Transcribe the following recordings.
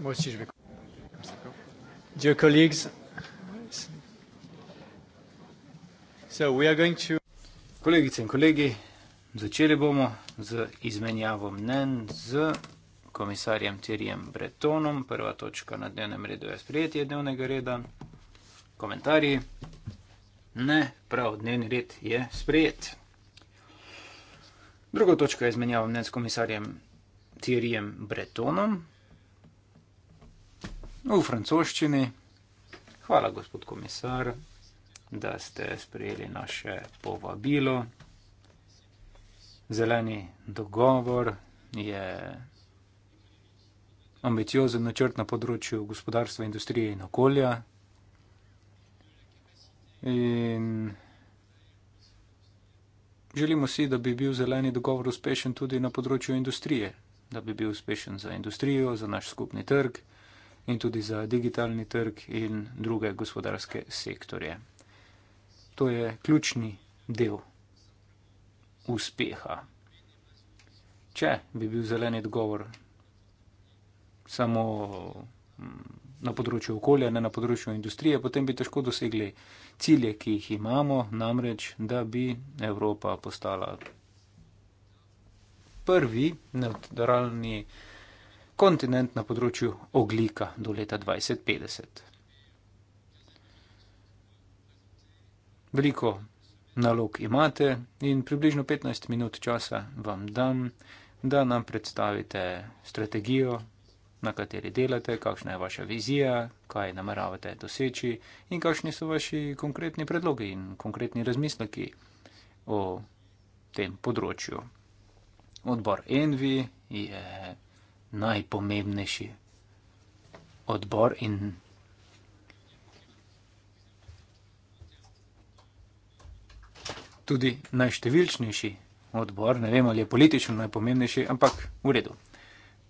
Moi aussi, je vais. Dear colleagues, so we are going to... Kolegice in kolegi, začeli bomo z izmenjavo mnen z komisarjem Thierryjem Bretonom. Prva točka na dnevnem redu je sprejetje dnevnega reda. Komentarji? Ne, prav, dnevni red je sprejet. Druga točka je izmenjava mnen s komisarjem Thierryjem Bretonom v francoščini. Hvala, gospod komisar, da ste sprejeli naše povabilo. Zeleni dogovor je ambiciozen načrt na področju gospodarstva, industrije in okolja. In želimo si, da bi bil zeleni dogovor uspešen tudi na področju industrije, da bi bil uspešen za industrijo, za naš skupni trg in tudi za digitalni trg in druge gospodarske sektorje. To je ključni del uspeha. Če bi bil zeleni odgovor samo mm, na področju okolja, ne na področju industrije, potem bi težko dosegli cilje, ki jih imamo, namreč, da bi Evropa postala prvi neutralni kontinent na področju oglika do leta 2050. Veliko nalog imate in približno 15 minut časa vam dam, da nam predstavite strategijo, na kateri delate, kakšna je vaša vizija, kaj nameravate doseči in kakšni so vaši konkretni predlogi in konkretni razmisleki o tem področju. Odbor Envi je najpomembnejši odbor in tudi najštevilčnejši odbor, ne vem ali je politično najpomembnejši, ampak v redu.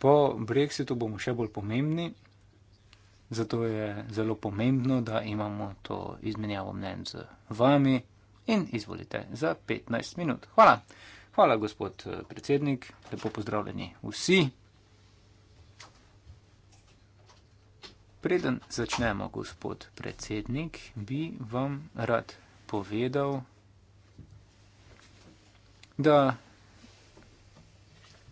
Po Brexitu bomo še bolj pomembni, zato je zelo pomembno, da imamo to izmenjavo mnen z vami in izvolite za 15 minut. Hvala. Hvala, gospod eh, predsednik. Lepo pozdravljeni vsi. Preden začnemo, gospod predsednik, bi vam rad povedal, da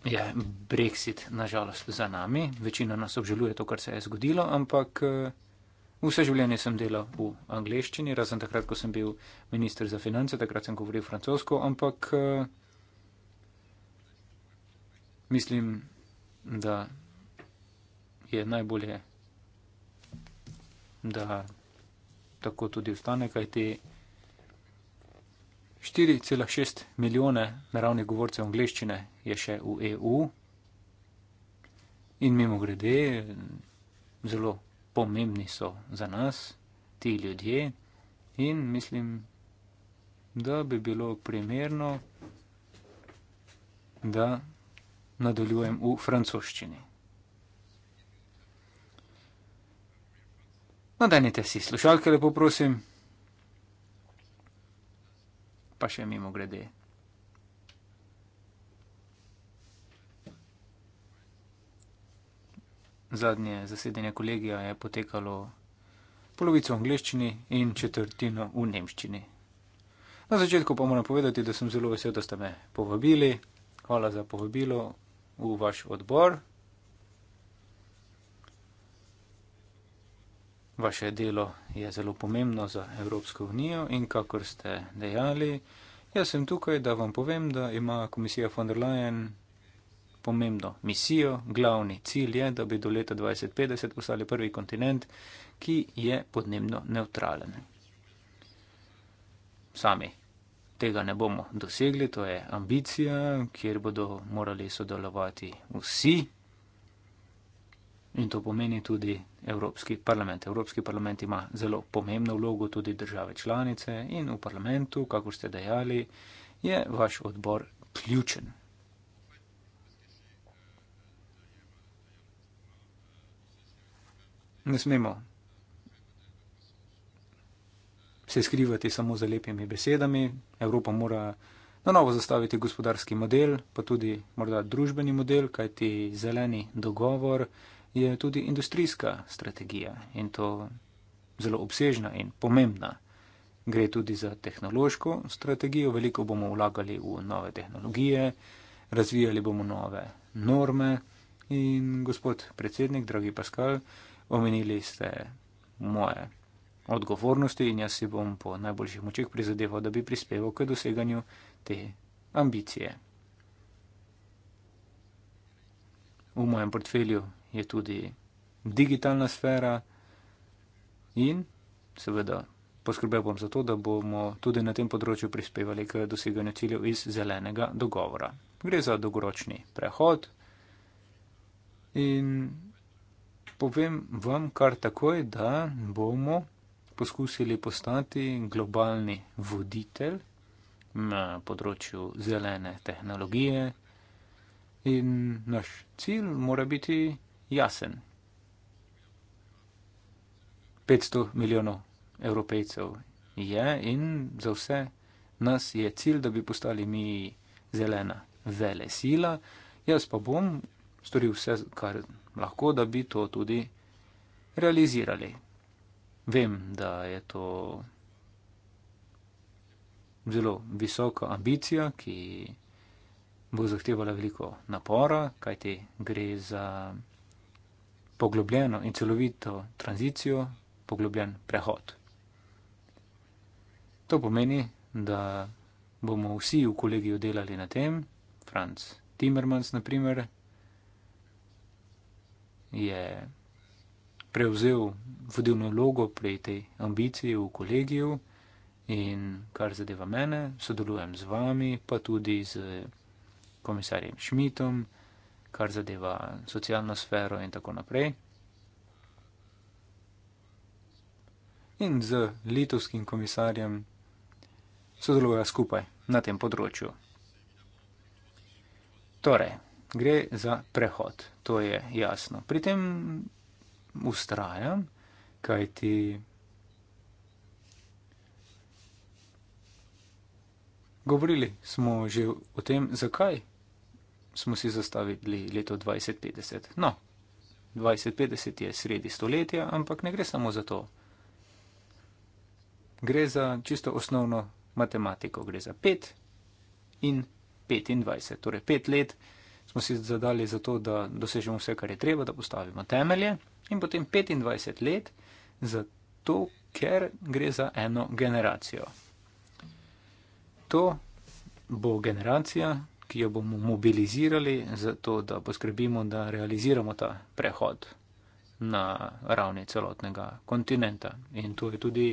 je Brexit nažalost za nami. Večina nas obžaluje to, kar se je zgodilo, ampak eh, vse življenje sem delal v angleščini, razen takrat, ko sem bil minister za finance, takrat sem govoril francosko, ampak eh, mislim, da je najbolje da tako tudi ostane, kaj ti 4,6 milijone naravnih govorcev angliščine je še v EU in mimo grede, zelo pomembni so za nas ti ljudje in mislim, da bi bilo primerno, da nadaljujem v francoščini. Nadenite no, si slušalke, lepo prosim. Pa še mimo grede. Zadnje zasedanje kolegija je potekalo polovico v angleščini in četrtino v nemščini. Na začetku pa moram povedati, da sem zelo vesel, da ste me povabili. Hvala za povabilo v vaš odbor. vaše delo je zelo pomembno za Evropsko unijo in kakor ste dejali, jaz sem tukaj, da vam povem, da ima komisija von der Leyen pomembno misijo, glavni cilj je, da bi do leta 2050 postali prvi kontinent, ki je podnebno neutralen. Sami tega ne bomo dosegli, to je ambicija, kjer bodo morali sodelovati vsi in to pomeni tudi Evropski parlament. Evropski parlament ima zelo pomembno vlogo, tudi države članice in v parlamentu, kako ste dejali, je vaš odbor ključen. Ne smemo se skrivati samo za lepimi besedami. Evropa mora na novo zastaviti gospodarski model, pa tudi morda družbeni model, kajti zeleni dogovor je tudi industrijska strategija in to zelo obsežna in pomembna. Gre tudi za tehnološko strategijo, veliko bomo vlagali v nove tehnologije, razvijali bomo nove norme in gospod predsednik, dragi Pascal, omenili ste moje odgovornosti in jaz si bom po najboljših močeh prizadeval, da bi prispeval k doseganju te ambicije. V mojem portfelju je tudi digitalna sfera in seveda poskrbel bom za to, da bomo tudi na tem področju prispevali k doseganju ciljev iz zelenega dogovora. Gre za dolgoročni prehod in povem vam kar takoj, da bomo poskusili postati globalni voditelj na področju zelene tehnologije in naš cilj mora biti jasen. 500 milijonov evropejcev je in za vse nas je cilj, da bi postali mi zelena vele sila. Jaz pa bom storil vse, kar lahko, da bi to tudi realizirali. Vem, da je to zelo visoka ambicija, ki bo zahtevala veliko napora, kajti gre za poglobljeno in celovito tranzicijo, poglobljen prehod. To pomeni, da bomo vsi v kolegiju delali na tem, Franz Timmermans, na primer, je prevzel vodilno vlogo pri tej ambiciji v kolegiju in, kar zadeva mene, sodelujem z vami, pa tudi z komisarjem Šmitom kar zadeva socialno sfero in tako naprej. In z litovskim komisarjem sodelujejo skupaj na tem področju. Torej, gre za prehod, to je jasno. Pri tem ustrajam, kajti govorili smo že o tem, zakaj smo si zastavili leto 2050. No, 2050 je sredi stoletja, ampak ne gre samo za to. Gre za čisto osnovno matematiko, gre za 5 in 25. Torej, 5 let smo si zadali za to, da dosežemo vse, kar je treba, da postavimo temelje, in potem 25 let za to, ker gre za eno generacijo. To bo generacija, ki jo bomo mobilizirali, zato da poskrbimo, da realiziramo ta prehod na ravni celotnega kontinenta. In to je tudi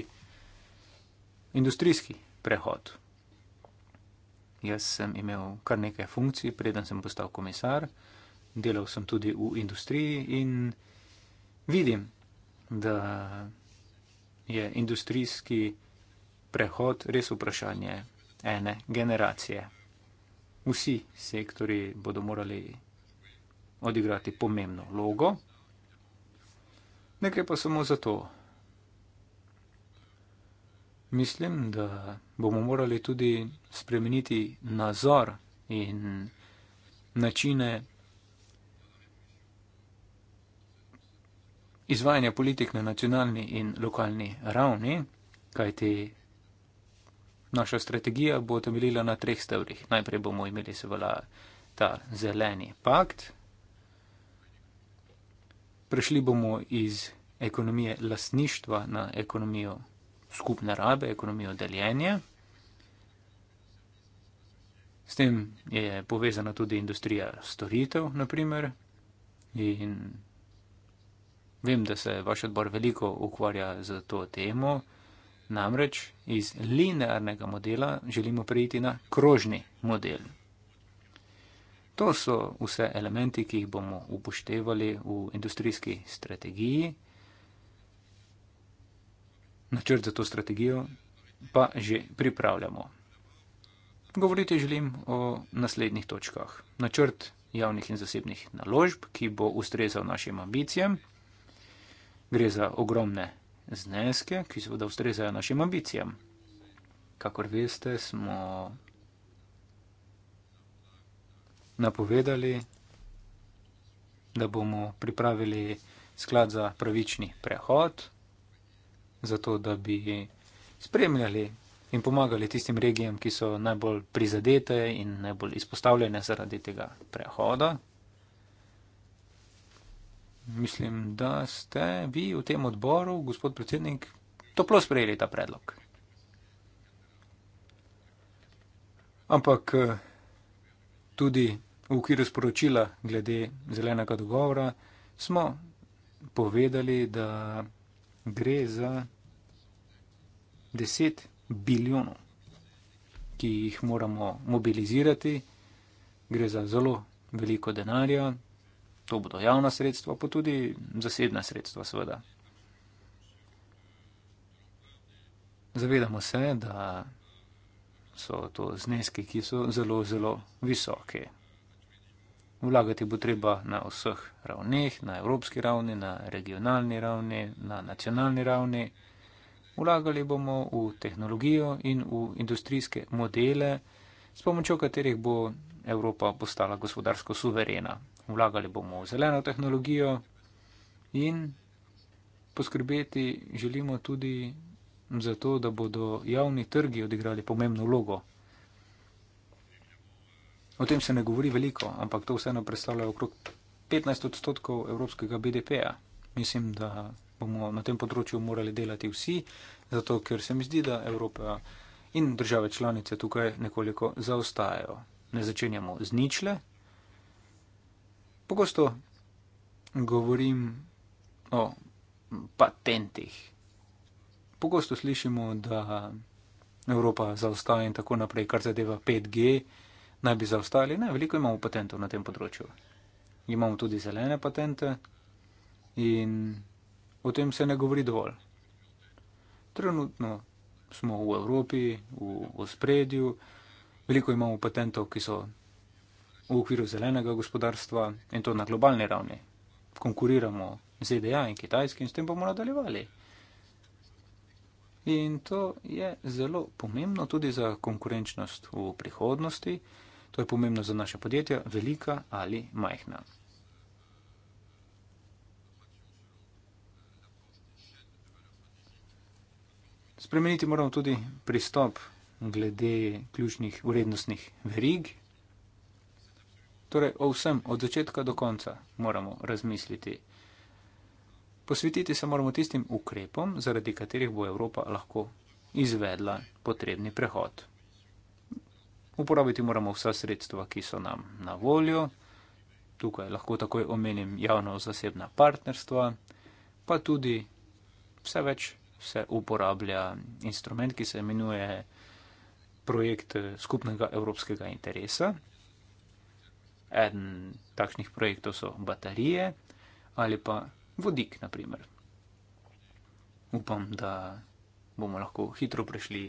industrijski prehod. Jaz sem imel kar nekaj funkcij, preden sem postal komisar, delal sem tudi v industriji in vidim, da je industrijski prehod res vprašanje ene generacije vsi sektori bodo morali odigrati pomembno vlogo. Nekaj pa samo zato. Mislim, da bomo morali tudi spremeniti nazor in načine izvajanja politik na nacionalni in lokalni ravni, kajti Naša strategija bo temeljila na treh stebrih. Najprej bomo imeli seveda ta zeleni pakt, prešli bomo iz ekonomije lasništva na ekonomijo skupne rabe, ekonomijo deljenja. S tem je povezana tudi industrija storitev, naprimer. In vem, da se vaš odbor veliko ukvarja z to temo. Namreč iz linearnega modela želimo prejiti na krožni model. To so vse elementi, ki jih bomo upoštevali v industrijski strategiji. Načrt za to strategijo pa že pripravljamo. Govoriti želim o naslednjih točkah. Načrt javnih in zasebnih naložb, ki bo ustrezal našim ambicijam. Gre za ogromne zneske, ki seveda ustrezajo našim ambicijam. Kakor veste, smo napovedali, da bomo pripravili sklad za pravični prehod, zato da bi spremljali in pomagali tistim regijam, ki so najbolj prizadete in najbolj izpostavljene zaradi tega prehoda, mislim, da ste vi v tem odboru, gospod predsednik, toplo sprejeli ta predlog. Ampak eh, tudi v okviru sporočila glede zelenega dogovora smo povedali, da gre za 10 biljonov, ki jih moramo mobilizirati. Gre za zelo veliko denarja, To bodo javna sredstva, pa tudi zasebna sredstva, seveda. Zavedamo se, da so to zneski, ki so zelo, zelo visoke. Vlagati bo treba na vseh ravneh, na evropski ravni, na regionalni ravni, na nacionalni ravni. Vlagali bomo v tehnologijo in v industrijske modele, s pomočjo katerih bo Evropa postala gospodarsko suverena vlagali bomo v zeleno tehnologijo in poskrbeti želimo tudi za to, da bodo javni trgi odigrali pomembno vlogo. O tem se ne govori veliko, ampak to vseeno predstavlja okrog 15 odstotkov evropskega BDP-ja. Mislim, da bomo na tem področju morali delati vsi, zato ker se mi zdi, da Evropa in države članice tukaj nekoliko zaostajajo. Ne začenjamo z ničle, Pogosto govorim o patentih. Pogosto slišimo, da Evropa zaostaja in tako naprej, kar zadeva 5G, naj bi zaostali. Ne, veliko imamo patentov na tem področju. Imamo tudi zelene patente in o tem se ne govori dovolj. Trenutno smo v Evropi, v, v spredju, veliko imamo patentov, ki so v okviru zelenega gospodarstva in to na globalni ravni. Konkuriramo ZDA in Kitajski in s tem bomo nadaljevali. In to je zelo pomembno tudi za konkurenčnost v prihodnosti. To je pomembno za naše podjetja, velika ali majhna. Spremeniti moramo tudi pristop glede ključnih urednostnih verig, Torej, o vsem, od začetka do konca, moramo razmisliti. Posvetiti se moramo tistim ukrepom, zaradi katerih bo Evropa lahko izvedla potrebni prehod. Uporabiti moramo vsa sredstva, ki so nam na voljo. Tukaj lahko takoj omenim javno-zasebna partnerstva, pa tudi vse več se uporablja instrument, ki se imenuje projekt eh, skupnega evropskega interesa. Eden takšnih projektov so baterije ali pa vodik, na primer. Upam, da bomo lahko hitro prišli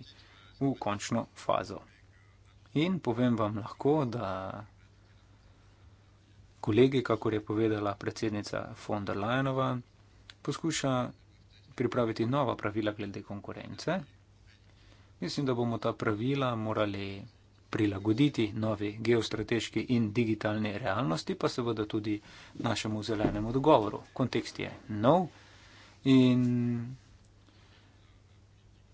v končno fazo. In povem vam lahko, da kolegi, kako je povedala predsednica von der Leyenova, poskuša pripraviti nova pravila glede konkurence. Mislim, da bomo ta pravila morali prilagoditi novi geostrateški in digitalni realnosti, pa seveda tudi našemu zelenemu dogovoru. Kontekst je nov in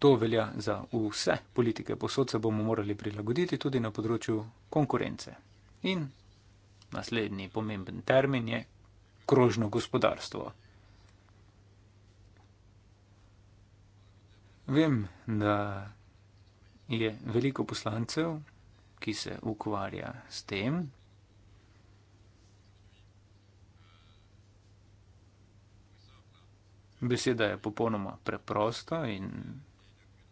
to velja za vse politike. Posod se bomo morali prilagoditi tudi na področju konkurence. In naslednji pomemben termin je krožno gospodarstvo. Vem, da je veliko poslancev ki se ukvarja s tem. Beseda je popolnoma preprosta in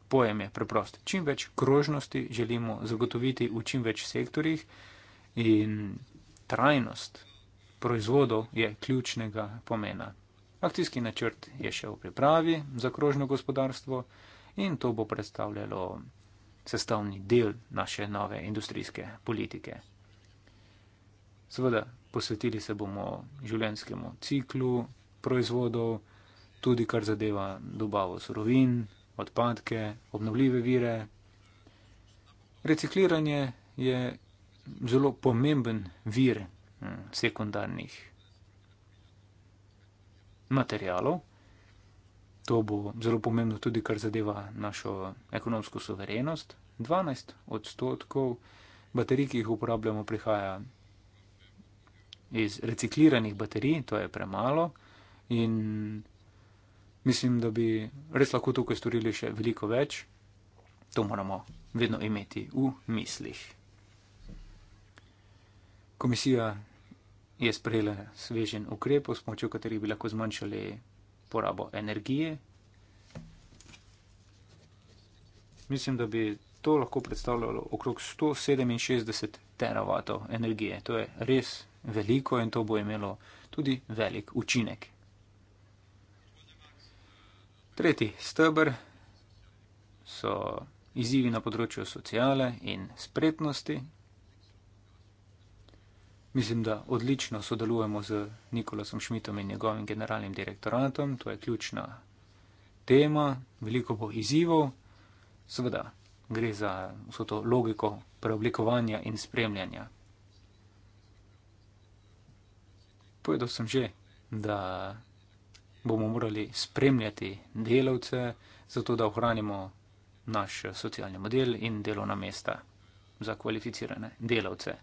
pojem je preprost. Čim več krožnosti želimo zagotoviti v čim več sektorjih in trajnost proizvodov je ključnega pomena. Akcijski načrt je še v pripravi za krožno gospodarstvo in to bo predstavljalo sestavni del naše nove industrijske politike. Seveda, posvetili se bomo življenskemu ciklu proizvodov, tudi kar zadeva dobavo surovin, odpadke, obnovljive vire. Recikliranje je zelo pomemben vir hm, sekundarnih materialov. To bo zelo pomembno tudi, kar zadeva našo ekonomsko soverenost. 12 odstotkov baterij, ki jih uporabljamo, prihaja iz recikliranih baterij, to je premalo. In mislim, da bi res lahko tukaj storili še veliko več. To moramo vedno imeti v mislih. Komisija je sprejela svežen ukrep, s pomočjo katerih bi lahko zmanjšali porabo energije. Mislim, da bi to lahko predstavljalo okrog 167 teravatov energije. To je res veliko in to bo imelo tudi velik učinek. Tretji stebr so izzivi na področju sociale in spretnosti. Mislim, da odlično sodelujemo z Nikolasom Šmitom in njegovim generalnim direktoratom, to je ključna tema, veliko bo izzivov, seveda gre za vso to logiko preoblikovanja in spremljanja. Povedal sem že, da bomo morali spremljati delavce, zato da ohranimo naš socialni model in delovna mesta za kvalificirane delavce.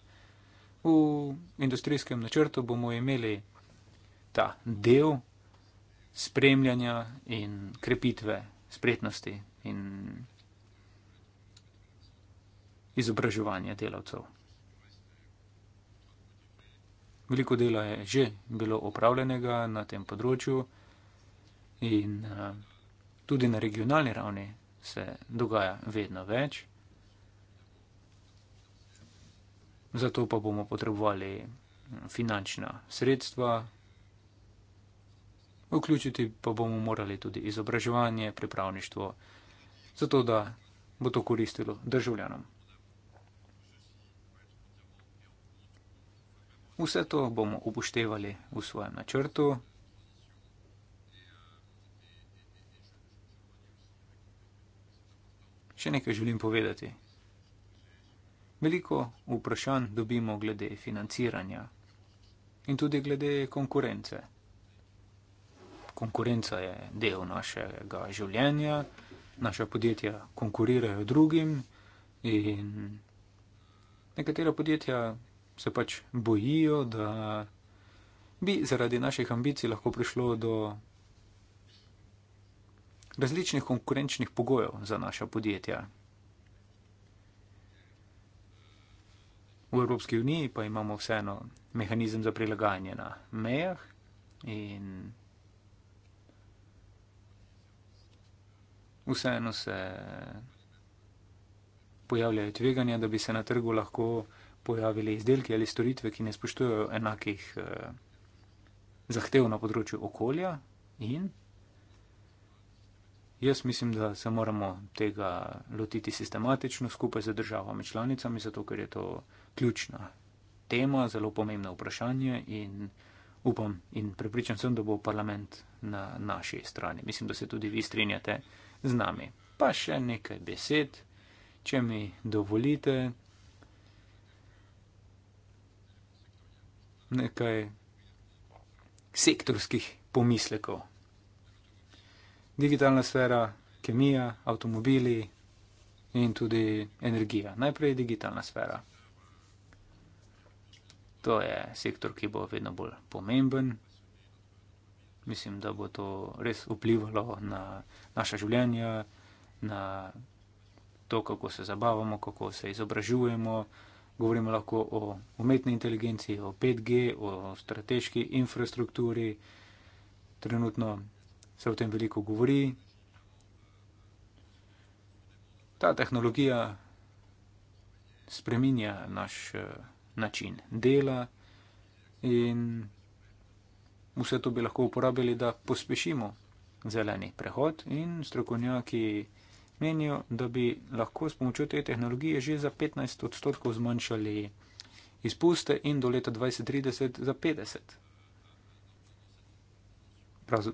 V industrijskem načrtu bomo imeli ta del spremljanja in krepitve spretnosti in izobraževanja delavcev. Veliko dela je že bilo opravljenega na tem področju in eh, tudi na regionalni ravni se dogaja vedno več. Za to pa bomo potrebovali finančna sredstva, vključiti pa bomo morali tudi izobraževanje, pripravništvo, zato da bo to koristilo državljanom. Vse to bomo upoštevali v svojem načrtu. Še nekaj želim povedati. Veliko vprašanj dobimo glede financiranja in tudi glede konkurence. Konkurenca je del našega življenja, naša podjetja konkurirajo drugim in nekatera podjetja se pač bojijo, da bi zaradi naših ambicij lahko prišlo do različnih konkurenčnih pogojev za naša podjetja. V Evropski uniji pa imamo vseeno mehanizem za prilagajanje na mejah in vseeno se pojavljajo tveganja, da bi se na trgu lahko pojavili izdelki ali storitve, ki ne spoštujejo enakih eh, zahtev na področju okolja in Jaz mislim, da se moramo tega lotiti sistematično skupaj z državami članicami, zato ker je to ključna tema, zelo pomembno vprašanje in upam in prepričan sem, da bo parlament na naši strani. Mislim, da se tudi vi strinjate z nami. Pa še nekaj besed, če mi dovolite. Nekaj sektorskih pomislekov digitalna sfera, kemija, avtomobili in tudi energija. Najprej digitalna sfera. To je sektor, ki bo vedno bolj pomemben. Mislim, da bo to res vplivalo na naša življenja, na to, kako se zabavamo, kako se izobražujemo. Govorimo lahko o umetni inteligenci, o 5G, o strateški infrastrukturi. Trenutno se o tem veliko govori. Ta tehnologija spreminja naš eh, način dela in vse to bi lahko uporabili, da pospešimo zeleni prehod in strokovnjaki menijo, da bi lahko s pomočjo te tehnologije že za 15 odstotkov zmanjšali izpuste in do leta 2030 za 50 odstotkov prav,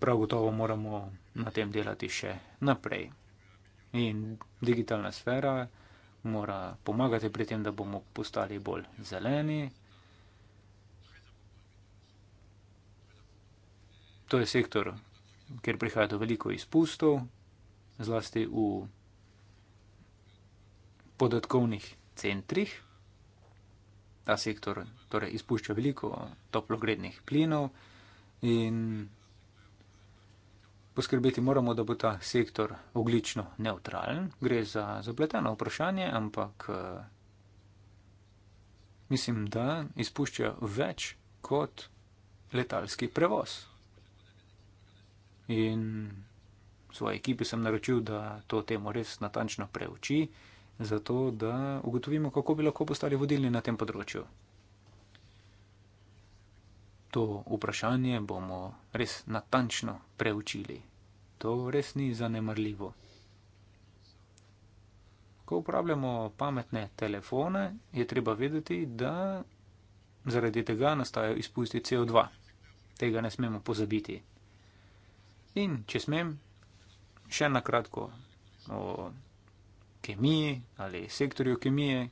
prav gotovo moramo na tem delati še naprej. In digitalna sfera mora pomagati pri tem, da bomo postali bolj zeleni. To je sektor, kjer prihaja do veliko izpustov, zlasti v podatkovnih centrih. Ta sektor torej, izpušča veliko toplogrednih plinov in poskrbeti moramo, da bo ta sektor oglično neutralen. Gre za zapleteno vprašanje, ampak eh, mislim, da izpušča več kot letalski prevoz. In svoji ekipi sem naročil, da to temo res natančno preuči, zato da ugotovimo, kako bi lahko postali vodilni na tem področju to vprašanje bomo res natančno preučili. To res ni zanemrljivo. Ko uporabljamo pametne telefone, je treba vedeti, da zaradi tega nastajajo izpusti CO2. Tega ne smemo pozabiti. In če smem, še na kratko o kemiji ali sektorju kemije.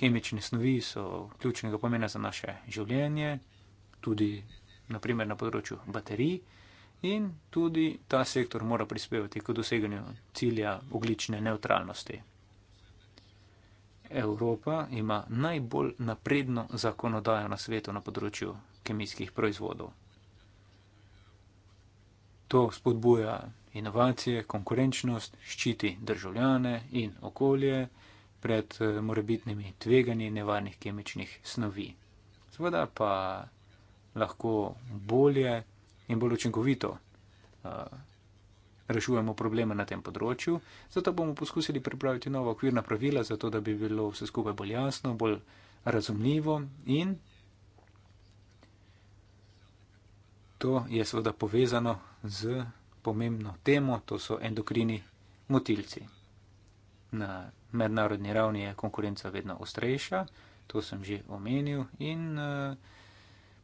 Kemične snovi so ključnega pomena za naše življenje, tudi naprimer, na področju baterij, in tudi ta sektor mora prispevati k doseganju cilja oglične neutralnosti. Evropa ima najbolj napredno zakonodajo na svetu na področju kemijskih proizvodov. To spodbuja inovacije, konkurenčnost, ščiti državljane in okolje pred eh, morebitnimi tveganji nevarnih kemičnih snovi. Seveda pa lahko bolje in bolj učinkovito uh, rešujemo probleme na tem področju. Zato bomo poskusili pripraviti nova okvirna pravila, zato da bi bilo vse skupaj bolj jasno, bolj razumljivo in to je seveda povezano z pomembno temo, to so endokrini motilci. Na mednarodni ravni je konkurenca vedno ostrejša, to sem že omenil in uh,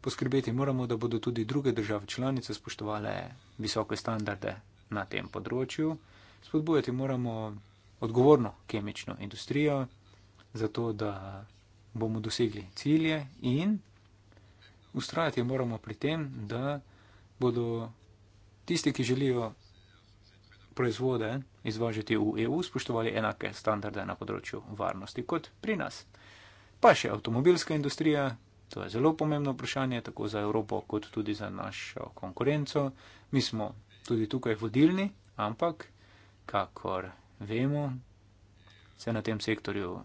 poskrbeti moramo, da bodo tudi druge države članice spoštovale visoke standarde na tem področju. Spodbujati moramo odgovorno kemično industrijo, zato da bomo dosegli cilje in ustrajati moramo pri tem, da bodo tisti, ki želijo proizvode izvažati v EU, spoštovali enake standarde na področju varnosti kot pri nas. Pa še avtomobilska industrija, To je zelo pomembno vprašanje, tako za Evropo, kot tudi za našo konkurenco. Mi smo tudi tukaj vodilni, ampak, kakor vemo, se na tem sektorju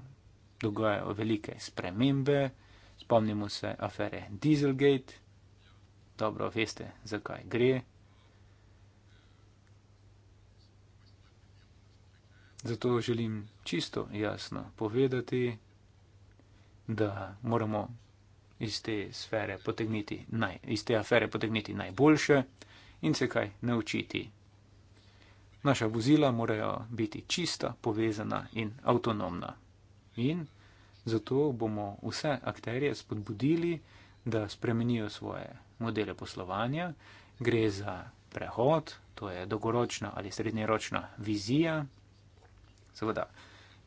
dogajajo velike spremembe. Spomnimo se afere Dieselgate, dobro veste, zakaj gre. Zato želim čisto jasno povedati, da moramo iz te sfere potegniti, naj, iz te afere potegniti najboljše in se kaj naučiti. Naša vozila morajo biti čista, povezana in avtonomna. In zato bomo vse akterje spodbudili, da spremenijo svoje modele poslovanja. Gre za prehod, to je dolgoročna ali srednjeročna vizija. Seveda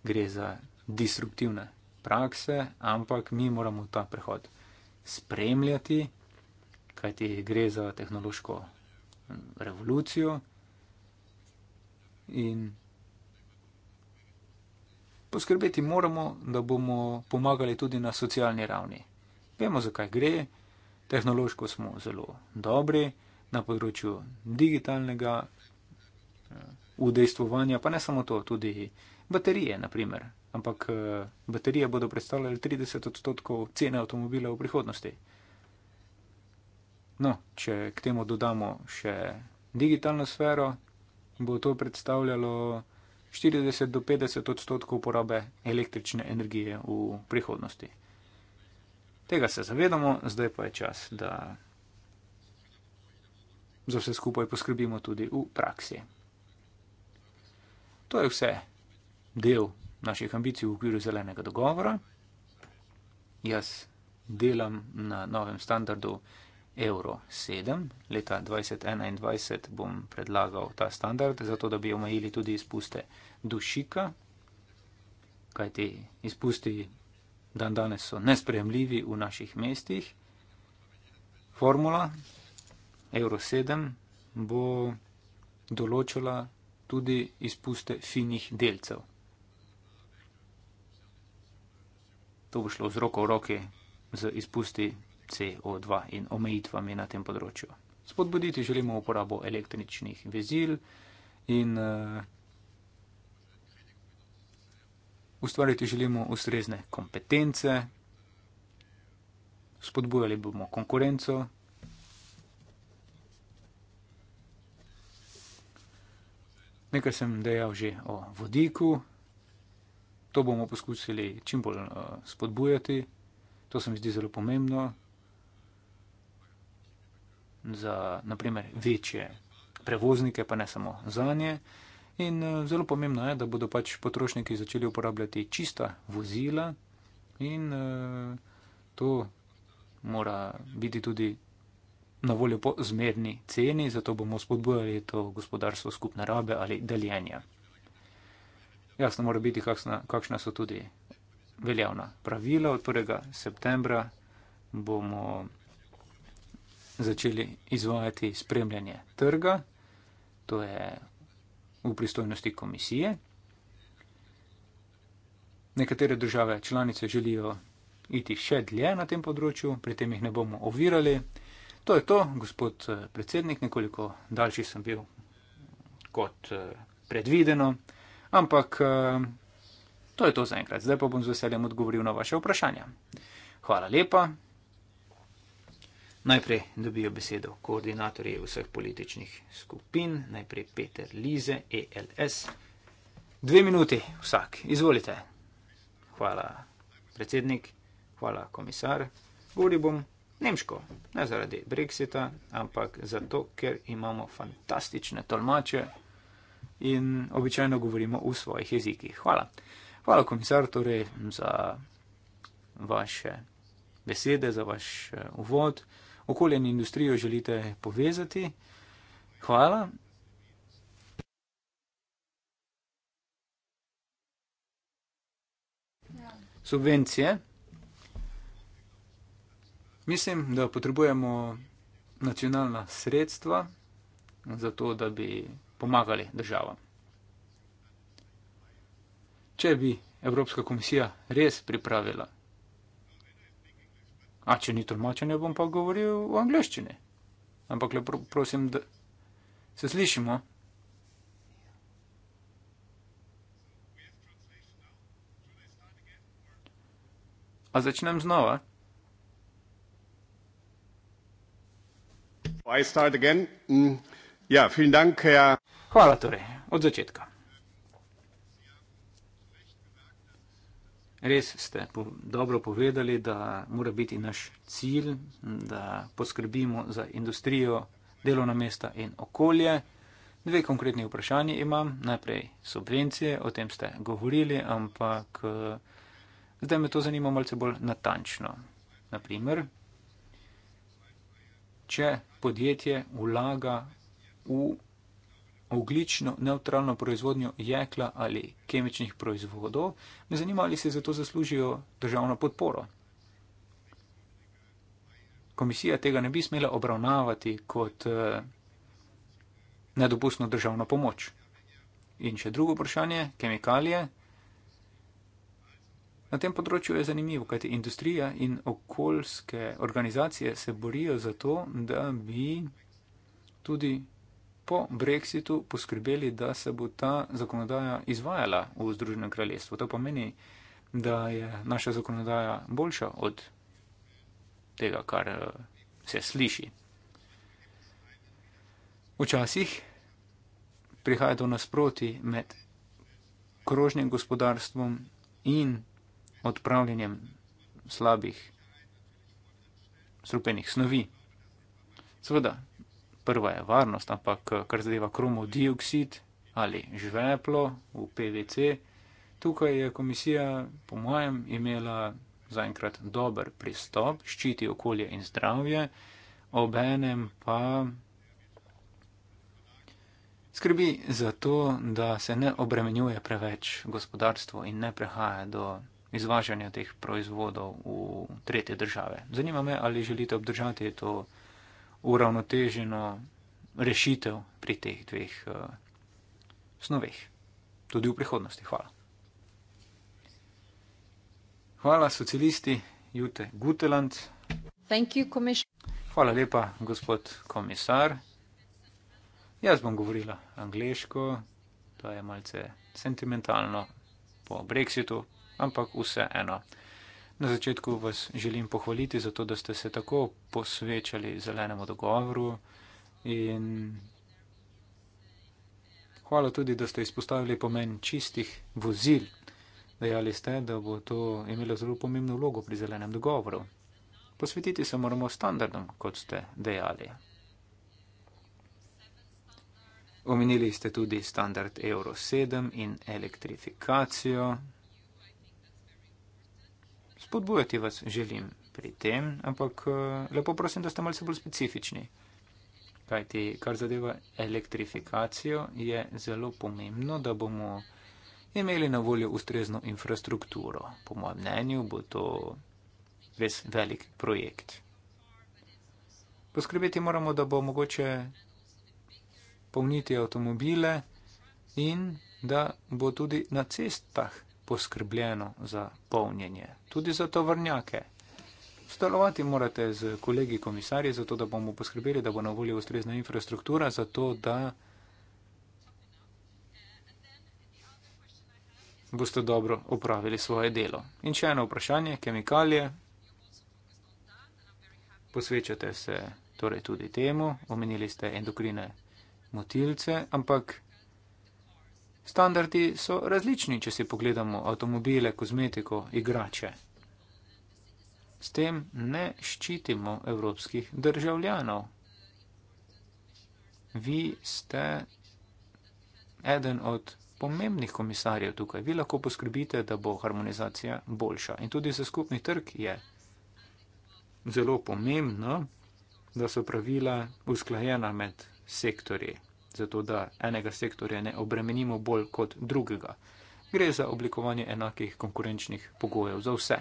gre za disruptivne prakse, ampak mi moramo ta prehod spremljati, kajti gre za tehnološko revolucijo. In poskrbeti moramo, da bomo pomagali tudi na socialni ravni. Vemo, zakaj gre, tehnološko smo zelo dobri na področju digitalnega eh, udejstvovanja, pa ne samo to, tudi baterije, naprimer, ampak eh, baterije bodo predstavljale 30 odstotkov cene avtomobila v prihodnosti. No, če k temu dodamo še digitalno sfero, bo to predstavljalo 40 do 50 odstotkov porabe električne energije v prihodnosti. Tega se zavedamo, zdaj pa je čas, da za vse skupaj poskrbimo tudi v praksi. To je vse. Del naših ambicij v okviru zelenega dogovora. Jaz delam na novem standardu Euro 7. Leta 2021 bom predlagal ta standard, zato da bi omejili tudi izpuste dušika, kajti izpusti dan danes so nespremljivi v naših mestih. Formula Euro 7 bo določila tudi izpuste finih delcev. to bo šlo z roko v roki z izpusti CO2 in omejitvami na tem področju. Spodbuditi želimo uporabo električnih vezil in uh, ustvariti želimo ustrezne kompetence, spodbujali bomo konkurenco. Nekaj sem dejal že o vodiku to bomo poskusili čim bolj eh, spodbujati. To se mi zdi zelo pomembno za naprimer, večje prevoznike, pa ne samo za nje. In eh, zelo pomembno je, da bodo pač potrošniki začeli uporabljati čista vozila in eh, to mora biti tudi na voljo po zmerni ceni, zato bomo spodbujali to gospodarstvo skupne rabe ali deljenja jasno mora biti, kakšna, kakšna so tudi veljavna pravila. Od 1. septembra bomo začeli izvajati spremljanje trga, to je v pristojnosti komisije. Nekatere države članice želijo iti še dlje na tem področju, pri tem jih ne bomo ovirali. To je to, gospod eh, predsednik, nekoliko daljši sem bil kot eh, predvideno. Ampak eh, to je to za enkrat, zdaj pa bom z veseljem odgovoril na vaše vprašanja. Hvala lepa. Najprej dobijo besedo koordinatorji vseh političnih skupin, najprej Peter Lize, ELS. Dve minuti vsak, izvolite. Hvala, predsednik, hvala, komisar. Govoril bom nemško, ne zaradi Brexita, ampak zato, ker imamo fantastične tolmače in običajno govorimo v svojih jezikih. Hvala. Hvala, komisar, torej za vaše besede, za vaš eh, uvod. Okolje in industrijo želite povezati. Hvala. Subvencije. Mislim, da potrebujemo nacionalna sredstva za to, da bi pomagali državam. Če bi Evropska komisija res pripravila, a če ni tolmačenje, bom pa govoril v angliščini. Ampak le prosim, da se slišimo. A začnem znova? I start again. Mm. Ja, vielen Dank, Herr Hvala torej, od začetka. Res ste po, dobro povedali, da mora biti naš cilj, da poskrbimo za industrijo, delovna mesta in okolje. Dve konkretni vprašanji imam. Najprej subvencije, o tem ste govorili, ampak eh, zdaj me to zanima malce bolj natančno. Naprimer, če podjetje vlaga v oglično neutralno proizvodnjo jekla ali kemičnih proizvodov, me zanima, ali se za to zaslužijo državno podporo. Komisija tega ne bi smela obravnavati kot eh, nedopustno državno pomoč. In še drugo vprašanje, kemikalije. Na tem področju je zanimivo, kajti industrija in okoljske organizacije se borijo za to, da bi tudi po brexitu poskrbeli, da se bo ta zakonodaja izvajala v Združenem kraljestvu. To pomeni, da je naša zakonodaja boljša od tega, kar eh, se sliši. Včasih prihaja do nasproti med krožnim gospodarstvom in odpravljanjem slabih strupenih snovi. Seveda, prva je varnost, ampak eh, kar zadeva kromodioksid ali žveplo v PVC, tukaj je komisija, po mojem, imela zaenkrat dober pristop, ščiti okolje in zdravje, obenem pa skrbi za to, da se ne obremenjuje preveč gospodarstvo in ne prehaja do izvažanja teh proizvodov v tretje države. Zanima me, ali želite obdržati to uravnoteženo rešitev pri teh dveh uh, snoveh, tudi v prihodnosti. Hvala. Hvala, socialisti, Jute Guteland. Hvala lepa, gospod komisar. Jaz bom govorila angliško, to je malce sentimentalno po Brexitu, ampak vseeno. Na začetku vas želim pohvaliti za to, da ste se tako posvečali zelenemu dogovoru in hvala tudi, da ste izpostavili pomen čistih vozil. Dejali ste, da bo to imelo zelo pomembno vlogo pri zelenem dogovoru. Posvetiti se moramo standardom, kot ste dejali. Omenili ste tudi standard Euro 7 in elektrifikacijo spodbujati vas želim pri tem, ampak eh, lepo prosim, da ste malce bolj specifični. Kaj ti, kar zadeva elektrifikacijo, je zelo pomembno, da bomo imeli na voljo ustrezno infrastrukturo. Po mojem mnenju bo to res velik projekt. Poskrbeti moramo, da bo mogoče polniti avtomobile in da bo tudi na cestah poskrbljeno za polnjenje. Tudi za to vrnjake. Stolovati morate z kolegi komisarji, zato da bomo poskrbeli, da bo na voljo ustrezna infrastruktura, zato da boste dobro upravili svoje delo. In še eno vprašanje, kemikalije. Posvečate se torej tudi temu, omenili ste endokrine motilce, ampak Standardi so različni, če si pogledamo avtomobile, kozmetiko, igrače. S tem ne ščitimo evropskih državljanov. Vi ste eden od pomembnih komisarjev tukaj. Vi lahko poskrbite, da bo harmonizacija boljša. In tudi za skupni trg je zelo pomembno, da so pravila usklajena med sektorji zato da enega sektorja ne obremenimo bolj kot drugega. Gre za oblikovanje enakih konkurenčnih pogojev za vse.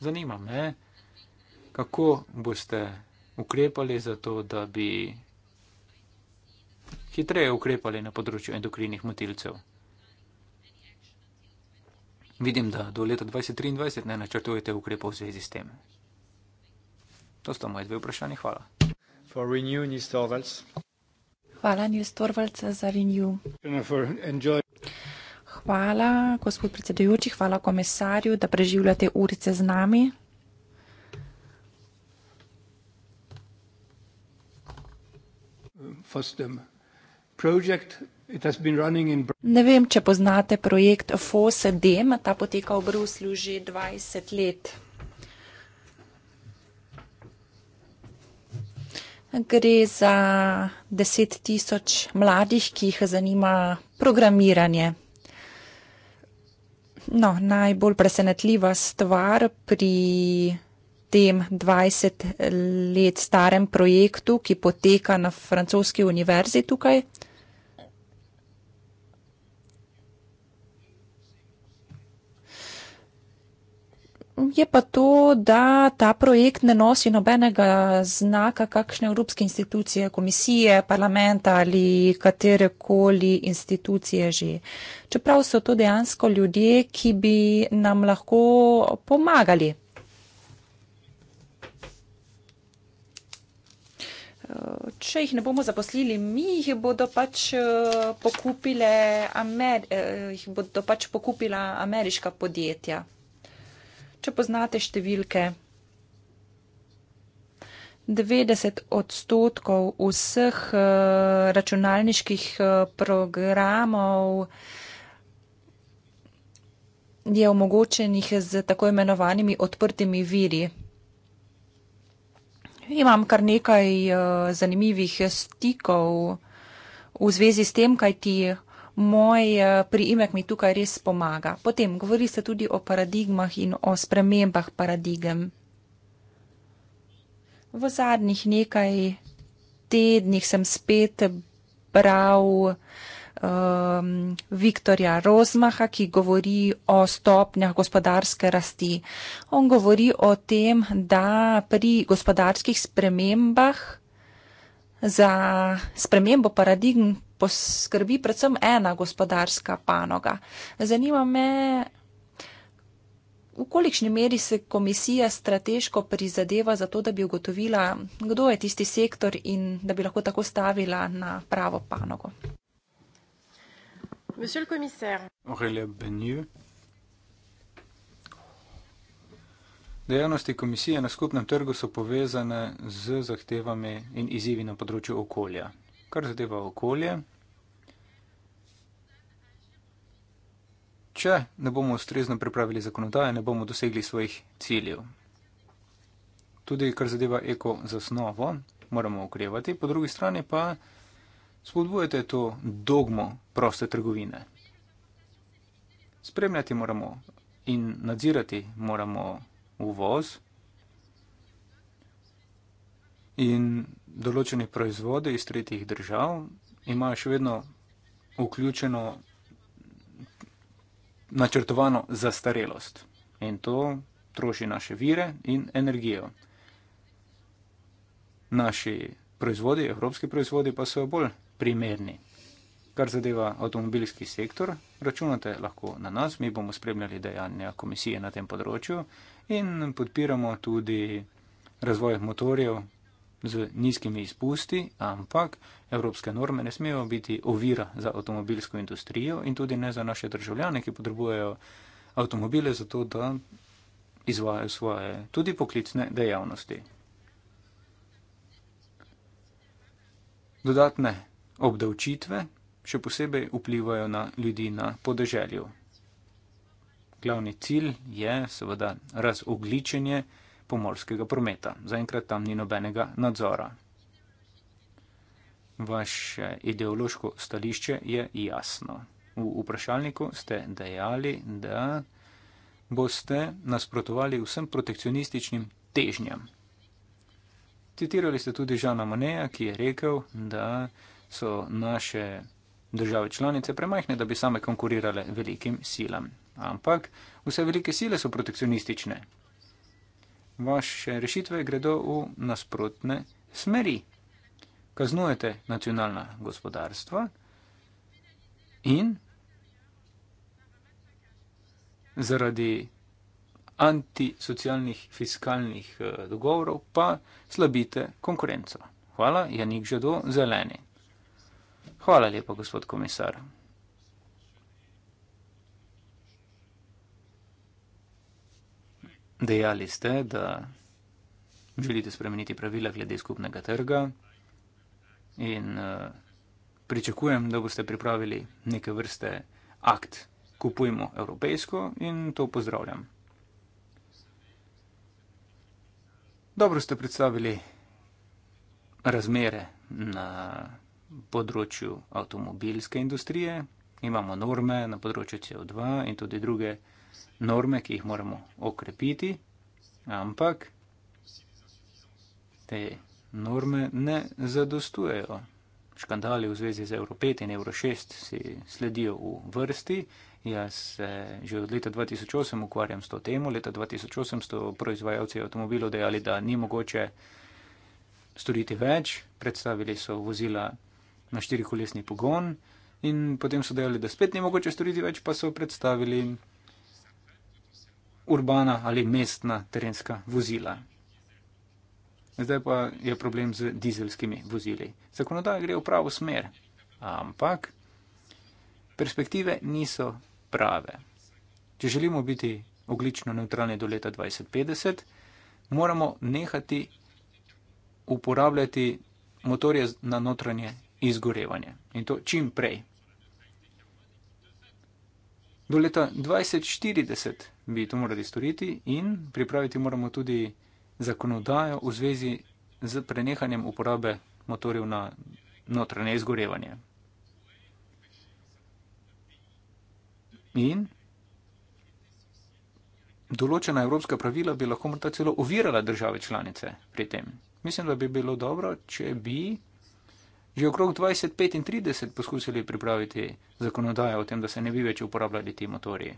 Zanima me, kako boste ukrepali za to, da bi hitreje ukrepali na področju endokrinih motilcev. Vidim, da do leta 2023 ne načrtujete ukrepov v zvezi s tem. To sta moje dve vprašanje. Hvala. For renew installments. Hvala, Nils Torvald, za Renew. Hvala, gospod predsedujoči, hvala komisarju, da preživljate urice z nami. FOSDEM. Um, project, ne vem, če poznate projekt FOSDEM, ta poteka v Bruslju že 20 let. Gre za 10 tisoč mladih, ki jih zanima programiranje. No, najbolj presenetljiva stvar pri tem 20 let starem projektu, ki poteka na francoski univerzi tukaj je pa to, da ta projekt ne nosi nobenega znaka kakšne evropske institucije, komisije, parlamenta ali katerekoli institucije že. Čeprav so to dejansko ljudje, ki bi nam lahko pomagali. Če jih ne bomo zaposlili, mi jih bodo pač eh, pokupile, Amer, eh, jih bodo pač pokupila ameriška podjetja če poznate številke. 90 odstotkov vseh eh, računalniških eh, programov je omogočenih z tako imenovanimi odprtimi viri. Imam kar nekaj eh, zanimivih stikov v zvezi s tem, kaj ti moj eh, priimek mi tukaj res pomaga. Potem, govori se tudi o paradigmah in o spremembah paradigem. V zadnjih nekaj tednih sem spet bral um, Viktorja Rozmaha, ki govori o stopnjah gospodarske rasti. On govori o tem, da pri gospodarskih spremembah Za spremembo paradigm poskrbi predvsem ena gospodarska panoga. Zanima me, v kolikšni meri se komisija strateško prizadeva za to, da bi ugotovila, kdo je tisti sektor in da bi lahko tako stavila na pravo panogo. Monsieur le commissaire. Aurélien Benieu. Dejavnosti komisije na skupnem trgu so povezane z zahtevami in izzivi na področju okolja. Kar zadeva okolje, če ne bomo ustrezno pripravili zakonodaje, ne bomo dosegli svojih ciljev. Tudi kar zadeva eko zasnovo, moramo ukrevati, po drugi strani pa spodbujate to dogmo proste trgovine. Spremljati moramo in nadzirati moramo uvoz in določeni proizvode iz tretjih držav imajo še vedno vključeno načrtovano zastarelost. In to troši naše vire in energijo. Naši proizvodi, evropski proizvodi pa so bolj primerni kar zadeva avtomobilski sektor, računate lahko na nas, mi bomo spremljali dejanja komisije na tem področju in podpiramo tudi razvoj motorjev z nizkimi izpusti, ampak evropske norme ne smejo biti ovira za avtomobilsko industrijo in tudi ne za naše državljane, ki potrebujejo avtomobile za to, da izvajajo svoje tudi poklicne dejavnosti. Dodatne obdavčitve še posebej vplivajo na ljudi na podeželju. Glavni cilj je seveda razogličenje pomorskega prometa. Zaenkrat tam ni nobenega nadzora. Vaše ideološko stališče je jasno. V vprašalniku ste dejali, da boste nasprotovali vsem protekcionističnim težnjam. Citirali ste tudi Žana Moneja, ki je rekel, da so naše države članice premajhne, da bi same konkurirale velikim silam. Ampak vse velike sile so protekcionistične. Vaše rešitve gredo v nasprotne smeri. Kaznujete nacionalna gospodarstva in zaradi antisocialnih fiskalnih eh, dogovorov pa slabite konkurenco. Hvala, Janik Žedo, zeleni. Hvala lepa, gospod komisar. Dejali ste, da želite spremeniti pravila glede skupnega trga in eh, pričakujem, da boste pripravili neke vrste akt Kupujmo evropejsko in to pozdravljam. Dobro ste predstavili razmere na evropejsko področju avtomobilske industrije, imamo norme na področju CO2 in tudi druge norme, ki jih moramo okrepiti, ampak te norme ne zadostujejo. Škandali v zvezi z Euro 5 in Euro 6 si sledijo v vrsti. Jaz se že od leta 2008 ukvarjam s to temo. Leta 2008 so proizvajalci avtomobilov dejali, da ni mogoče storiti več. Predstavili so vozila na štirikolesni pogon. In potem so delali, da spet ni mogoče storiti več, pa so predstavili urbana ali mestna terenska vozila. Zdaj pa je problem z dizelskimi vozili. Zakonodaja gre v pravo smer, ampak perspektive niso prave. Če želimo biti oglično neutralni do leta 2050, moramo nehati uporabljati motorje na notranje izgorevanje. In to čim prej. Do leta 2040 bi to morali storiti in pripraviti moramo tudi zakonodajo v zvezi z prenehanjem uporabe motorjev na notranje izgorevanje. In določena evropska pravila bi lahko morda celo ovirala države članice pri tem. Mislim, da bi bilo dobro, če bi že okrog 2035 poskusili pripraviti zakonodajo o tem, da se ne bi več uporabljali ti motorji.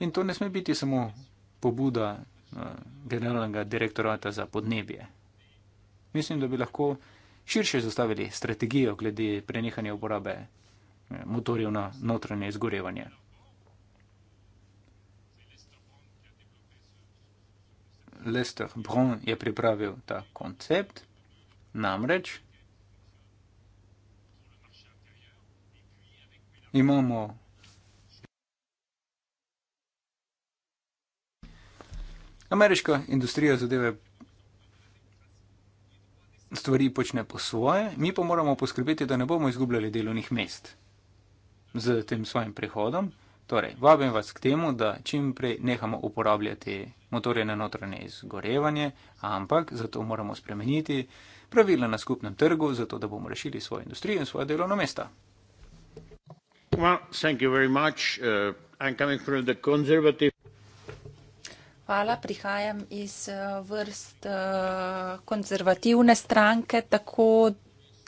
In to ne sme biti samo pobuda eh, generalnega direktorata za podnebje. Mislim, da bi lahko širše zastavili strategijo glede prenehanja uporabe eh, motorjev na notranje izgorevanje. Lester Brun je pripravil ta koncept, Namreč imamo ameriška industrija zadeve. Stvari počne po svoje, mi pa moramo poskrbeti, da ne bomo izgubljali delovnih mest z tem svojim prihodom. Torej, vabim vas k temu, da čim prej nehamo uporabljati motorje na notranje izgorevanje, ampak zato moramo spremeniti pravila na skupnem trgu, zato da bomo rešili svojo industrijo in svoje delovno mesta. Uh, Hvala, prihajam iz uh, vrst uh, konzervativne stranke, tako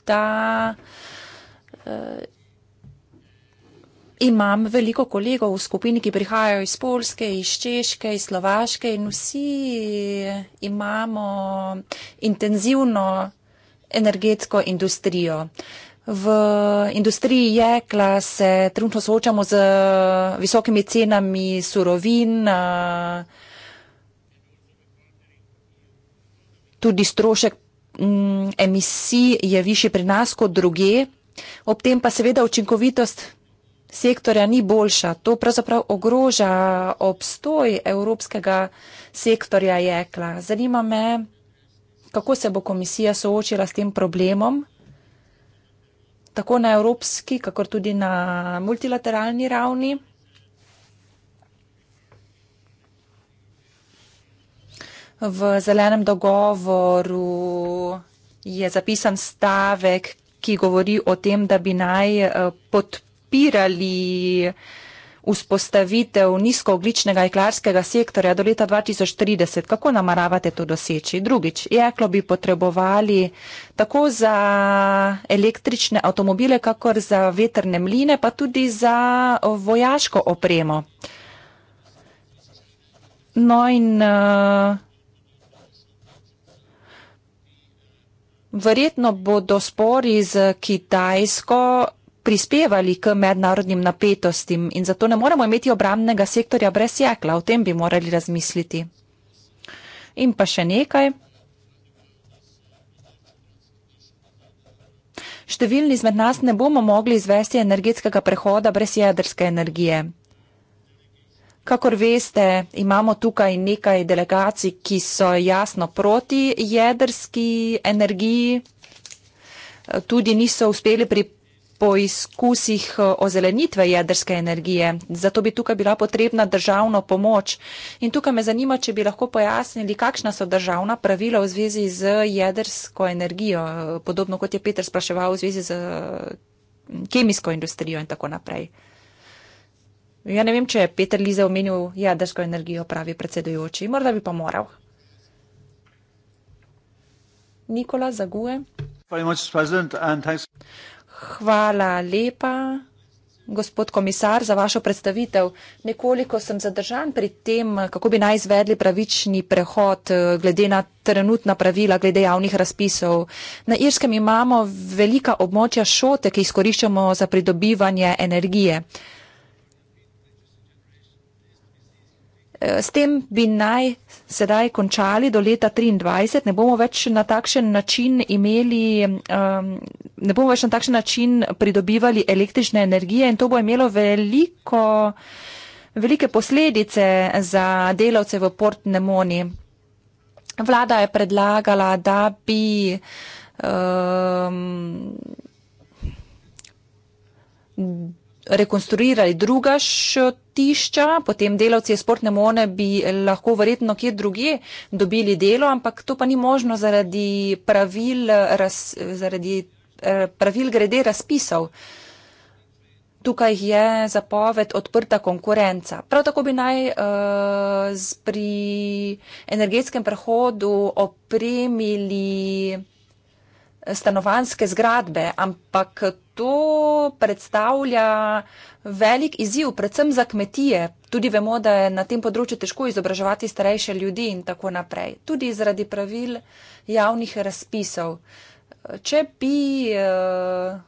da imam veliko kolegov v skupini, ki prihajajo iz Polske, iz Češke, iz Slovaške in vsi imamo intenzivno energetsko industrijo. V industriji jekla se trenutno soočamo z visokimi cenami surovin, tudi strošek mm, emisij je višji pri nas kot druge. Ob tem pa seveda učinkovitost sektorja ni boljša. To pravzaprav ogroža obstoj evropskega sektorja jekla. Zanima me, kako se bo komisija soočila s tem problemom, tako na evropski, kakor tudi na multilateralni ravni. V zelenem dogovoru je zapisan stavek, ki govori o tem, da bi naj eh, podprli podpirali vzpostavitev nizkoogličnega jeklarskega sektorja do leta 2030. Kako nameravate to doseči? Drugič, jeklo bi potrebovali tako za električne avtomobile, kakor za veterne mline, pa tudi za vojaško opremo. No in uh, verjetno bodo spori z Kitajsko prispevali k mednarodnim napetostim in zato ne moremo imeti obramnega sektorja brez jekla. O tem bi morali razmisliti. In pa še nekaj. Številni izmed nas ne bomo mogli izvesti energetskega prehoda brez jedrske energije. Kakor veste, imamo tukaj nekaj delegacij, ki so jasno proti jedrski energiji, tudi niso uspeli pripraviti poizkusih eh, ozelenitve jedrske energije. Zato bi tukaj bila potrebna državna pomoč. In tukaj me zanima, če bi lahko pojasnili, kakšna so državna pravila v zvezi z jedrsko energijo, eh, podobno kot je Peter spraševal v zvezi z eh, kemijsko industrijo in tako naprej. Ja ne vem, če je Peter Lize omenil jedrsko energijo, pravi predsedujoči. Morda bi pa moral. Nikola, zaguje. Very much, President, and thanks. Hvala lepa, gospod komisar, za vašo predstavitev. Nekoliko sem zadržan pri tem, kako bi naj izvedli pravični prehod eh, glede na trenutna pravila glede javnih razpisov. Na Irskem imamo velika območja šote, ki izkoriščamo za pridobivanje energije. Eh, s tem bi naj sedaj končali do leta 2023, ne bomo več na takšen način imeli, um, ne bomo več na takšen način pridobivali električne energije in to bo imelo veliko, velike posledice za delavce v Port Nemoni. Vlada je predlagala, da bi. Um, rekonstruirali druga šotišča, potem delavci iz Sportne Mone bi lahko verjetno kje druge dobili delo, ampak to pa ni možno zaradi pravil, raz, zaradi eh, pravil grede razpisov. Tukaj je zapoved odprta konkurenca. Prav tako bi naj uh, pri energetskem prehodu opremili stanovanske zgradbe, ampak to predstavlja velik izziv, predvsem za kmetije. Tudi vemo, da je na tem področju težko izobraževati starejše ljudi in tako naprej. Tudi zaradi pravil javnih razpisov. Če bi uh,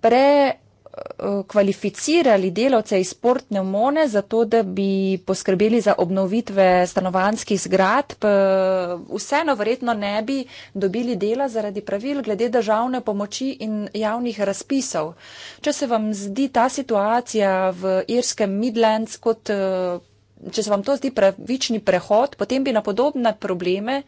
pre. Eh, kvalificirali delavce iz Portne Mone za to, da bi poskrbeli za obnovitve stanovanskih zgrad, pa vseeno verjetno ne bi dobili dela zaradi pravil glede državne pomoči in javnih razpisov. Če se vam zdi ta situacija v irskem Midlands kot, eh, če se vam to zdi pravični prehod, potem bi na podobne probleme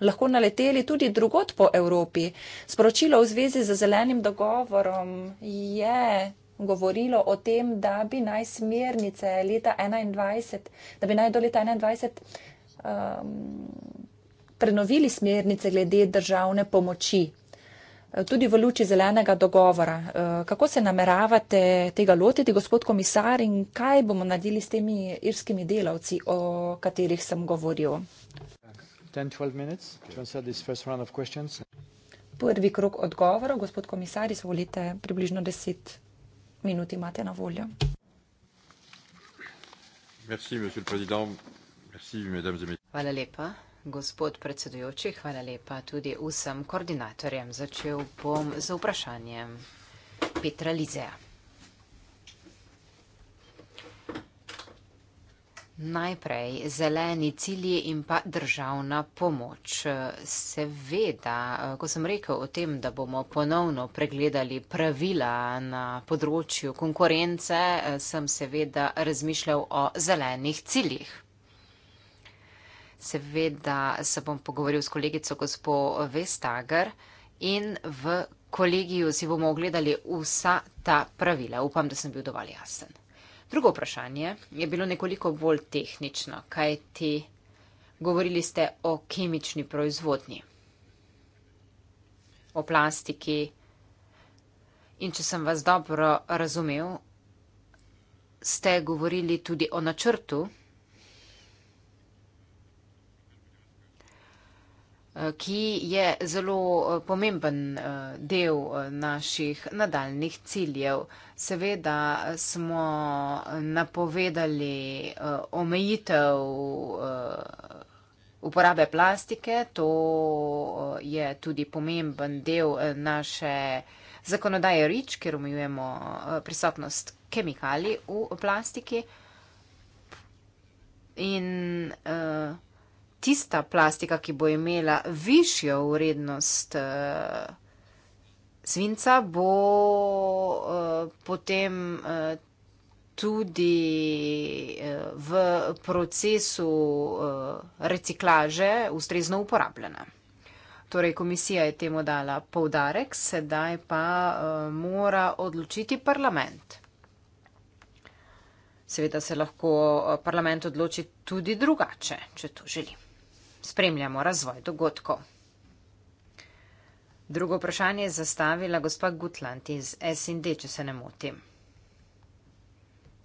lahko naleteli tudi drugot po Evropi. Sporočilo v zvezi z zelenim dogovorom je govorilo o tem, da bi naj smernice leta 2021, da bi naj do leta 2021 um, prenovili smernice glede državne pomoči. Eh, tudi v luči zelenega dogovora. Eh, kako se nameravate tega lotiti, gospod komisar, in kaj bomo naredili s temi irskimi delavci, o katerih sem govoril? Prvi krok odgovora, gospod komisar, izvolite, približno 10 minut imate na voljo. Hvala lepa, gospod predsedujoči, hvala lepa tudi vsem koordinatorjem. Začel bom z vprašanjem Petra Lizeja. Najprej zeleni cilji in pa državna pomoč. Seveda, ko sem rekel o tem, da bomo ponovno pregledali pravila na področju konkurence, sem seveda razmišljal o zelenih ciljih. Seveda se bom pogovoril s kolegico gospo Vestager in v kolegiju si bomo ogledali vsa ta pravila. Upam, da sem bil dovolj jasen. Drugo vprašanje je bilo nekoliko bolj tehnično, kaj ti govorili ste o kemični proizvodnji, o plastiki in če sem vas dobro razumel, ste govorili tudi o načrtu Eh, ki je zelo eh, pomemben eh, del naših nadaljnih ciljev. Seveda smo napovedali omejitev uporabe plastike, to je tudi pomemben del naše zakonodaje REACH, kjer omejujemo prisotnost kemikalij v plastiki. In uh, tista plastika, ki bo imela višjo vrednost uh, svinca, bo uh, potem uh, tudi uh, v procesu uh, reciklaže ustrezno uporabljena. Torej, komisija je temu dala povdarek, sedaj pa uh, mora odločiti parlament. Seveda se lahko parlament odloči tudi drugače, če to želi spremljamo razvoj dogodkov. Drugo vprašanje je zastavila gospa Gutland iz SND, če se ne motim.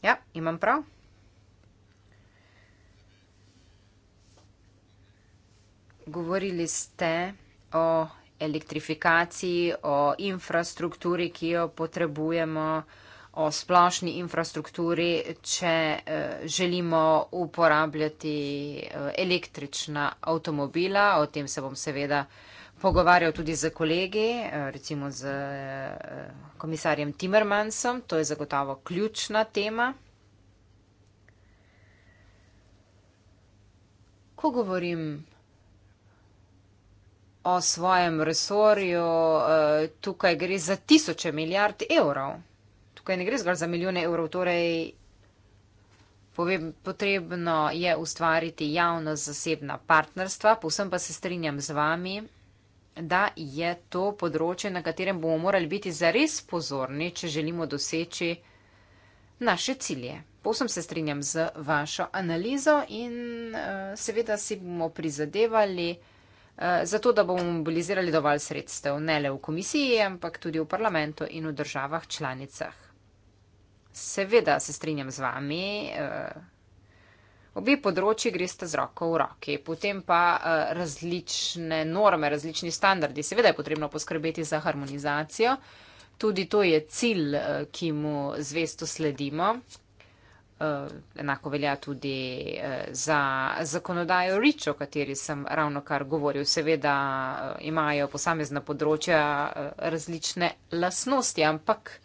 Ja, imam prav. Govorili ste o elektrifikaciji, o infrastrukturi, ki jo potrebujemo, o splošni infrastrukturi, če eh, želimo uporabljati eh, električna avtomobila. O tem se bom seveda pogovarjal tudi z kolegi, eh, recimo z komisarjem Timmermansom. To je zagotovo ključna tema. Ko govorim o svojem resorju, tukaj gre za tisoče milijard evrov tukaj ne gre zgolj za milijone evrov, torej povem, potrebno je ustvariti javno-zasebna partnerstva, povsem pa se strinjam z vami, da je to področje, na katerem bomo morali biti zares pozorni, če želimo doseči naše cilje. Povsem se strinjam z vašo analizo in eh, seveda si bomo prizadevali, eh, Zato, da bomo mobilizirali dovolj sredstev, ne le v komisiji, ampak tudi v parlamentu in v državah članicah. Seveda se strinjam z vami. Eh, Obe področji greste z roko v roki, potem pa eh, različne norme, različni standardi. Seveda je potrebno poskrbeti za harmonizacijo. Tudi to je cilj, eh, ki mu zvesto sledimo. Enako velja tudi za zakonodajo Rič, o kateri sem ravno kar govoril. Seveda imajo posamezna področja različne lasnosti, ampak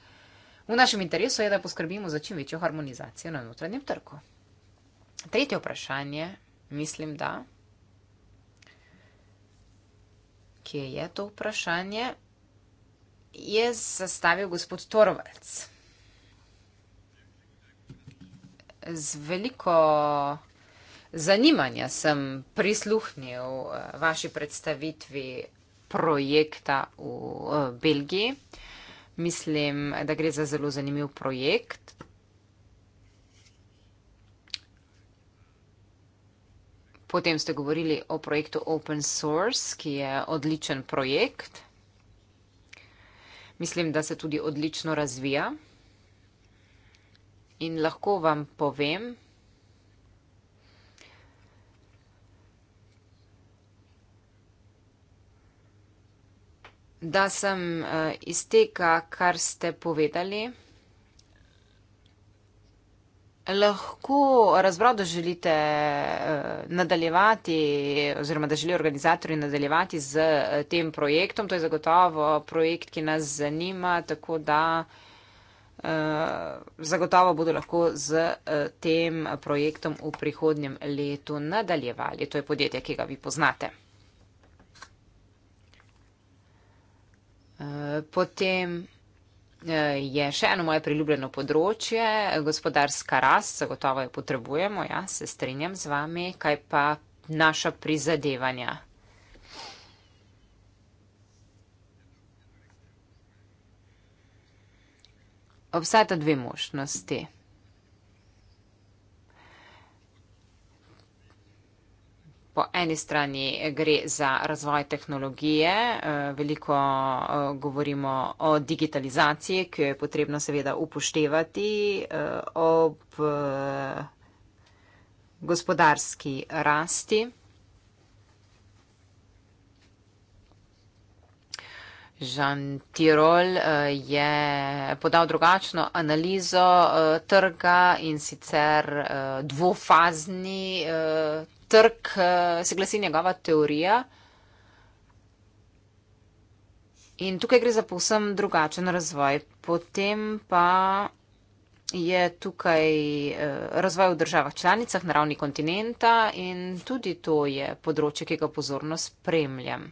V našem interesu je, da poskrbimo za čim večjo harmonizacijo na notranjem trgu. Tretje vprašanje, mislim, da. Kje je to vprašanje? Je zastavil gospod Torvalc. Z veliko zanimanja sem prisluhnil eh, vaši predstavitvi projekta v eh, Belgiji. Mislim, da gre za zelo zanimiv projekt. Potem ste govorili o projektu Open Source, ki je odličen projekt. Mislim, da se tudi odlično razvija. In lahko vam povem, da sem uh, iz tega, kar ste povedali, lahko razbral, da želite uh, eh, nadaljevati oziroma da želijo organizatorji nadaljevati z uh, tem projektom. To je zagotovo projekt, ki nas zanima, tako da uh, zagotovo bodo lahko z uh, tem projektom v prihodnjem letu nadaljevali. To je podjetje, ki ga vi poznate. Potem eh, je še eno moje priljubljeno področje, gospodarska rast, zagotovo jo potrebujemo, ja, se strinjam z vami, kaj pa naša prizadevanja. Obstajata dve možnosti. po eni strani gre za razvoj tehnologije, eh, veliko eh, govorimo o digitalizaciji, ki jo je potrebno seveda upoštevati eh, ob gospodarski rasti. Žan Tirol je podal drugačno analizo trga in sicer dvofazni trg, eh, se glasi njegova teorija. In tukaj gre za povsem drugačen razvoj. Potem pa je tukaj eh, razvoj v državah članicah na ravni kontinenta in tudi to je področje, ki ga pozorno spremljam.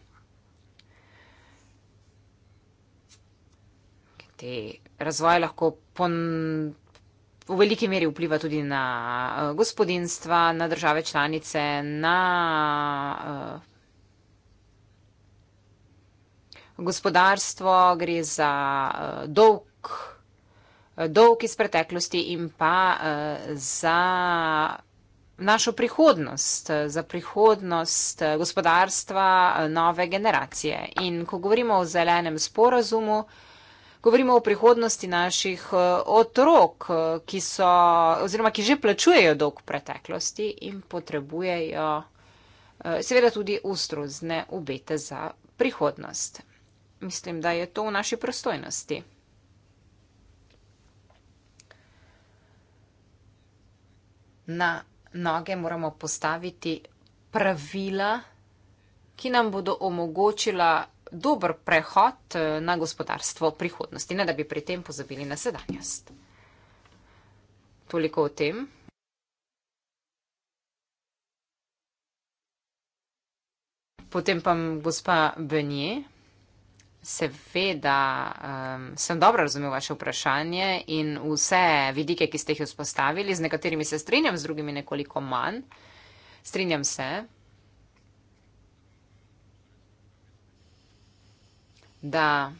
Te razvoje lahko pon, v veliki meri vpliva tudi na eh, gospodinstva, na države članice, na eh, gospodarstvo, gre za eh, dolg, dolg iz preteklosti in pa za našo prihodnost, za prihodnost gospodarstva nove generacije. In ko govorimo o zelenem sporazumu, govorimo o prihodnosti naših eh, otrok, eh, ki so oziroma ki že plačujejo dolg preteklosti in potrebujejo eh, seveda tudi ustrozne obete za prihodnost. Mislim, da je to v naši prostojnosti. Na noge moramo postaviti pravila, ki nam bodo omogočila dober prehod eh, na gospodarstvo prihodnosti, ne da bi pri tem pozabili na sedanjost. Toliko o tem. Potem pa gospa Benje, seveda um, sem dobro razumel vaše vprašanje in vse vidike, ki ste jih vzpostavili, z nekaterimi se strinjam, z drugimi nekoliko manj. Strinjam se, da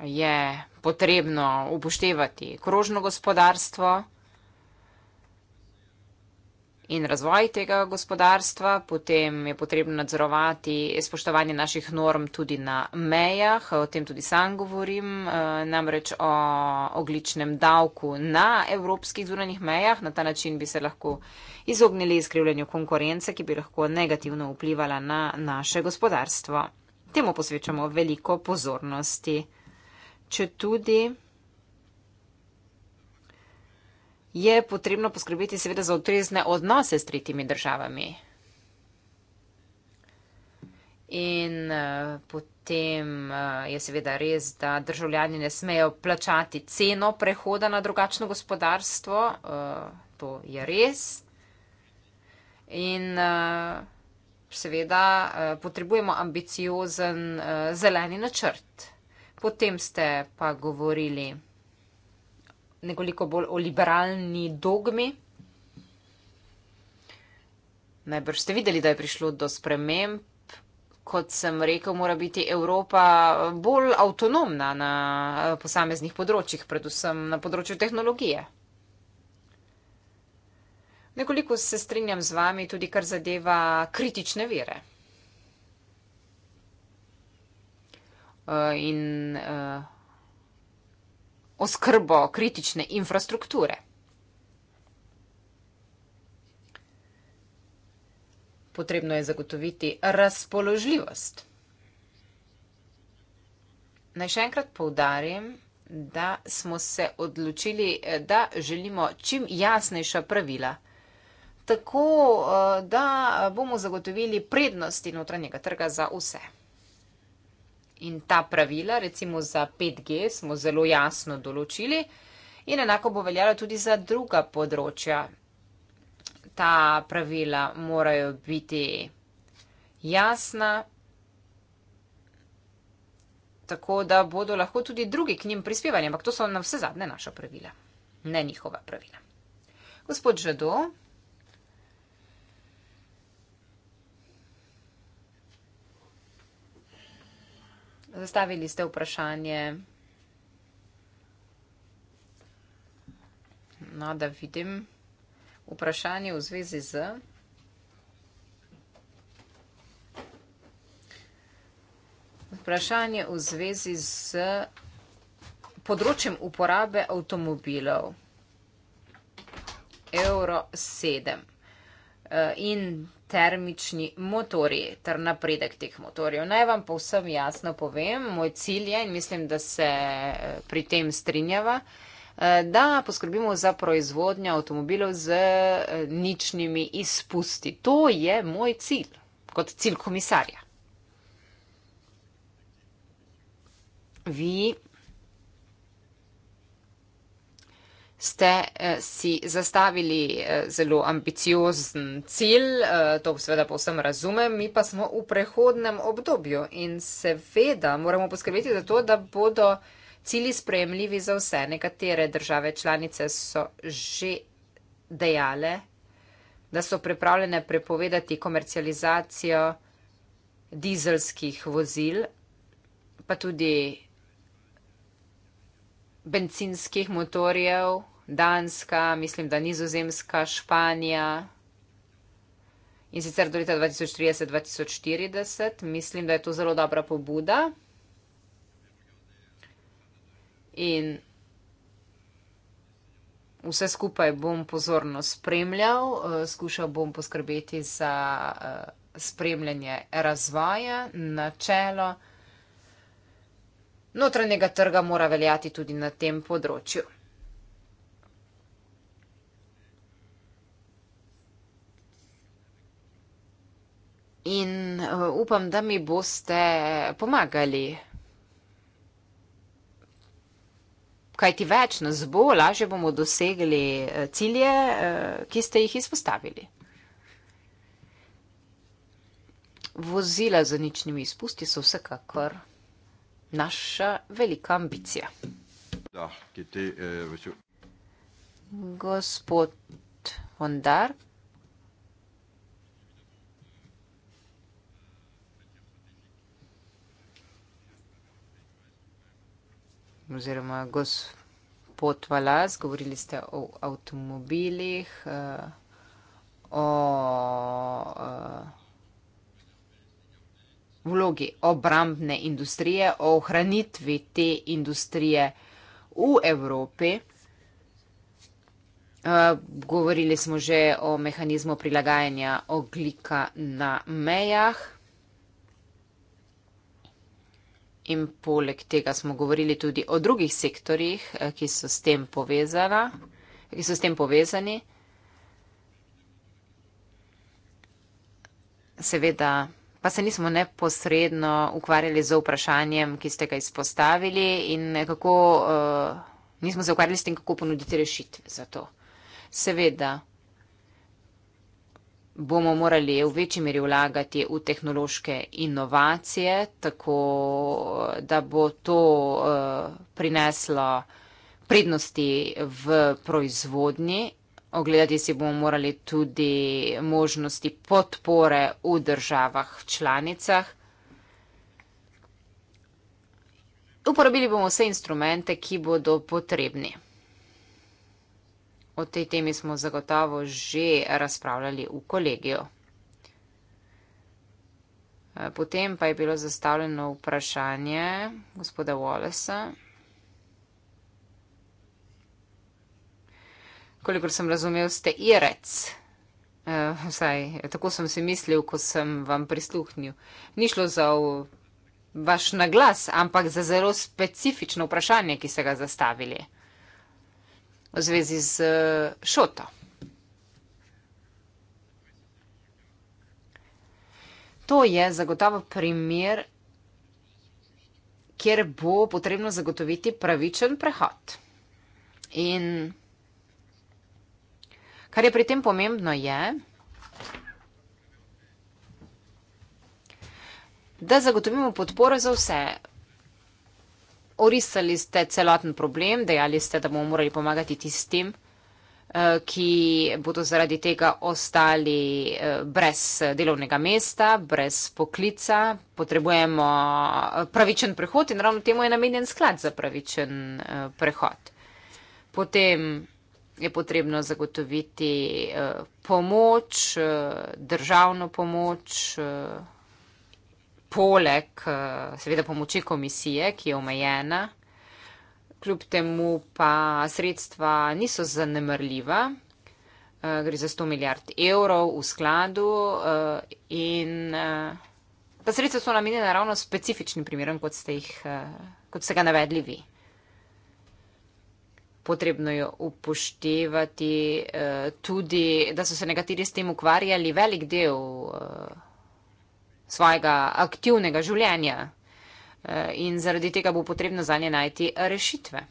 je potrebno upoštevati krožno gospodarstvo in razvoj tega gospodarstva, potem je potrebno nadzorovati spoštovanje naših norm tudi na mejah, o tem tudi sam govorim, eh, namreč o ogličnem davku na evropskih zunanjih mejah. Na ta način bi se lahko izognili izkrivljanju konkurence, ki bi lahko negativno vplivala na naše gospodarstvo. Temu posvečamo veliko pozornosti. Če tudi je potrebno poskrbeti seveda za ustrezne odnose s tretjimi državami. In uh, potem uh, je seveda res, da državljani ne smejo plačati ceno prehoda na drugačno gospodarstvo. Uh, to je res. In uh, seveda uh, potrebujemo ambiciozen uh, zeleni načrt. Potem ste pa govorili nekoliko bolj o liberalni dogmi. Najbrž ste videli, da je prišlo do sprememb. Kot sem rekel, mora biti Evropa bolj avtonomna na eh, posameznih področjih, predvsem na področju tehnologije. Nekoliko se strinjam z vami tudi, kar zadeva kritične vere. Eh, in eh, oskrbo kritične infrastrukture. Potrebno je zagotoviti razpoložljivost. Naj še enkrat povdarim, da smo se odločili, da želimo čim jasnejša pravila, tako eh, da bomo zagotovili prednosti notranjega trga za vse in ta pravila, recimo za 5G, smo zelo jasno določili in enako bo veljalo tudi za druga področja. Ta pravila morajo biti jasna, tako da bodo lahko tudi drugi k njim prispevali, ampak to so na vse zadnje naša pravila, ne njihova pravila. Gospod Žado. Zastavili ste vprašanje. No, da vidim. Vprašanje v zvezi z. Vprašanje v zvezi z področjem uporabe avtomobilov Euro 7 eh, in termični motorji ter napredek teh motorjev. Naj vam povsem jasno povem, moj cilj je in mislim, da se eh, pri tem strinjava, eh, da poskrbimo za proizvodnjo avtomobilov z eh, ničnimi izpusti. To je moj cilj kot cilj komisarja. Vi ste eh, si zastavili eh, zelo ambiciozen cilj, eh, to seveda povsem razumem, mi pa smo v prehodnem obdobju in seveda moramo poskrbeti za to, da bodo cilji sprejemljivi za vse. Nekatere države članice so že dejale, da so pripravljene prepovedati komercializacijo dizelskih vozil, pa tudi bencinskih motorjev. Danska, mislim, da Nizozemska, Španija. In sicer do leta 2030-2040, mislim, da je to zelo dobra pobuda. In vse skupaj bom pozorno spremljal, eh, skušal bom poskrbeti za eh, spremljanje razvoja, načelo. Notranjega trga mora veljati tudi na tem področju. in eh, upam, da mi boste pomagali. Kaj ti več nas bo, lažje bomo dosegli eh, cilje, eh, ki ste jih izpostavili. Vozila z ničnimi izpusti so vsekakor naša velika ambicija. Da, te, eh, Gospod Vondark, oziroma gospod Valas, govorili ste o avtomobilih, eh, o, o eh, vlogi obrambne industrije, o ohranitvi te industrije v Evropi. Uh, govorili smo že o mehanizmu prilagajanja oglika na mejah. In poleg tega smo govorili tudi o drugih sektorjih, eh, ki so s tem, povezana, ki so s tem povezani. Seveda pa se nismo neposredno ukvarjali z vprašanjem, ki ste ga izpostavili in kako, uh, nismo se ukvarjali s tem, kako ponuditi rešitve za to. Seveda bomo morali v večji meri vlagati v tehnološke inovacije, tako da bo to uh, prineslo prednosti v proizvodnji. Ogledati si bomo morali tudi možnosti podpore v državah članicah. Uporabili bomo vse instrumente, ki bodo potrebni. O tej temi smo zagotovo že razpravljali v kolegiju. Eh, potem pa je bilo zastavljeno vprašanje gospoda Wallacea. Kolikor sem razumel, ste irec. Eh, vsaj, tako sem si mislil, ko sem vam prisluhnil. Ni šlo za vaš naglas, ampak za zelo specifično vprašanje, ki ste ga zastavili v zvezi z eh, šoto. To je zagotovo primer, kjer bo potrebno zagotoviti pravičen prehod. In kar je pri tem pomembno je, da zagotovimo podporo za vse orisali ste celoten problem, dejali ste, da bomo morali pomagati tistim, eh, ki bodo zaradi tega ostali eh, brez delovnega mesta, brez poklica. Potrebujemo eh, pravičen prehod in ravno temu je namenjen sklad za pravičen prehod. Potem je potrebno zagotoviti pomoč, državno pomoč, poleg eh, seveda pomoči komisije, ki je omejena, kljub temu pa sredstva niso zanemrljiva. Eh, gre za 100 milijard evrov v skladu eh, in ta sredstva so namenjena ravno specifičnim primerom, kot ste, jih, kot ste ga navedli vi. Potrebno je upoštevati tudi, da so se nekateri s tem ukvarjali velik del svojega aktivnega življenja eh, in zaradi tega bo potrebno za nje najti rešitve.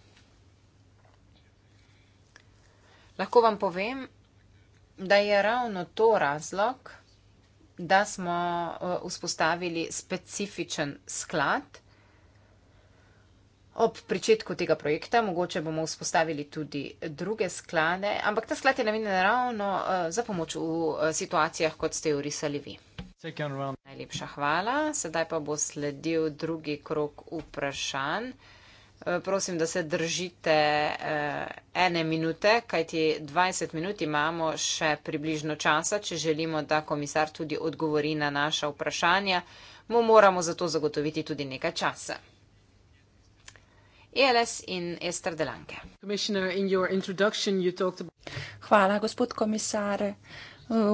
Lahko vam povem, da je ravno to razlog, da smo eh, vzpostavili specifičen sklad. Ob pričetku tega projekta mogoče bomo vzpostavili tudi druge sklade, ampak ta sklad je namenjen ravno eh, za pomoč v situacijah, kot ste jo risali vi. Najlepša hvala. Sedaj pa bo sledil drugi krok vprašanj. Eh, prosim, da se držite eh, ene minute, kajti 20 minut imamo še približno časa, če želimo, da komisar tudi odgovori na naša vprašanja, mu moramo zato zagotoviti tudi nekaj časa. ELS in Ester Delanke. Hvala, gospod komisar.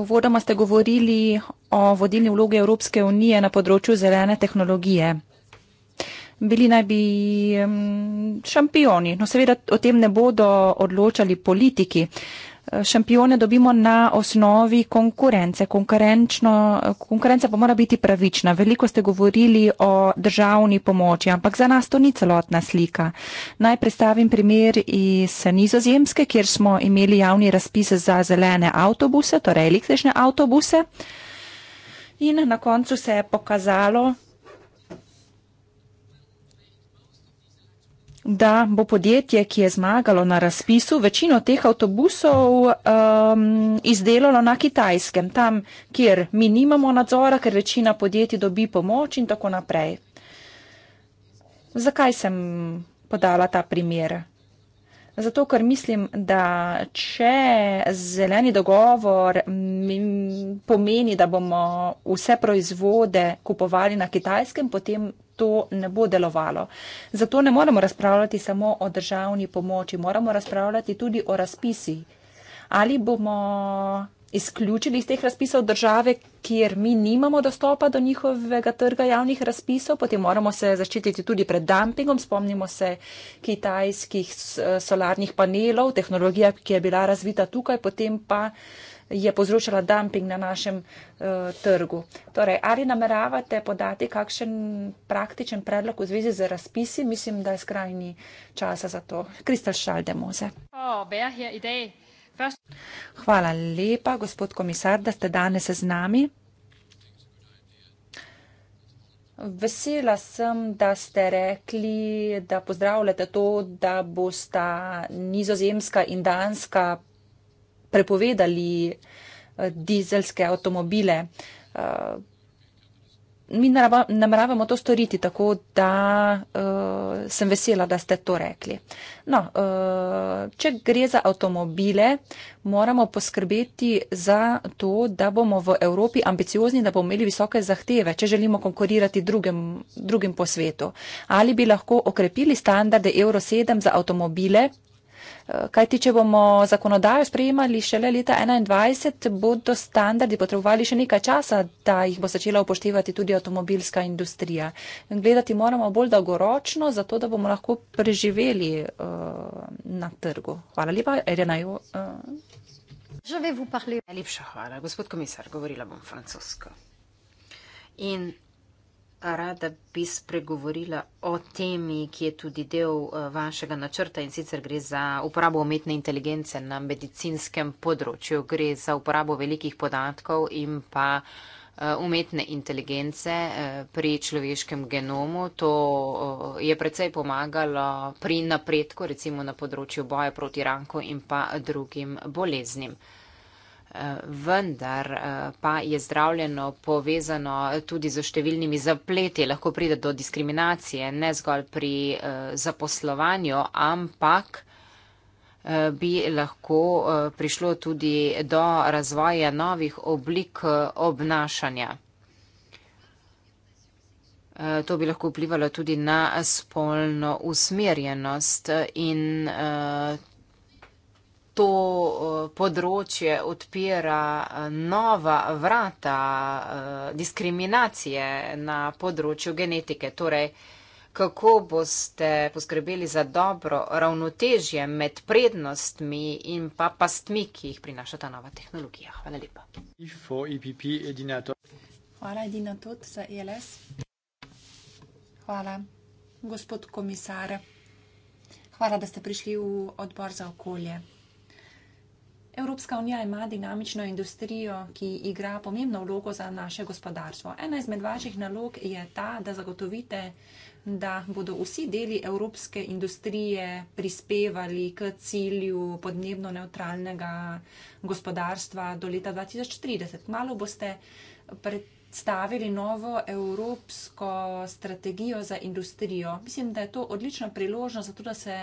Vodoma ste govorili o vodilni vlogi Evropske unije na področju zelene tehnologije. Bili naj bi mm, šampioni, no seveda o tem ne bodo odločali politiki. Eh, šampione dobimo na osnovi konkurence. Eh, konkurenca pa mora biti pravična. Veliko ste govorili o državni pomoči, ampak za nas to ni celotna slika. Naj predstavim primer iz Nizozemske, kjer smo imeli javni razpis za zelene avtobuse, torej električne avtobuse. In na koncu se je pokazalo, da bo podjetje, ki je zmagalo na razpisu, večino teh avtobusov um, izdelalo na kitajskem, tam, kjer mi nimamo nadzora, ker večina podjetij dobi pomoč in tako naprej. Zakaj sem podala ta primer? Zato, ker mislim, da če zeleni dogovor mm, pomeni, da bomo vse proizvode kupovali na kitajskem, potem to ne bo delovalo. Zato ne moremo razpravljati samo o državni pomoči, moramo razpravljati tudi o razpisi. Ali bomo izključili iz teh razpisov države, kjer mi nimamo dostopa do njihovega trga javnih razpisov, potem moramo se zaščititi tudi pred dumpingom. Spomnimo se kitajskih solarnih panelov, tehnologija, ki je bila razvita tukaj, potem pa je povzročala dumping na našem uh, trgu. Torej, ali nameravate podati kakšen praktičen predlog v zvezi z razpisi? Mislim, da je skrajni čas za to. Kristal Šaldemoze. Oh, er First... Hvala lepa, gospod komisar, da ste danes z nami. Vesela sem, da ste rekli, da pozdravljate to, da bosta nizozemska in danska prepovedali eh, dizelske avtomobile. Eh, mi nameravamo to storiti, tako da uh, sem vesela, da ste to rekli. No, uh, če gre za avtomobile, moramo poskrbeti za to, da bomo v Evropi ambiciozni, da bomo imeli visoke zahteve, če želimo konkurirati drugim, drugim po svetu. Ali bi lahko okrepili standarde Euro 7 za avtomobile, Kaj ti, če bomo zakonodajo sprejemali šele leta 2021, bodo standardi potrebovali še nekaj časa, da jih bo začela upoštevati tudi avtomobilska industrija. Gledati moramo bolj dolgoročno, zato da bomo lahko preživeli uh, na trgu. Hvala lepa, Erena. Eh. Najlepša uh. hvala, gospod komisar, govorila bom francosko. In rada bi spregovorila o temi, ki je tudi del eh, vašega načrta in sicer gre za uporabo umetne inteligence na medicinskem področju. Gre za uporabo velikih podatkov in pa eh, umetne inteligence eh, pri človeškem genomu. To je predvsej pomagalo pri napredku, recimo na področju boja proti ranku in pa drugim boleznim vendar eh, pa je zdravljeno povezano tudi z številnimi zapleti. Lahko pride do diskriminacije, ne zgolj pri eh, zaposlovanju, ampak eh, bi lahko prišlo tudi do razvoja novih oblik obnašanja. To bi lahko vplivalo tudi na spolno usmerjenost in to eh, področje odpira eh, nova vrata eh, diskriminacije na področju genetike. Torej, kako boste poskrbeli za dobro ravnotežje med prednostmi in pa pastmi, ki jih prinaša ta nova tehnologija. Hvala lepa. E Hvala, Edina Tod za ELS. Hvala, gospod komisar. Hvala, da ste prišli v odbor za okolje. Evropska unija ima dinamično industrijo, ki igra pomembno vlogo za naše gospodarstvo. Ena izmed vaših nalog je ta, da zagotovite, da bodo vsi deli evropske industrije prispevali k cilju podnebno neutralnega gospodarstva do leta 2030. Malo boste predstavili novo evropsko strategijo za industrijo. Mislim, da je to odlična priložnost, zato da se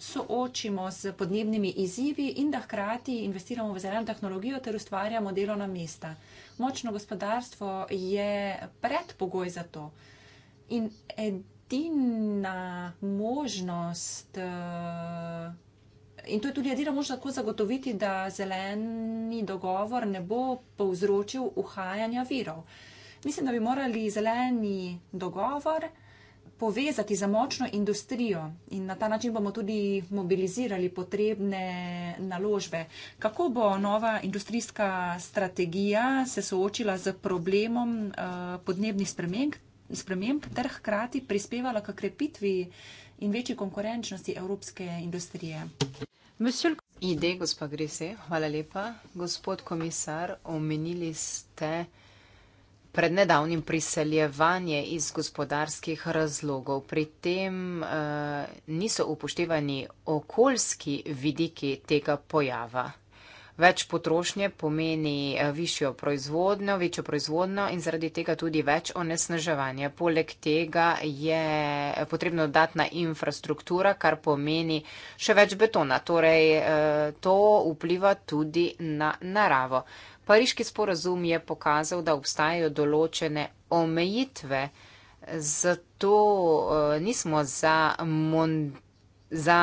soočimo z podnebnimi izzivi in da hkrati investiramo v zeleno tehnologijo ter ustvarjamo delovna mesta. Močno gospodarstvo je predpogoj za to. In edina možnost, eh, in to je tudi edina možnost, kako zagotoviti, da zeleni dogovor ne bo povzročil uhajanja virov. Mislim, da bi morali zeleni dogovor povezati za močno industrijo in na ta način bomo tudi mobilizirali potrebne naložbe. Kako bo nova industrijska strategija se soočila z problemom eh, podnebnih sprememb, sprememb ter hkrati prispevala k krepitvi in večji konkurenčnosti evropske industrije? Ide, gospa Grise, hvala lepa. Gospod komisar, omenili ste pred nedavnim priseljevanje iz gospodarskih razlogov. Pri tem eh, niso upoštevani okoljski vidiki tega pojava. Več potrošnje pomeni eh, višjo proizvodnjo, večjo proizvodnjo in zaradi tega tudi več onesnaževanja. Poleg tega je potrebno dodatna infrastruktura, kar pomeni še več betona. Torej, eh, to vpliva tudi na naravo. Pariški sporazum je pokazal, da obstajajo določene omejitve, zato eh, nismo za, mon, za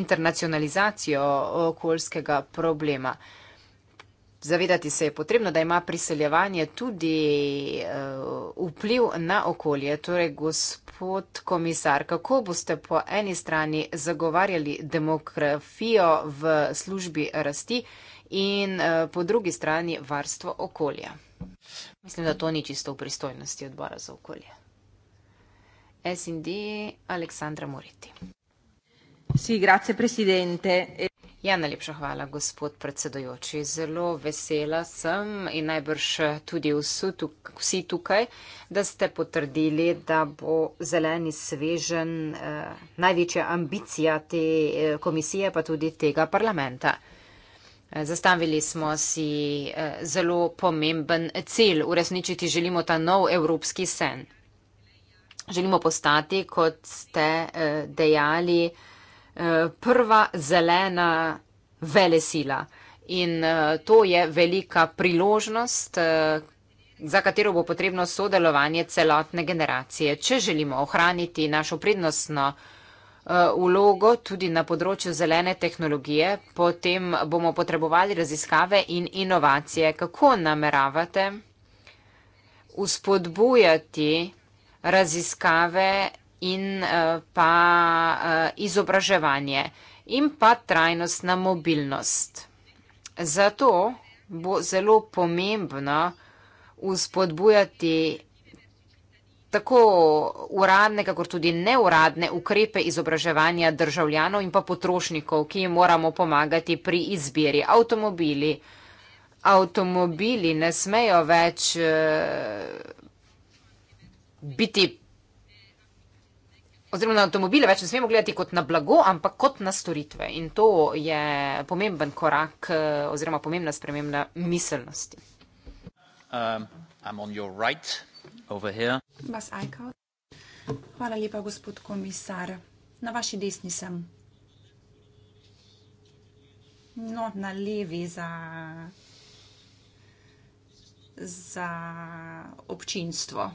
internacionalizacijo eh, okoljskega problema. Zavedati se je potrebno, da ima priseljevanje tudi eh, vpliv na okolje. Torej, gospod komisar, kako boste po eni strani zagovarjali demografijo v službi rasti, in eh, po drugi strani varstvo okolja. Mislim, da to ni čisto v pristojnosti odbora za okolje. SND Aleksandra Moriti. Si, grazie, presidente. Ja, najlepša hvala, gospod predsedojoči. Zelo vesela sem in najbrž tudi vsi tukaj, da ste potrdili, da bo zeleni svežen eh, največja ambicija te eh, komisije, pa tudi tega parlamenta. Zastavili smo si eh, zelo pomemben cilj. Uresničiti želimo ta nov evropski sen. Želimo postati, kot ste eh, dejali, eh, prva zelena velesila. In to je velika priložnost, za katero bo potrebno sodelovanje celotne generacije. Če želimo ohraniti našo prednostno prednost, Eh, vlogo tudi na področju zelene tehnologije, potem bomo potrebovali raziskave in inovacije. Kako nameravate uspodbujati raziskave in eh, pa eh, izobraževanje in pa trajnostna mobilnost? Zato bo zelo pomembno uspodbujati tako uradne, kako tudi neuradne ukrepe izobraževanja državljanov in pa potrošnikov, ki jim moramo pomagati pri izbiri avtomobili. Avtomobili ne smejo več eh, biti, oziroma na avtomobile več ne smemo gledati kot na blago, ampak kot na storitve. In to je pomemben korak eh, oziroma pomembna sprememna miselnosti. Um, I'm on your right over here. Vas ajka. Hvala lepa, gospod komisar. Na vaši desni sem. No, na levi za, za občinstvo.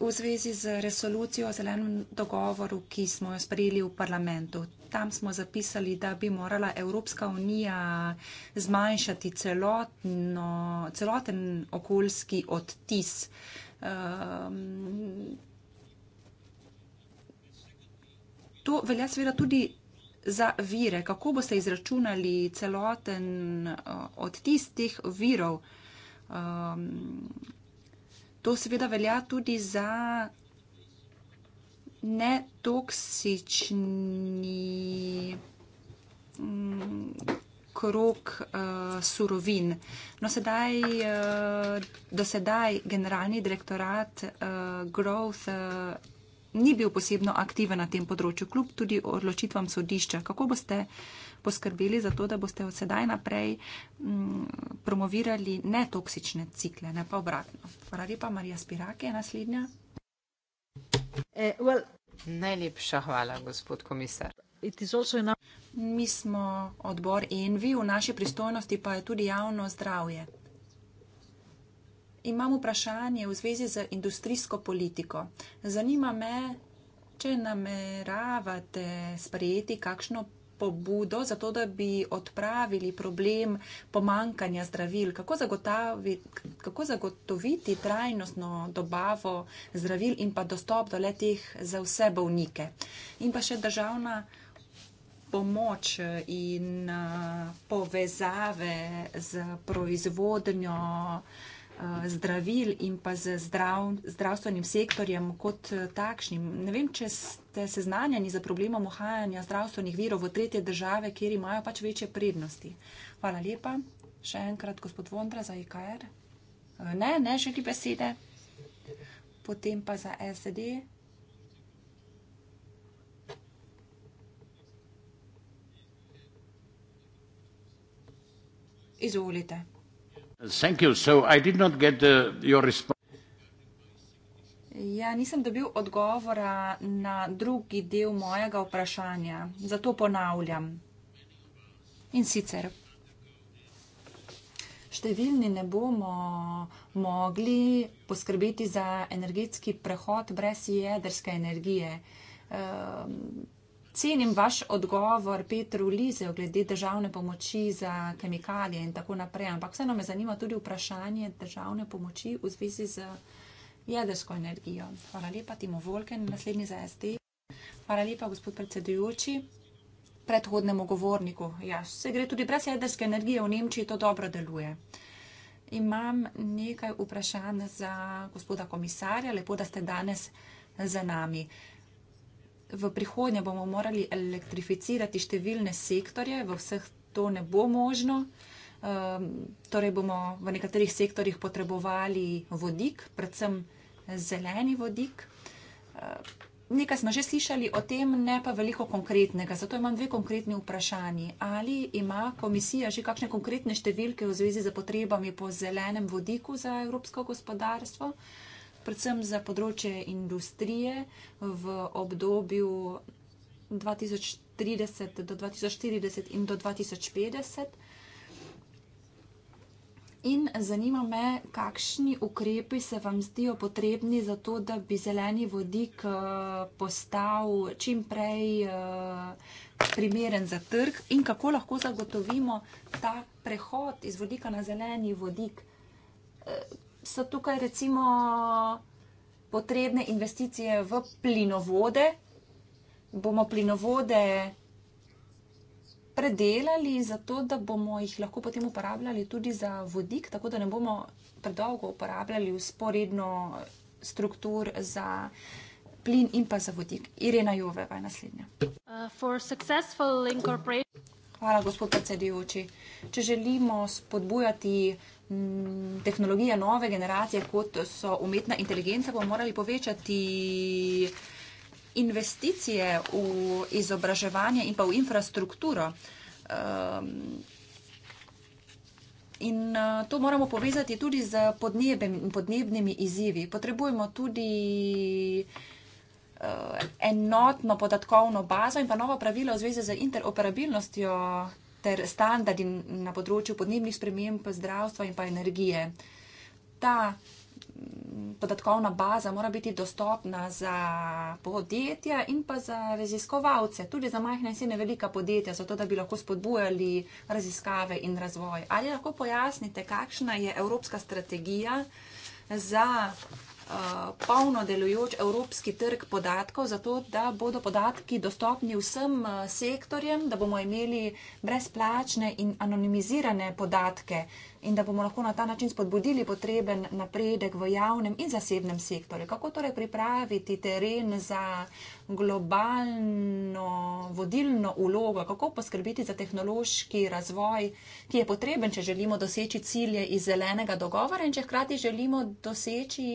V zvezi z resolucijo o zelenem dogovoru, ki smo jo sprejeli v parlamentu, tam smo zapisali, da bi morala Evropska unija zmanjšati celotno, celoten okoljski odtis. Um, to velja seveda tudi za vire. Kako boste izračunali celoten uh, odtis teh virov? Um, to seveda velja tudi za netoksični mm, krok uh, eh, surovin. No, sedaj, uh, do sedaj generalni direktorat uh, Growth uh, ni bil posebno aktiven na tem področju, kljub tudi odločitvam sodišča. Kako boste poskrbeli za to, da boste od sedaj naprej um, promovirali netoksične cikle, ne pa obratno? Hvala lepa, Marija Spirake je naslednja. Eh, Najlepša hvala, gospod komisar. Mi smo odbor Envi, v naši pristojnosti pa je tudi javno zdravje. Imam vprašanje v zvezi z industrijsko politiko. Zanima me, če nameravate sprejeti kakšno pobudo za to, da bi odpravili problem pomankanja zdravil? Kako zagotoviti, kako zagotoviti trajnostno dobavo zdravil in pa dostop do letih za vse bolnike? In pa še državna pomoč in povezave z proizvodnjo uh, Eh, zdravil in pa z zdrav, zdravstvenim sektorjem kot eh, takšnim. Ne vem, če ste seznanjeni za problemom ohajanja zdravstvenih virov v tretje države, kjer imajo pač večje prednosti. Hvala lepa. Še enkrat, gospod Vondra za IKR. Eh, ne, ne želi besede. Potem pa za SD. Izvolite. Ja, nisem dobil odgovora na drugi del mojega vprašanja, zato ponavljam. In sicer. Številni ne bomo mogli poskrbeti za energetski prehod brez jedrske energije. Ehm, Cenim vaš odgovor, Petru Lize, glede državne pomoči za kemikalije in tako naprej, ampak vseeno me zanima tudi vprašanje državne pomoči v zvezi z jedrsko energijo. Hvala lepa, Timo Volken, naslednji za SD. Hvala lepa, gospod predsedujoči, predhodnemu govorniku. Ja, se gre tudi brez jedrske energije v Nemčiji, to dobro deluje. Imam nekaj vprašanj za gospoda komisarja, lepo, da ste danes za nami. Uh, v prihodnje bomo morali elektrificirati številne sektorje, v vseh to ne bo možno. Ehm, torej bomo v nekaterih sektorjih potrebovali vodik, predvsem zeleni vodik. Ehm, nekaj smo že slišali o tem, ne pa veliko konkretnega. Zato imam dve konkretni vprašanji. Ali ima komisija že kakšne konkretne številke v zvezi z potrebami po zelenem vodiku za evropsko gospodarstvo? predvsem za področje industrije v obdobju 2030 do 2040 in do 2050. In zanima me, kakšni ukrepi se vam zdijo potrebni za to, da bi zeleni vodik eh, postal čim prej eh, primeren za trg in kako lahko zagotovimo ta prehod iz vodika na zeleni vodik. Eh, so tukaj recimo potrebne investicije v plinovode. Bomo plinovode predelali, zato da bomo jih lahko potem uporabljali tudi za vodik, tako da ne bomo predolgo uporabljali usporedno struktur za plin in pa za vodik. Irena Joveva je naslednja. Uh, Hvala, gospod predsedujoči. Če želimo spodbujati. Mm, tehnologije nove generacije, kot so umetna inteligenca, bomo morali povečati investicije v izobraževanje in pa v infrastrukturo. Ehm, in e, to moramo povezati tudi z podnebem in podnebnimi izzivi. Potrebujemo tudi e, enotno podatkovno bazo in pa novo pravilo v zvezi z interoperabilnostjo ter standardi na področju podnebnih sprememb, zdravstva in pa energije. Ta mm, podatkovna baza mora biti dostopna za podjetja in pa za raziskovalce, tudi za majhna in srednja velika podjetja, zato da bi lahko spodbujali raziskave in razvoj. Ali lahko pojasnite, kakšna je evropska strategija za Eh, polno delujoč evropski trg podatkov, zato da bodo podatki dostopni vsem eh, sektorjem, da bomo imeli brezplačne in anonimizirane podatke in da bomo lahko na ta način spodbudili potreben napredek v javnem in zasebnem sektorju. Kako torej pripraviti teren za globalno vodilno ulogo, kako poskrbiti za tehnološki razvoj, ki je potreben, če želimo doseči cilje iz zelenega dogovora in če hkrati želimo doseči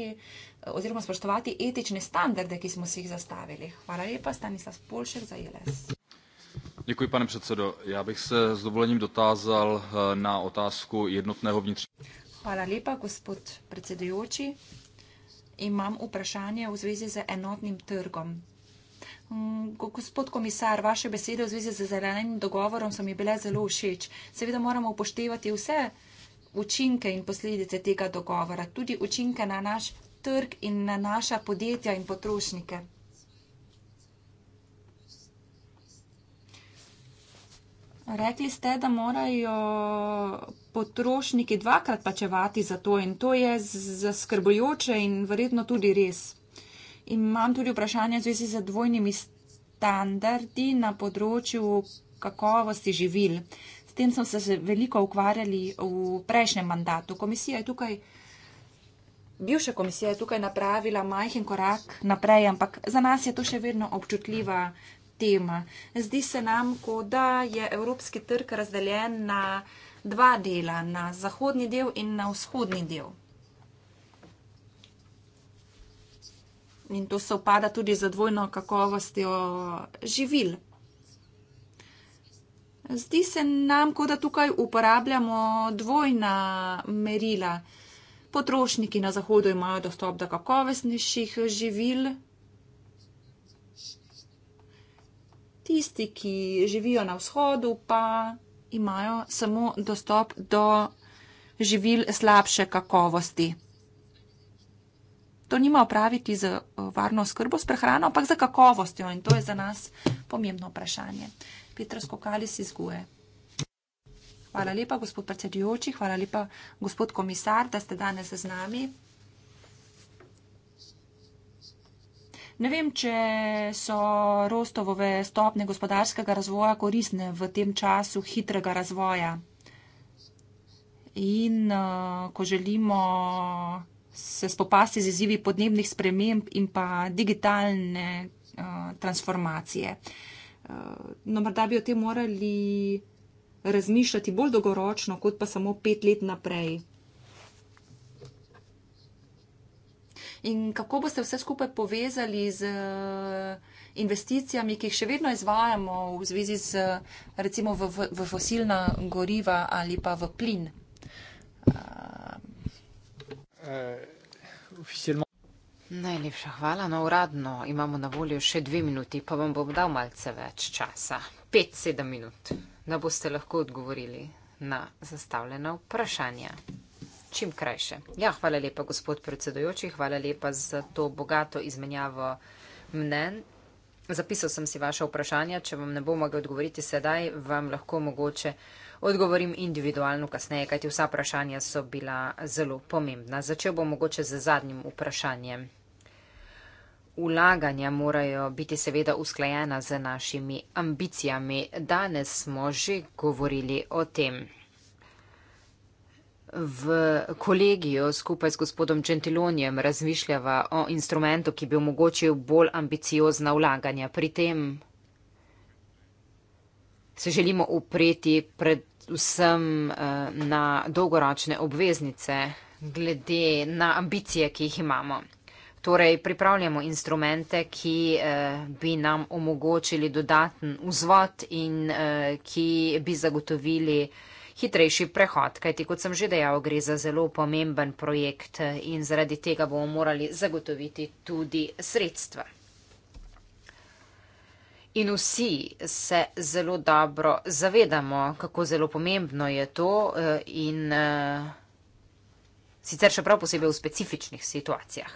oziroma spoštovati etične standarde, ki smo si jih zastavili. Hvala lepa, Stanislav Polšek za ILS pane předsedající já bych se s dovolením dotázal eh, na otázku jednotného vnitřního trhu. Hvala lepa, gospod predsedujoči. Imam vprašanje v zvezi z enotnim trgom. Gospod komisar, vaše besede v zvezi z zelenim dogovorom so mi bile zelo všeč. Seveda moramo upoštevati vse učinke in posledice tega dogovora, tudi učinke na naš trg in na naša podjetja in potrošnike. Rekli ste, da morajo potrošniki dvakrat plačevati za to in to je zaskrbljujoče in verjetno tudi res. In imam tudi vprašanje v zvezi z dvojnimi standardi na področju kakovosti živil. S tem smo se veliko ukvarjali v prejšnjem mandatu. Komisija je tukaj, bivša komisija je tukaj napravila majhen korak naprej, ampak za nas je to še vedno občutljiva tema. Zdi se nam, kot da je evropski trg razdeljen na dva dela, na zahodni del in na vzhodni del. In to se upada tudi za dvojno kakovostjo živil. Zdi se nam, kot da tukaj uporabljamo dvojna merila. Potrošniki na zahodu imajo dostop do kakovostnejših živil, tisti, ki živijo na vzhodu, pa imajo samo dostop do živil slabše kakovosti. To nima opraviti z eh, varno skrbo s prehrano, ampak z kakovostjo in to je za nas pomembno vprašanje. Petro Skokalis iz Gue. Hvala lepa, gospod predsedujoči, hvala lepa, gospod komisar, da ste danes z nami. Ne vem, če so rostovove stopne gospodarskega razvoja koristne v tem času hitrega razvoja. In uh, ko želimo se spopasti z izzivi podnebnih sprememb in pa digitalne uh, transformacije. Uh, no, morda bi o tem morali razmišljati bolj dolgoročno, kot pa samo pet let naprej. in kako boste vse skupaj povezali z eh, investicijami, ki jih še vedno izvajamo v zvezi z eh, recimo v, v, v fosilna goriva ali pa v plin. Eh, Najlepša hvala. No, uradno imamo na voljo še dve minuti, pa vam bom dal malce več časa. Pet, sedem minut, da boste lahko odgovorili na zastavljena vprašanja čim krajše. Ja, hvala lepa, gospod predsedojoči, hvala lepa za to bogato izmenjavo mnen. Zapisal sem si vaše vprašanja, če vam ne bom mogel odgovoriti sedaj, vam lahko mogoče odgovorim individualno kasneje, kajti vsa vprašanja so bila zelo pomembna. Začel bom mogoče z zadnjim vprašanjem. Ulaganja morajo biti seveda usklajena z našimi ambicijami. Danes smo že govorili o tem v kolegiju skupaj s gospodom Gentilonjem razmišljava o instrumentu, ki bi omogočil bolj ambiciozna vlaganja. Pri tem se želimo upreti predvsem eh, na dolgoročne obveznice glede na ambicije, ki jih imamo. Torej, pripravljamo instrumente, ki eh, bi nam omogočili dodaten vzvod in eh, ki bi zagotovili eh, hitrejši prehod, kajti kot sem že dejal, gre za zelo pomemben projekt eh, in zaradi tega bomo morali zagotoviti tudi sredstva. In vsi se zelo dobro zavedamo, kako zelo pomembno je to eh, in eh, sicer še prav posebej v specifičnih situacijah.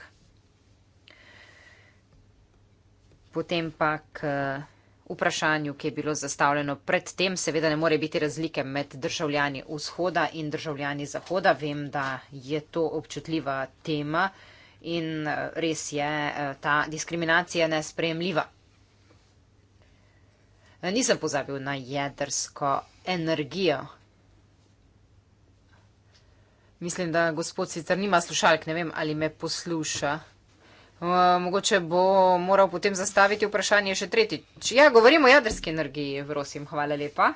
Potem pa k vprašanju, ki je bilo zastavljeno predtem. Seveda ne more biti razlike med državljani vzhoda in državljani zahoda. Vem, da je to občutljiva tema in eh, res je eh, ta diskriminacija nesprejemljiva. Eh, nisem pozabil na jedrsko energijo. Mislim, da gospod sicer nima slušalk, ne vem, ali me posluša mogoče bo moral potem zastaviti vprašanje še tretjič. Ja, govorim o jedrski energiji, prosim, hvala lepa.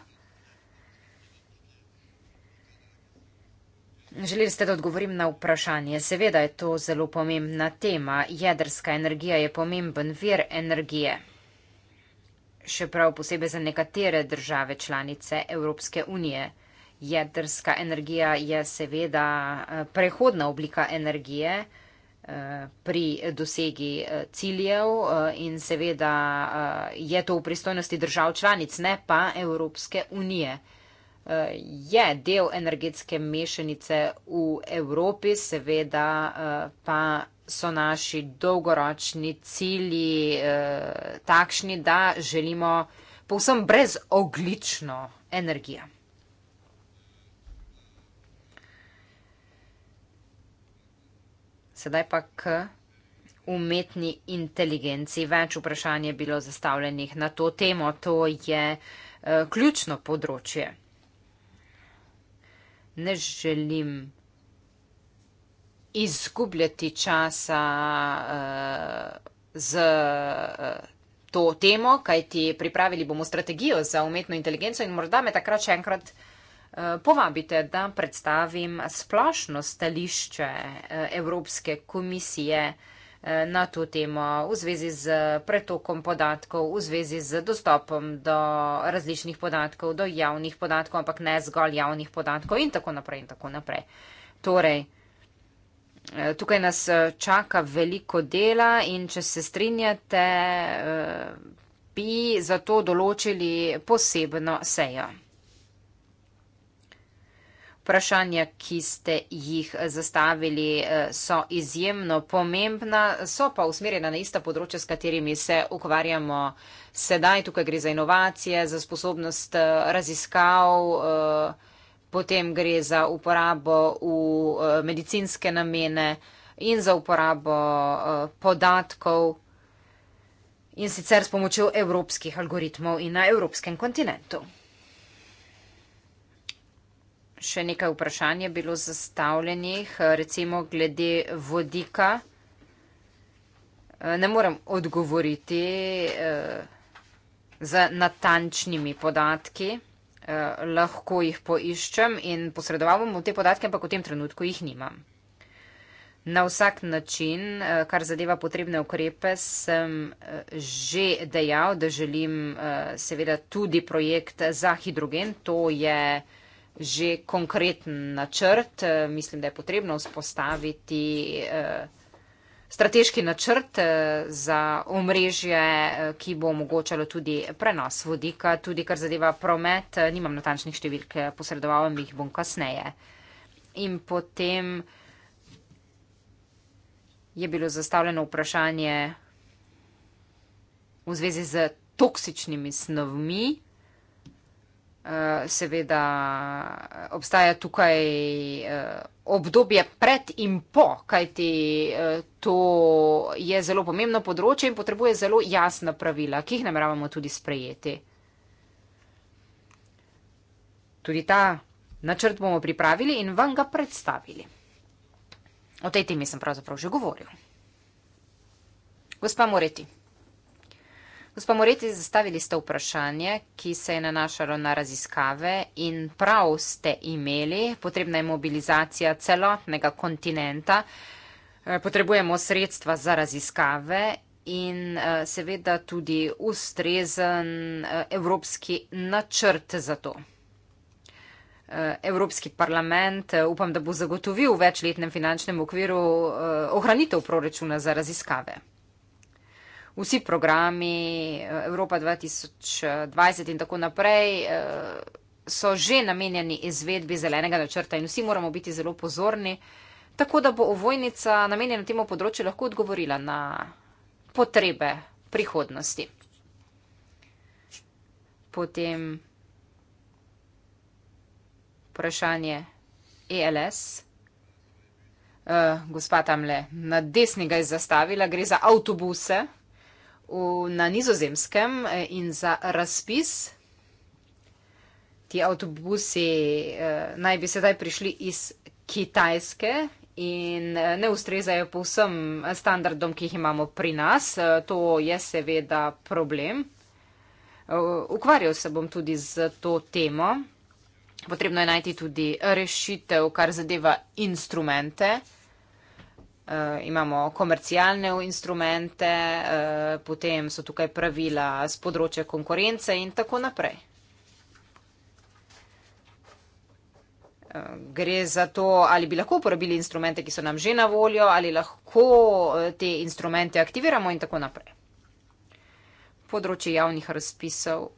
Želeli ste, da odgovorim na vprašanje. Seveda je to zelo pomembna tema. Jedrska energija je pomemben vir energije. Še prav posebej za nekatere države članice Evropske unije. Jedrska energija je seveda eh, prehodna oblika energije, pri dosegi eh, ciljev eh, in seveda eh, je to v pristojnosti držav članic, ne pa Evropske unije. Je del energetske mešanice v Evropi, seveda pa so naši dolgoročni cilji takšni, da želimo povsem brezoglično energijo. Sedaj pa k umetni inteligenci. Več vprašanj je bilo zastavljenih na to temo. To je uh, ključno področje. Ne želim izgubljati časa uh, z. Uh, To temo, kajti pripravili bomo strategijo za umetno inteligenco in morda me takrat še enkrat uh, Eh, povabite, da predstavim splošno stališče eh, Evropske komisije eh, na to temo v zvezi z pretokom podatkov, v zvezi z dostopom do različnih podatkov, do javnih podatkov, ampak ne zgolj javnih podatkov in tako naprej in tako naprej. Torej, Tukaj nas čaka veliko dela in če se strinjate, bi zato določili posebno sejo. Vprašanja, ki ste jih zastavili, eh, so izjemno pomembna, so pa usmerjena na ista področja, s katerimi se ukvarjamo sedaj. Tukaj gre za inovacije, za sposobnost eh, raziskav, eh, potem gre za uporabo v medicinske namene in za uporabo podatkov in sicer s pomočjo evropskih algoritmov in na evropskem kontinentu še nekaj vprašanj je bilo zastavljenih, recimo glede vodika. Ne moram odgovoriti eh, z natančnimi podatki, eh, lahko jih poiščem in posredoval bom te podatke, ampak v tem trenutku jih nimam. Na vsak način, eh, kar zadeva potrebne ukrepe, sem že dejal, da želim seveda tudi projekt za hidrogen. To je že konkreten načrt. Eh, mislim, da je potrebno vzpostaviti eh, strateški načrt eh, za omrežje, ki bo omogočalo tudi prenos vodika, tudi kar zadeva promet. Nimam natančnih številk, posredoval mi jih bom kasneje. In potem je bilo zastavljeno vprašanje v zvezi z toksičnimi snovmi. Eh, seveda eh, obstaja tukaj eh, obdobje pred in po, kajti to je zelo pomembno področje in potrebuje zelo jasna pravila, ki jih nameravamo tudi sprejeti. Tudi ta načrt bomo pripravili in vam ga predstavili. O tej temi sem pravzaprav že govoril. Gospa Moreti. Gospod Moreti, zastavili ste vprašanje, ki se je nanašalo na raziskave in prav ste imeli, potrebna je mobilizacija celotnega kontinenta, eh, potrebujemo sredstva za raziskave in eh, seveda tudi ustrezen eh, evropski načrt za to. Evropski parlament upam, da bo zagotovil v večletnem finančnem okviru ohranitev proračuna za raziskave vsi programi eh, Evropa 2020 in tako naprej eh, so že namenjeni izvedbi zelenega načrta in vsi moramo biti zelo pozorni, tako da bo ovojnica namenjena temu področju lahko odgovorila na potrebe prihodnosti. Potem vprašanje ELS. Uh, eh, gospa tamle na desni ga je zastavila, gre za avtobuse v, na nizozemskem eh, in za razpis. Ti avtobusi eh, naj bi sedaj prišli iz Kitajske in eh, ne ustrezajo povsem standardom, ki jih imamo pri nas. Eh, to je seveda problem. Ukvarjal se bom tudi z to temo. Potrebno je najti tudi rešitev, kar zadeva instrumente. Eh, imamo komercialne instrumente, eh, potem so tukaj pravila z področja konkurence in tako naprej. Eh, gre za to, ali bi lahko uporabili instrumente, ki so nam že na voljo, ali lahko te instrumente aktiviramo in tako naprej. Področje javnih razpisov.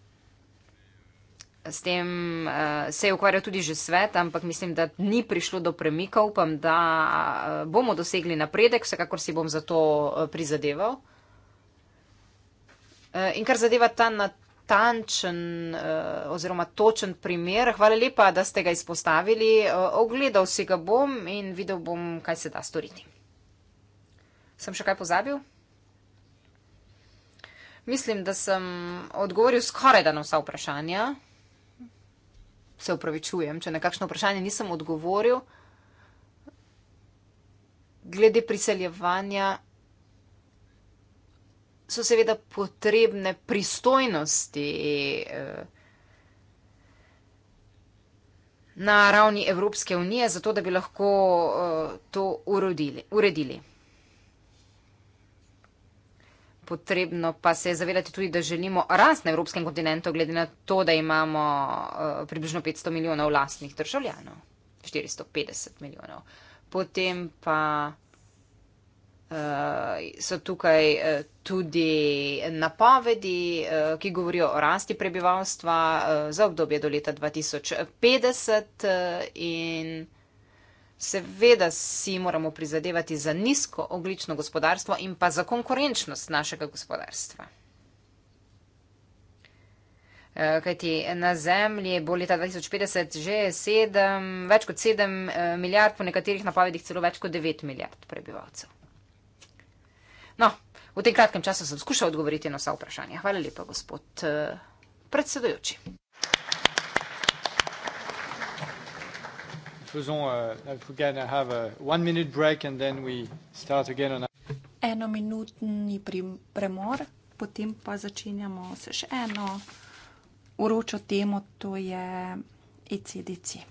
S tem uh, se je ukvarjal tudi že svet, ampak mislim, da ni prišlo do premika. Upam, da uh, bomo dosegli napredek, vsekakor si bom za to uh, prizadeval. Uh, in kar zadeva ta natančen uh, oziroma točen primer, hvala lepa, da ste ga izpostavili. Uh, ogledal si ga bom in videl bom, kaj se da storiti. Sem še kaj pozabil? Mislim, da sem odgovoril skoraj da na vsa vprašanja se upravičujem, če na kakšno vprašanje nisem odgovoril. Glede priseljevanja so seveda potrebne pristojnosti eh, na ravni Evropske unije, zato da bi lahko eh, to uredili potrebno pa se zavedati tudi, da želimo rast na evropskem kontinentu, glede na to, da imamo uh, približno 500 milijonov lastnih državljanov, 450 milijonov. Potem pa uh, so tukaj uh, tudi napovedi, uh, ki govorijo o rasti prebivalstva uh, za obdobje do leta 2050 uh, in. Seveda si moramo prizadevati za nizko oglično gospodarstvo in pa za konkurenčnost našega gospodarstva. E, kajti na zemlji bo leta 2050 že sedem, več kot 7 e, milijard, po nekaterih napovedih celo več kot 9 milijard prebivalcev. No, v tem kratkem času sem skušal odgovoriti na vsa vprašanja. Hvala lepa, gospod e, predsedujoči. Faisons, uh, if we can have a one minute break and then we start again on. Eno minutni premor, potem pa začenjamo se še eno uročo temo, to je ECDC.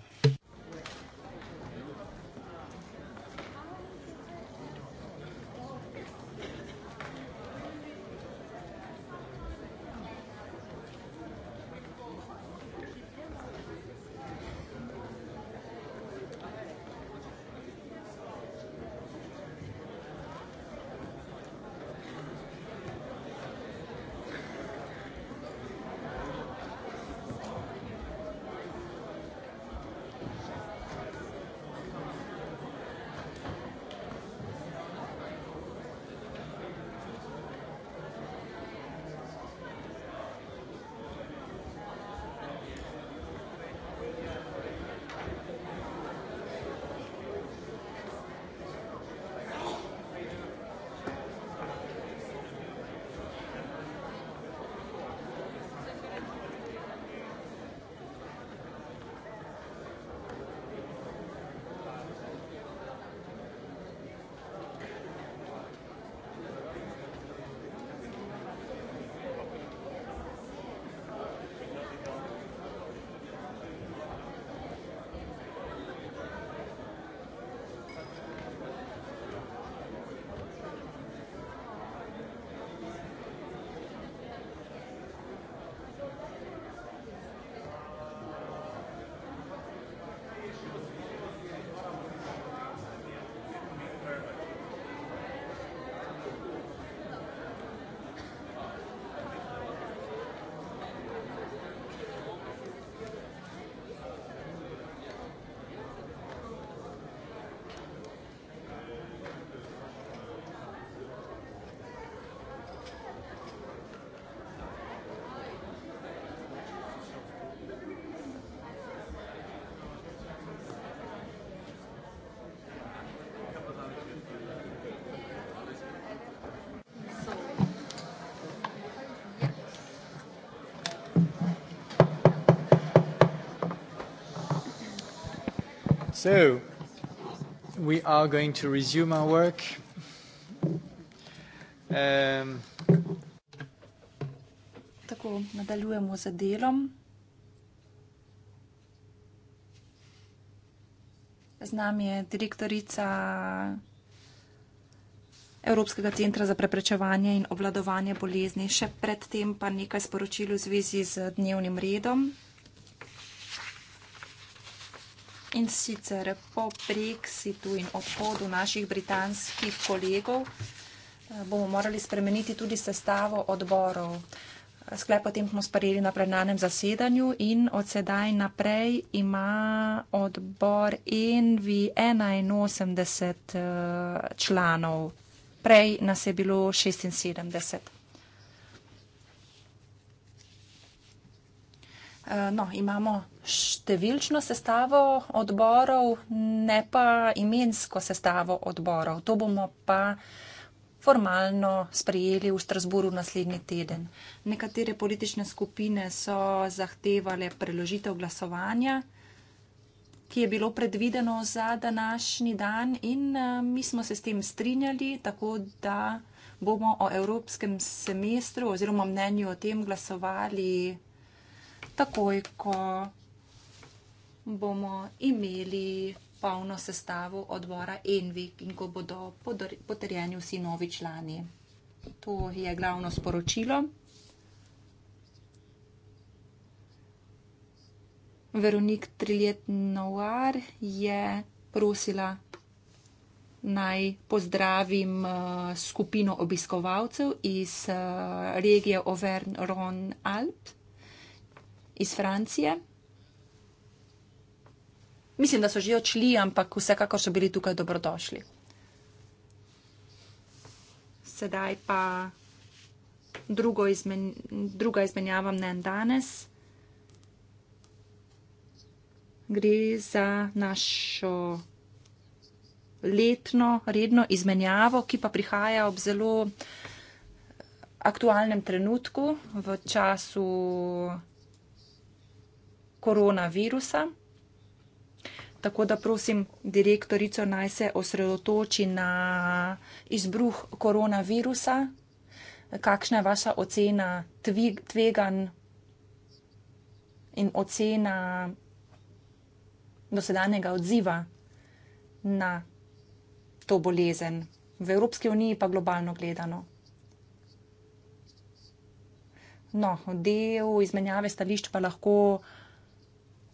So, we are going to resume our work. Um, Tako, nadaljujemo z delom. Z nami je direktorica Evropskega centra za preprečevanje in obvladovanje bolezni. Še predtem pa nekaj sporočil v zvezi z dnevnim redom. in sicer po Brexitu in odhodu naših britanskih kolegov eh, bomo morali spremeniti tudi sestavo odborov. Sklep o tem smo sprejeli na plenarnem zasedanju in od sedaj naprej ima odbor NV 81 eh, članov. Prej nas je bilo 76. no, imamo številčno sestavo odborov, ne pa imensko sestavo odborov. To bomo pa formalno sprejeli v Strasburu naslednji teden. Nekatere politične skupine so zahtevale preložitev glasovanja, ki je bilo predvideno za današnji dan in eh, mi smo se s tem strinjali, tako da bomo o evropskem semestru oziroma mnenju o tem glasovali takoj, ko bomo imeli polno sestavo odbora Envik in ko bodo potrjeni vsi novi člani. To je glavno sporočilo. Veronik Triljet Noir je prosila naj pozdravim eh, skupino obiskovalcev iz eh, regije Overn-Ron-Alp iz Francije. Mislim, da so že odšli, ampak vsekakor so bili tukaj dobrodošli. Sedaj pa izmen, druga izmenjava mnen danes. Gre za našo letno, redno izmenjavo, ki pa prihaja ob zelo eh, aktualnem trenutku v času koronavirusa. Tako da prosim direktorico naj se osredotoči na izbruh koronavirusa. Kakšna je vaša ocena tveg, tvegan in ocena dosedanjega odziva na to bolezen v Evropski uniji, pa globalno gledano? No, del izmenjave stališč pa lahko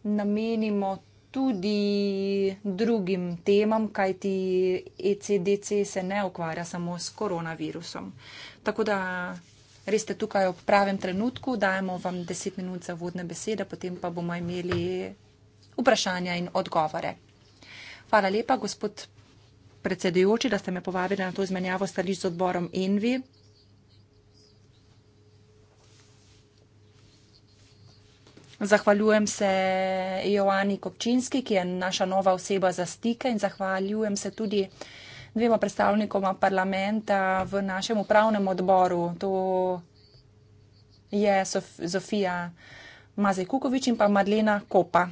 namenimo tudi drugim temam, kajti ECDC se ne ukvarja samo s koronavirusom. Tako da res ste tukaj ob pravem trenutku, dajemo vam 10 minut za vodne besede, potem pa bomo imeli vprašanja in odgovore. Hvala lepa, gospod predsedujoči, da ste me povabili na to izmenjavo stališč z odborom Envi. Zahvaljujem se Joani Kopčinski, ki je naša nova oseba za stike in zahvaljujem se tudi dvema predstavnikoma parlamenta v našem upravnem odboru. To je Sof Zofija Mazej Kukovič in pa Madlena Kopa.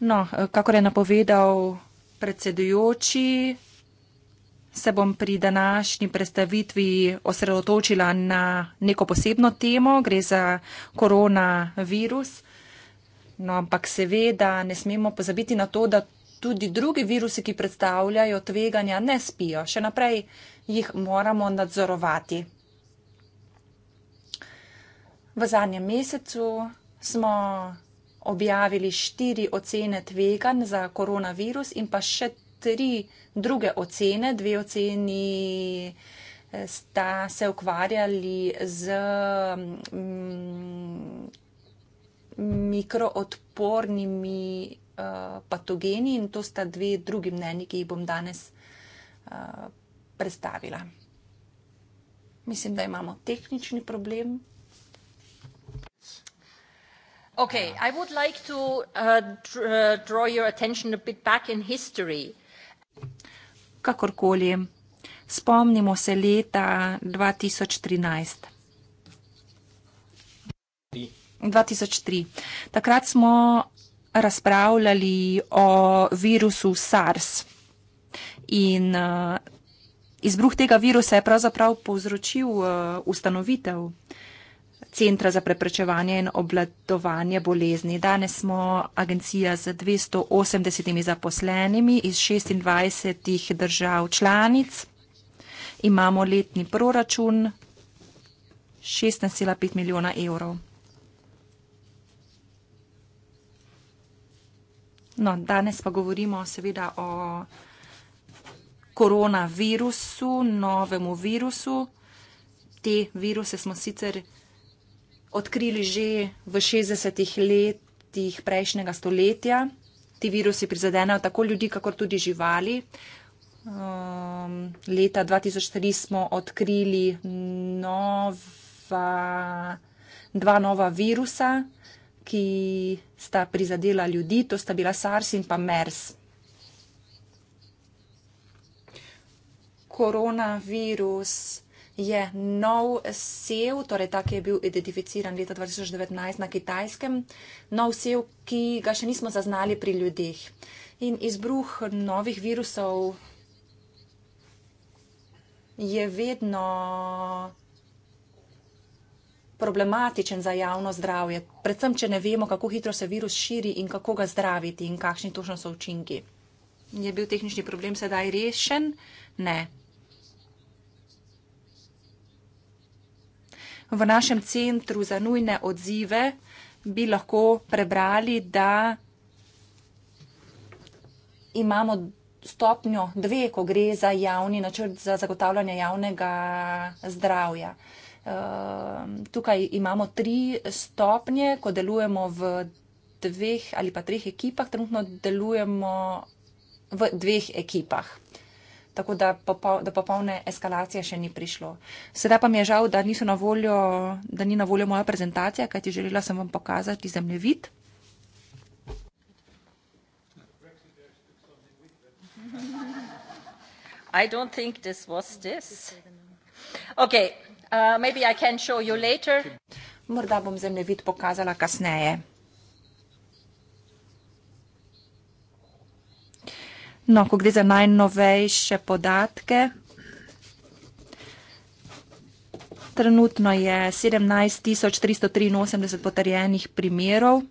No, eh, kakor je napovedal predsedujoči se bom pri današnji predstavitvi osredotočila na neko posebno temo, gre za koronavirus. No, ampak seveda ne smemo pozabiti na to, da tudi drugi virusi, ki predstavljajo tveganja, ne spijo. Še naprej jih moramo nadzorovati. V zadnjem mesecu smo objavili štiri ocene tveganj za koronavirus in pa še tri druge ocene. Dve oceni eh, sta se ukvarjali z mm, mikroodpornimi eh, patogeni in to sta dve drugi mnenji, ki jih bom danes eh, predstavila. Mislim, da imamo tehnični problem. Okay, I would like to uh, draw your attention a bit back in history. Uh, kakorkoli. Spomnimo se leta 2013. 2003. Takrat smo razpravljali o virusu SARS in uh, izbruh tega virusa je pravzaprav povzročil uh, ustanovitev uh, Centra za preprečevanje in obladovanje bolezni. Danes smo agencija z 280 zaposlenimi iz 26 držav članic. Imamo letni proračun 16,5 milijona evrov. No, danes pa govorimo seveda o koronavirusu, novemu virusu. Te viruse smo sicer odkrili že v 60-ih letih prejšnjega stoletja. Ti virusi prizadenejo tako ljudi, kakor tudi živali. Um, leta 2003 smo odkrili nova, dva nova virusa, ki sta prizadela ljudi, to sta bila SARS in pa MERS. Koronavirus je nov sev, torej tak je bil identificiran leta 2019 na kitajskem, nov sev, ki ga še nismo zaznali pri ljudeh. In izbruh novih virusov je vedno problematičen za javno zdravje, predvsem, če ne vemo, kako hitro se virus širi in kako ga zdraviti in kakšni točno so učinki. Je bil tehnični problem sedaj rešen? Ne. V našem centru za nujne odzive bi lahko prebrali, da imamo stopnjo dve, ko gre za javni načrt za zagotavljanje javnega zdravja. Ehm, tukaj imamo tri stopnje, ko delujemo v dveh ali pa treh ekipah, trenutno delujemo v dveh ekipah tako da do popolne eskalacije še ni prišlo. Sedaj pa mi je žal, da, na voljo, da ni na voljo moja prezentacija, kaj ti želela sem vam pokazati zemljevid. I don't think this was this. Okay, uh, maybe I can show you later. Morda bom zemljevid pokazala kasneje. No, ko gre za najnovejše podatke, trenutno je 17.383 potrjenih primerov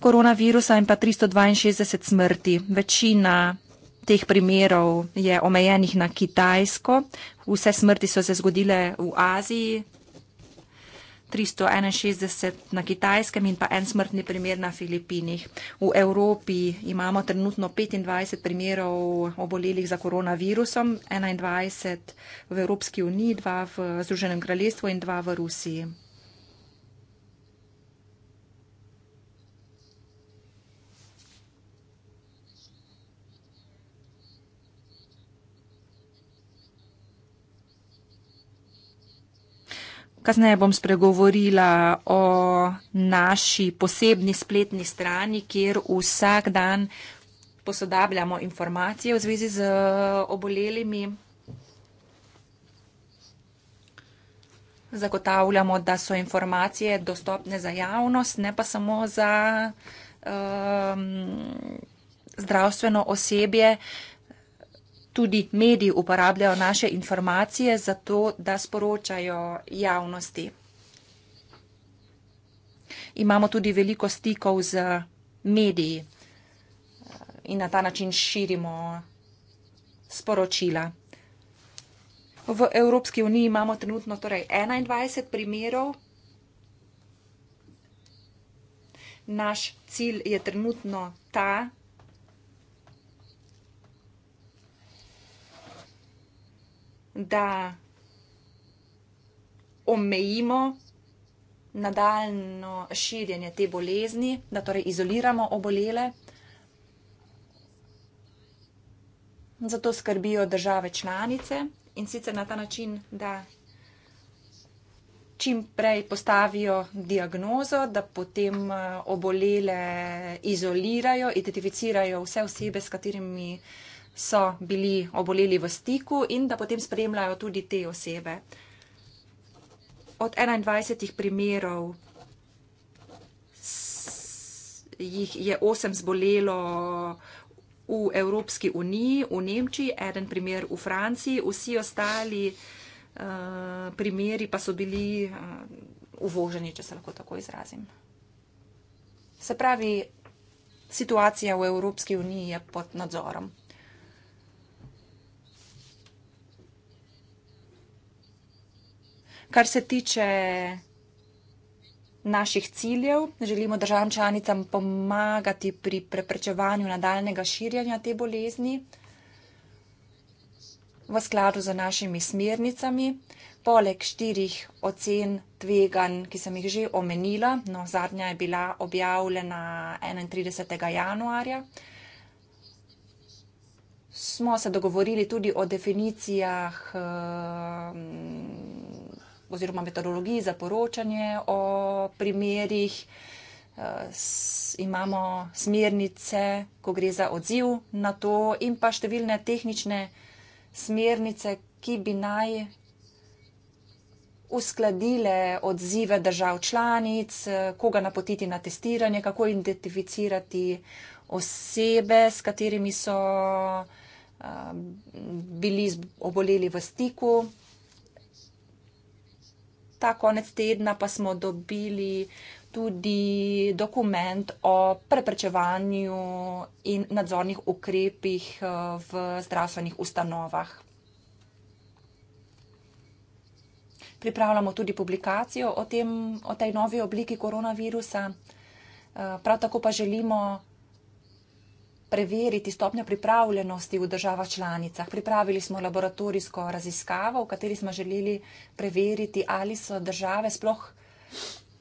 koronavirusa in pa 362 smrti. Večina teh primerov je omejenih na Kitajsko. Vse smrti so se zgodile v Aziji, 361 na Kitajskem in pa en smrtni primer na Filipinih. V Evropi imamo trenutno 25 primerov obolelih za koronavirusom, 21 v Evropski uniji, 2 v Združenem kraljestvu in 2 v Rusiji. Kasneje bom spregovorila o naši posebni spletni strani, kjer vsak dan posodabljamo informacije v zvezi z eh, obolelimi. Zagotavljamo, da so informacije dostopne za javnost, ne pa samo za um, zdravstveno osebje, uh, tudi mediji uporabljajo naše informacije za to, da sporočajo javnosti. Imamo tudi veliko stikov z mediji eh, in na ta način širimo sporočila. V Evropski uniji imamo trenutno torej 21 primerov. Naš cilj je trenutno ta, da omejimo nadaljno širjenje te bolezni, da torej izoliramo obolele. Zato skrbijo države članice in sicer na ta način, da čim prej postavijo diagnozo, da potem eh, obolele izolirajo, identificirajo vse osebe, s katerimi uh, so bili oboleli v stiku in da potem spremljajo tudi te osebe. Od 21 primerov jih je 8 zbolelo v Evropski uniji, v Nemčiji, eden primer v Franciji, vsi ostali uh, primeri pa so bili uh, uvoženi, če se lahko tako izrazim. Se pravi, situacija v Evropski uniji je pod nadzorom. Kar se tiče naših ciljev, želimo državam članicam pomagati pri preprečevanju nadaljnega širjanja te bolezni v skladu z našimi smernicami. Poleg štirih ocen tvegan, ki sem jih že omenila, no zadnja je bila objavljena 31. januarja, smo se dogovorili tudi o definicijah. Uh, oziroma metodologiji za poročanje o primerih, eh, imamo smernice, ko gre za odziv na to in pa številne tehnične smernice, ki bi naj uskladile odzive držav članic, koga napotiti na testiranje, kako identificirati osebe, s katerimi so eh, bili oboleli v stiku ta konec tedna pa smo dobili tudi dokument o preprečevanju in nadzornih ukrepih eh, v zdravstvenih ustanovah. Pripravljamo tudi publikacijo o, tem, o tej novi obliki koronavirusa. Eh, prav tako pa želimo preveriti stopnjo pripravljenosti v državah članicah. Pripravili smo laboratorijsko raziskavo, v kateri smo želeli preveriti, ali so države sploh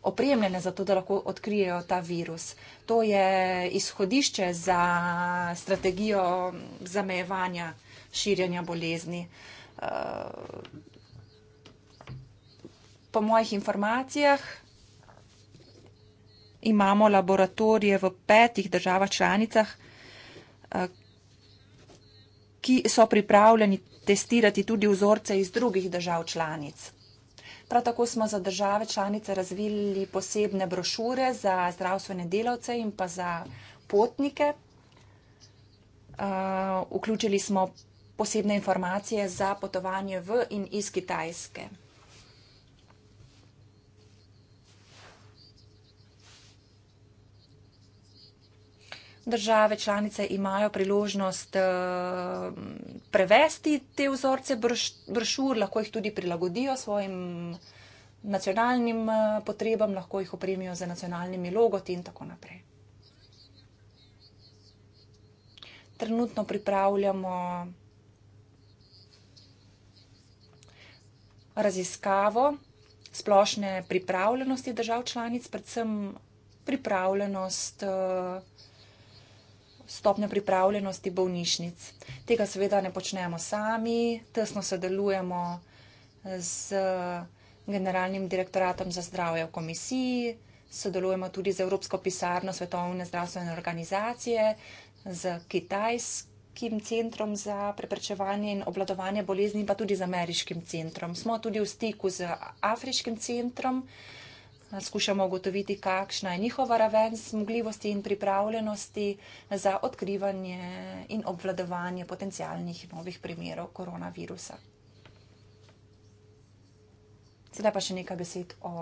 opremljene za to, da lahko odkrijejo ta virus. To je izhodišče za strategijo zamejevanja širjenja bolezni. Eh, po mojih informacijah imamo laboratorije v petih državah članicah, Eh, ki so pripravljeni testirati tudi vzorce iz drugih držav članic. Prav tako smo za države članice razvili posebne brošure za zdravstvene delavce in pa za potnike. Eh, vključili smo posebne informacije za potovanje v in iz Kitajske. države članice imajo priložnost eh, prevesti te vzorce brošur, lahko jih tudi prilagodijo svojim nacionalnim eh, potrebam, lahko jih opremijo z nacionalnimi logoti in tako naprej. Trenutno pripravljamo raziskavo splošne pripravljenosti držav članic, predvsem pripravljenost uh, stopnjo pripravljenosti bolnišnic. Tega seveda ne počnemo sami, tesno sodelujemo z generalnim direktoratom za zdravje v komisiji, sodelujemo tudi z Evropsko pisarno svetovne zdravstvene organizacije, z kitajskim centrom za preprečevanje in obladovanje bolezni, pa tudi z ameriškim centrom. Smo tudi v stiku z afriškim centrom. Uh, skušamo ugotoviti, kakšna je njihova raven zmogljivosti in pripravljenosti za odkrivanje in obvladovanje potencijalnih novih primerov koronavirusa. Sedaj pa še nekaj besed o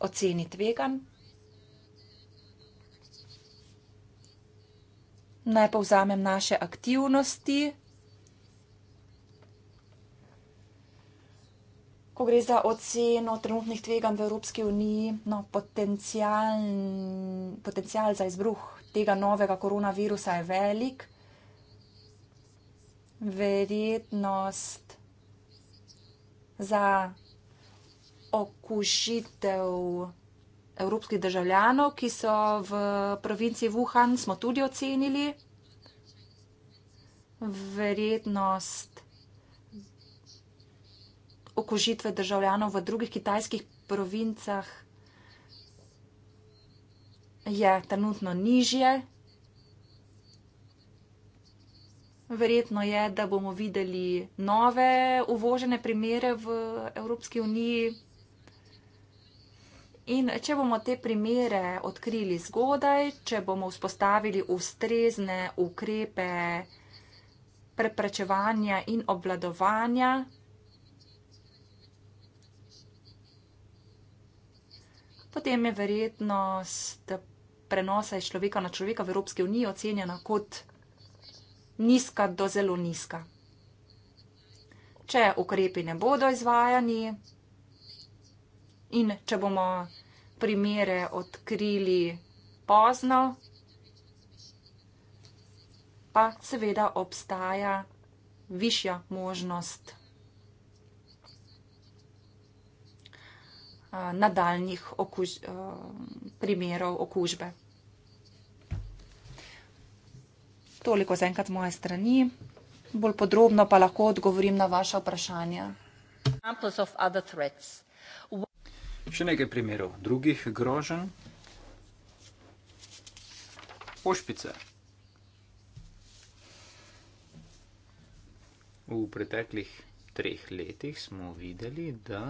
oceni tvegan. Naj povzamem naše aktivnosti. ko gre za oceno trenutnih tveganj v Evropski uniji, no, potencial za izbruh tega novega koronavirusa je velik. Verjetnost za okužitev evropskih državljanov, ki so v provinci Wuhan, smo tudi ocenili. Verjetnost okužitve državljanov v drugih kitajskih provincah je trenutno nižje. Verjetno je, da bomo videli nove uvožene primere v Evropski uniji. In če bomo te primere odkrili zgodaj, če bomo vzpostavili ustrezne ukrepe preprečevanja in obladovanja potem je verjetnost prenosa iz človeka na človeka v Evropski uniji ocenjena kot nizka do zelo nizka. Če ukrepi ne bodo izvajani in če bomo primere odkrili pozno, pa seveda obstaja višja možnost. Eh, nadaljnih okuž, eh, primerov okužbe. Toliko zaenkrat z moje strani. Bolj podrobno pa lahko odgovorim na vaša vprašanja. Še nekaj primerov drugih groženj. Ošpice. V preteklih treh letih smo videli, da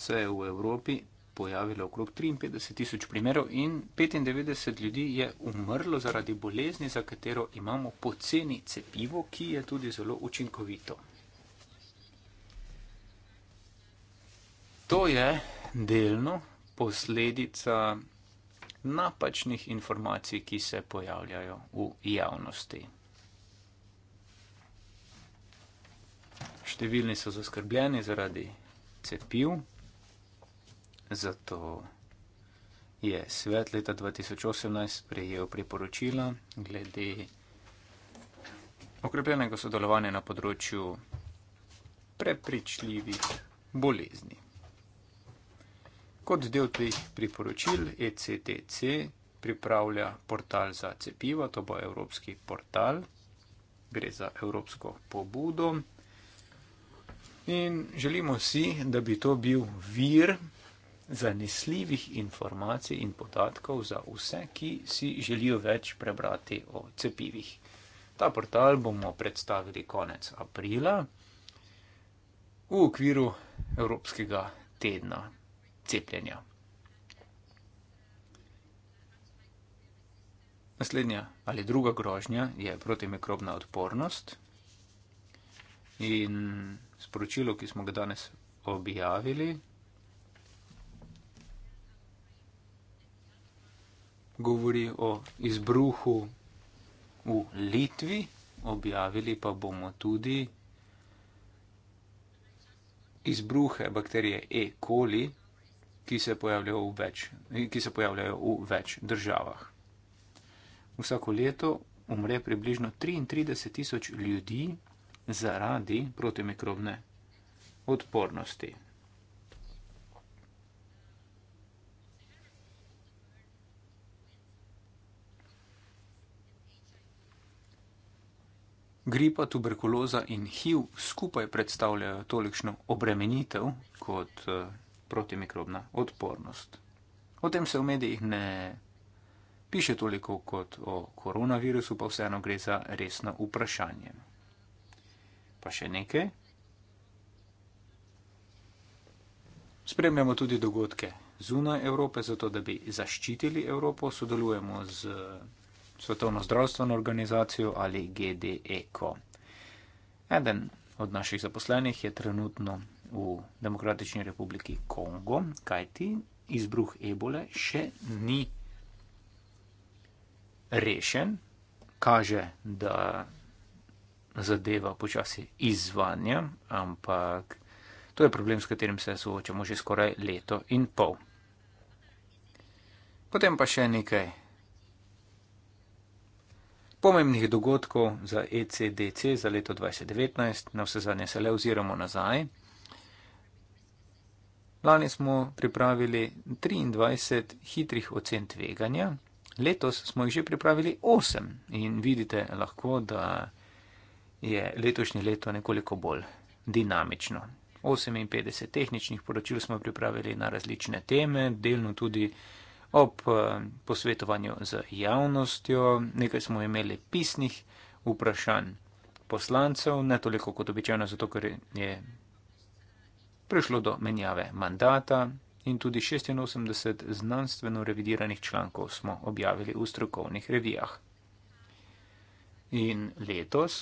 se je v Evropi pojavilo okrog 53 tisoč primerov in 95 ljudi je umrlo zaradi bolezni, za katero imamo poceni cepivo, ki je tudi zelo učinkovito. To je delno posledica napačnih informacij, ki se pojavljajo v javnosti. Številni so zaskrbljeni zaradi cepiv. Zato je svet leta 2018 sprejel priporočila glede okrepljenega sodelovanja na področju prepričljivih bolezni. Kot del teh priporočil ECTC pripravlja portal za cepiva, to bo evropski portal, gre za evropsko pobudo in želimo si, da bi to bil vir, zanesljivih informacij in podatkov za vse, ki si želijo več prebrati o cepivih. Ta portal bomo predstavili konec aprila v okviru Evropskega tedna cepljenja. Naslednja ali druga grožnja je protimikrobna odpornost in sporočilo, ki smo ga danes objavili, govori o izbruhu v Litvi, objavili pa bomo tudi izbruhe bakterije E. coli, ki se pojavljajo v več, ki se pojavljajo v več državah. Vsako leto umre približno 33 tisoč ljudi zaradi protimikrobne odpornosti. gripa, tuberkuloza in HIV skupaj predstavljajo tolikšno obremenitev kot eh, protimikrobna odpornost. O tem se v medijih ne piše toliko kot o koronavirusu, pa vseeno gre za resno vprašanje. Pa še nekaj. Spremljamo tudi dogodke zunaj Evrope, zato da bi zaščitili Evropo, sodelujemo z Svetovno zdravstveno organizacijo ali GDE-ko. Eden od naših zaposlenih je trenutno v Demokratični republiki Kongo, kajti izbruh ebole še ni rešen, kaže, da zadeva počasi izvanja, ampak to je problem, s katerim se soočamo že skoraj leto in pol. Potem pa še nekaj pomembnih dogodkov za ECDC za leto 2019, na vse zadnje se le oziramo nazaj. Lani smo pripravili 23 hitrih ocen tveganja, letos smo jih že pripravili 8 in vidite lahko, da je letošnje leto nekoliko bolj dinamično. 58 tehničnih poročil smo pripravili na različne teme, delno tudi ob eh, posvetovanju z javnostjo, nekaj smo imeli pisnih vprašanj poslancev, ne toliko kot običajno, zato ker je prišlo do menjave mandata in tudi 86 znanstveno revidiranih člankov smo objavili v strokovnih revijah. In letos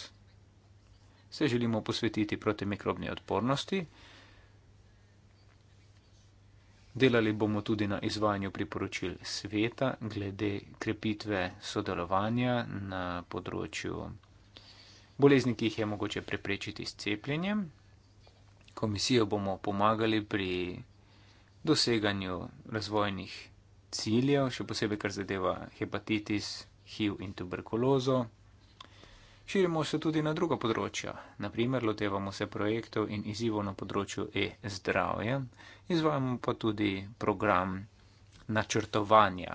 se želimo posvetiti proti mikrobni odpornosti. Delali bomo tudi na izvajanju priporočil sveta glede krepitve sodelovanja na področju bolezni, ki jih je mogoče preprečiti s cepljenjem. Komisijo bomo pomagali pri doseganju razvojnih ciljev, še posebej kar zadeva hepatitis, HIV in tuberkulozo. Širimo se tudi na druga področja, naprimer lotevamo se projektov in izzivov na področju e-zdravja, izvajamo pa tudi program načrtovanja.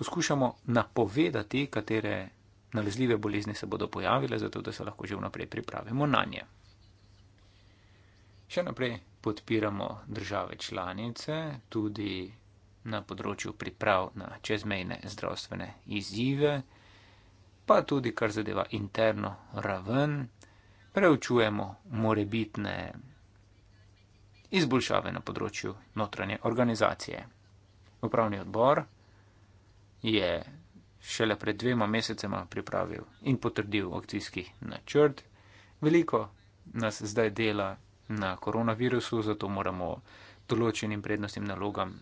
Poskušamo napovedati, katere nalezljive bolezni se bodo pojavile, zato da se lahko že vnaprej pripravimo na nje. Še naprej podpiramo države članice, tudi na področju priprav na čezmejne zdravstvene izzive pa tudi kar zadeva interno raven, preučujemo morebitne izboljšave na področju notranje organizacije. Upravni odbor je šele pred dvema mesecema pripravil in potrdil akcijski načrt. Veliko nas zdaj dela na koronavirusu, zato moramo določenim prednostnim nalogam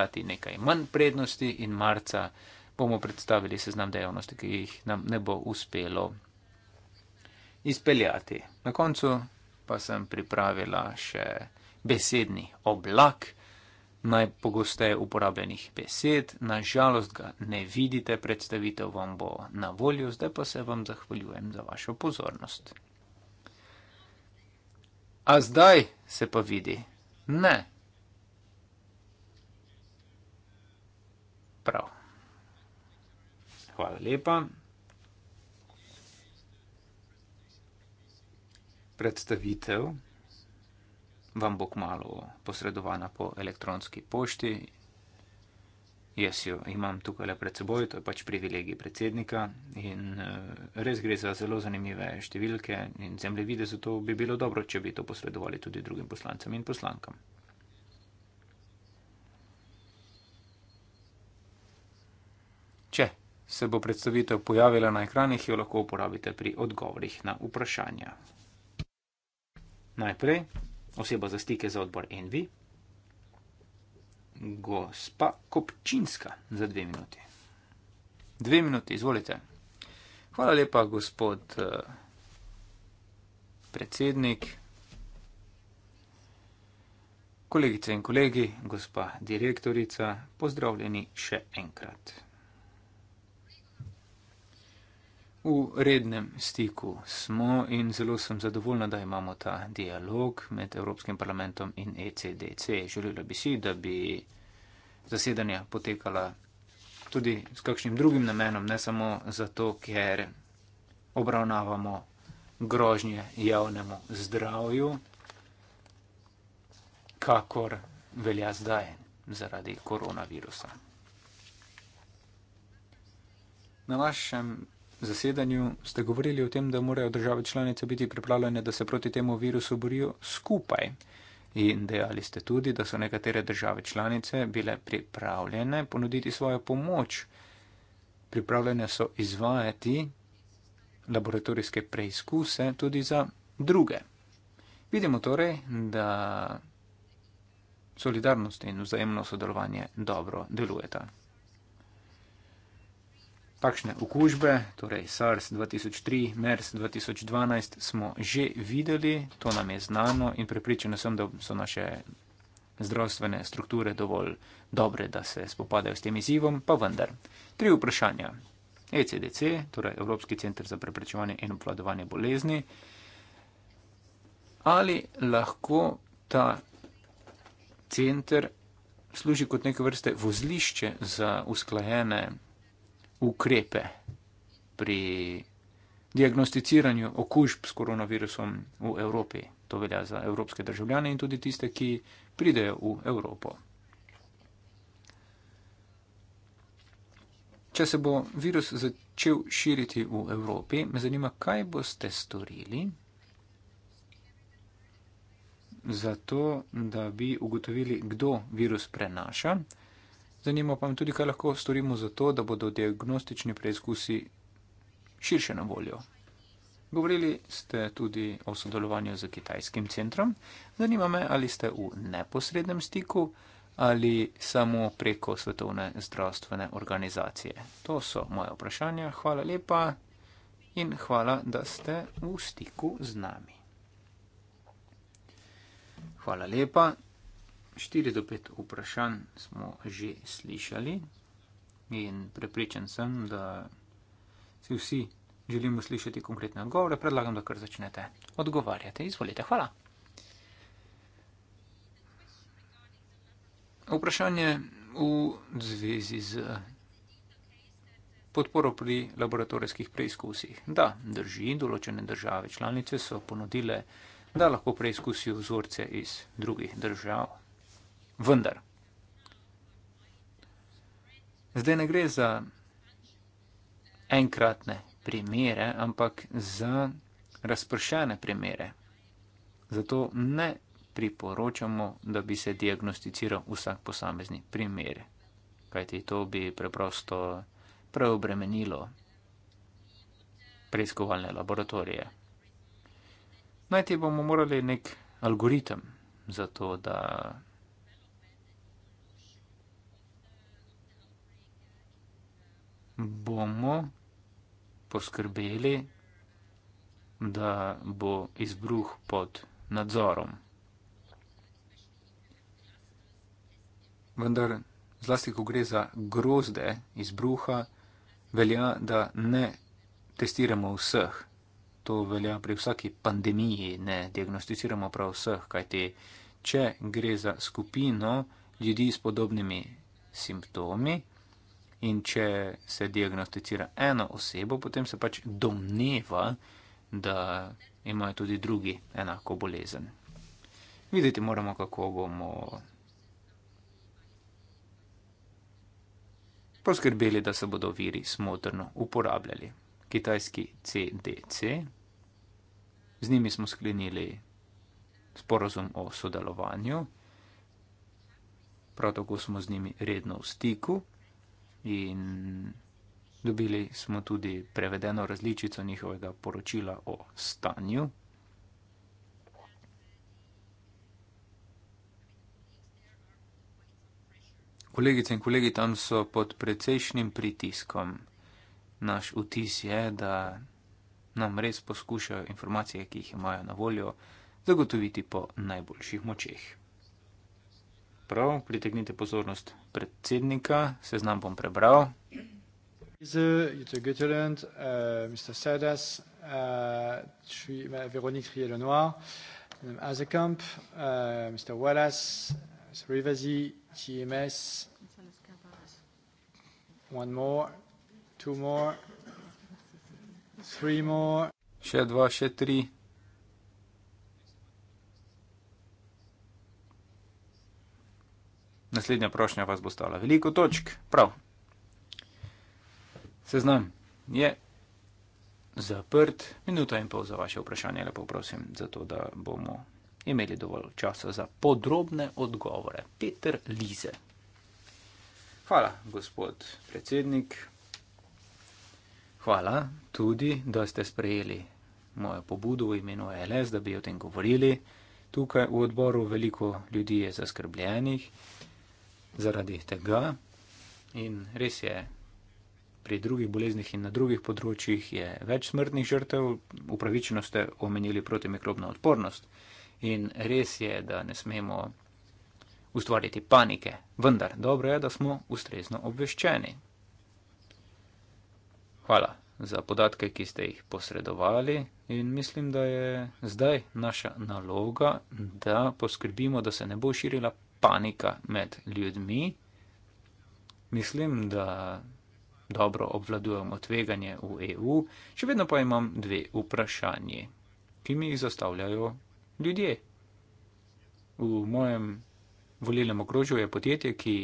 dati nekaj manj prednosti in marca bomo predstavili seznam dejavnosti, ki jih nam ne bo uspelo izpeljati. Na koncu pa sem pripravila še besedni oblak najpogosteje uporabljenih besed. Nažalost ga ne vidite, predstavitev vam bo na voljo, zdaj pa se vam zahvaljujem za vašo pozornost. A zdaj se pa vidi? Ne. Prav. Hvala lepa. Predstavitev vam bo kmalo posredovana po elektronski pošti. Jaz jo imam tukaj le pred seboj, to je pač privilegij predsednika in eh, res gre za zelo zanimive številke in zemljevide, zato bi bilo dobro, če bi to posredovali tudi drugim poslancem in poslankam. Če se bo predstavitev pojavila na ekranih, jo lahko uporabite pri odgovorih na vprašanja. Najprej oseba za stike za odbor Envi, gospa Kopčinska za dve minuti. Dve minuti, izvolite. Hvala lepa, gospod eh, predsednik, kolegice in kolegi, gospa direktorica, pozdravljeni še enkrat. v rednem stiku smo in zelo sem zadovoljna, da imamo ta dialog med Evropskim parlamentom in ECDC. Želela bi si, da bi zasedanja potekala tudi s kakšnim drugim namenom, ne samo zato, ker obravnavamo grožnje javnemu zdravju, kakor velja zdaj zaradi koronavirusa. Na vašem zasedanju ste govorili o tem, da morajo države članice biti pripravljene, da se proti temu virusu borijo skupaj. In dejali ste tudi, da so nekatere države članice bile pripravljene ponuditi svojo pomoč. Pripravljene so izvajati laboratorijske preizkuse tudi za druge. Vidimo torej, da solidarnost in vzajemno sodelovanje dobro delujeta. Takšne okužbe, torej SARS 2003, MERS 2012, smo že videli, to nam je znano in prepričana sem, da so naše zdravstvene strukture dovolj dobre, da se spopadajo s tem izzivom, pa vendar. Tri vprašanja. ECDC, torej Evropski centr za preprečevanje in obvladovanje bolezni. Ali lahko ta center služi kot neke vrste vozlišče za usklajene ukrepe pri diagnosticiranju okužb s koronavirusom v Evropi. To velja za evropske državljane in tudi tiste, ki pridejo v Evropo. Če se bo virus začel širiti v Evropi, me zanima, kaj boste storili za to, da bi ugotovili, kdo virus prenaša Zanima pa me tudi, kaj lahko storimo za to, da bodo diagnostični preizkusi širše na voljo. Govorili ste tudi o sodelovanju z kitajskim centrom. Zanima me, ali ste v neposrednem stiku ali samo preko svetovne zdravstvene organizacije. To so moje vprašanja. Hvala lepa in hvala, da ste v stiku z nami. Hvala lepa. 4 do 5 vprašanj smo že slišali in prepričan sem, da si vsi želimo slišati konkretne odgovore. Predlagam, da kar začnete odgovarjati. Izvolite, hvala. Vprašanje v zvezi z podporo pri laboratorijskih preizkusih. Da, drži, določene države članice so ponudile, da lahko preizkusijo vzorce iz drugih držav vendar. Zdaj ne gre za enkratne primere, ampak za razpršene primere. Zato ne priporočamo, da bi se diagnosticiral vsak posamezni primer, kajti to bi preprosto preobremenilo preiskovalne laboratorije. Najti bomo morali nek algoritem za to, da bomo poskrbeli, da bo izbruh pod nadzorom. Vendar, zlasti ko gre za grozde izbruha, velja, da ne testiramo vseh. To velja pri vsaki pandemiji, ne diagnosticiramo prav vseh, kajti če gre za skupino ljudi s podobnimi simptomi, In če se diagnosticira eno osebo, potem se pač domneva, da imajo tudi drugi enako bolezen. Videti moramo, kako bomo poskrbeli, da se bodo viri smotrno uporabljali. Kitajski CDC, z njimi smo sklenili sporozum o sodelovanju, prav tako smo z njimi redno v stiku in dobili smo tudi prevedeno različico njihovega poročila o stanju. Kolegice in kolegi tam so pod precejšnjim pritiskom. Naš vtis je, da nam res poskušajo informacije, ki jih imajo na voljo, zagotoviti po najboljših močeh. Prav, pritegnite pozornost predsednika, seznam bom prebral. Še dva, še tri, Naslednja prošnja vas bo stala veliko točk. Prav. Seznam je zaprt, minuta in pol za vaše vprašanje, lepo prosim, zato da bomo imeli dovolj časa za podrobne odgovore. Peter Lize. Hvala, gospod predsednik. Hvala tudi, da ste sprejeli mojo pobudo v imenu LS, da bi o tem govorili. Tukaj v odboru veliko ljudi je zaskrbljenih zaradi tega. In res je, pri drugih boleznih in na drugih področjih je več smrtnih žrtev, upravičeno ste omenili protimikrobno odpornost. In res je, da ne smemo ustvariti panike, vendar dobro je, da smo ustrezno obveščeni. Hvala za podatke, ki ste jih posredovali in mislim, da je zdaj naša naloga, da poskrbimo, da se ne bo širila panika med ljudmi. Mislim, da dobro obvladujemo tveganje v EU, še vedno pa imam dve vprašanje, ki mi jih zastavljajo ljudje. V mojem volilnem okrožju je podjetje, ki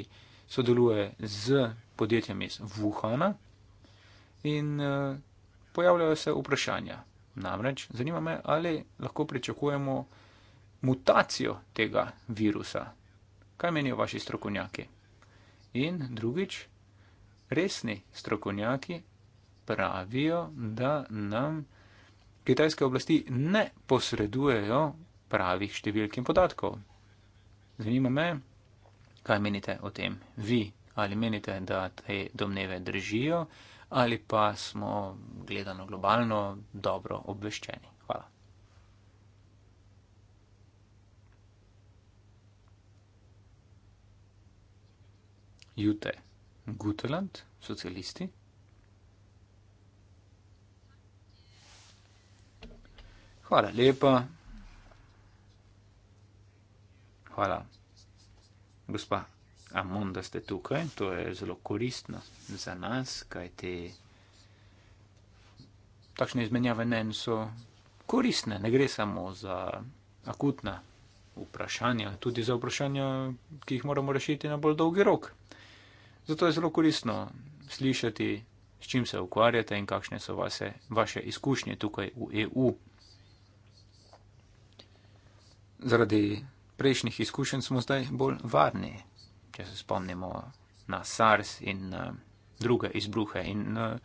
sodeluje z podjetjem iz Wuhana in eh, pojavljajo se vprašanja. Namreč zanima me, ali lahko pričakujemo mutacijo tega virusa kaj menijo vaši strokovnjaki. In drugič, resni strokovnjaki pravijo, da nam kitajske oblasti ne posredujejo pravih številk in podatkov. Zanima me, kaj menite o tem vi, ali menite, da te domneve držijo, ali pa smo gledano globalno dobro obveščeni. Jute, Guteland, socialisti. Hvala lepa. Hvala, gospa Amon, da ste tukaj. To je zelo koristno za nas, kaj te takšne izmenjave nen so koristne. Ne gre samo za akutna vprašanja, tudi za vprašanja, ki jih moramo rešiti na bolj dolgi rok. Zato je zelo koristno slišati, s čim se ukvarjate in kakšne so vase, vaše izkušnje tukaj v EU. Zaradi prejšnjih izkušenj smo zdaj bolj varni, če se spomnimo na SARS in na eh, druge izbruhe. In eh,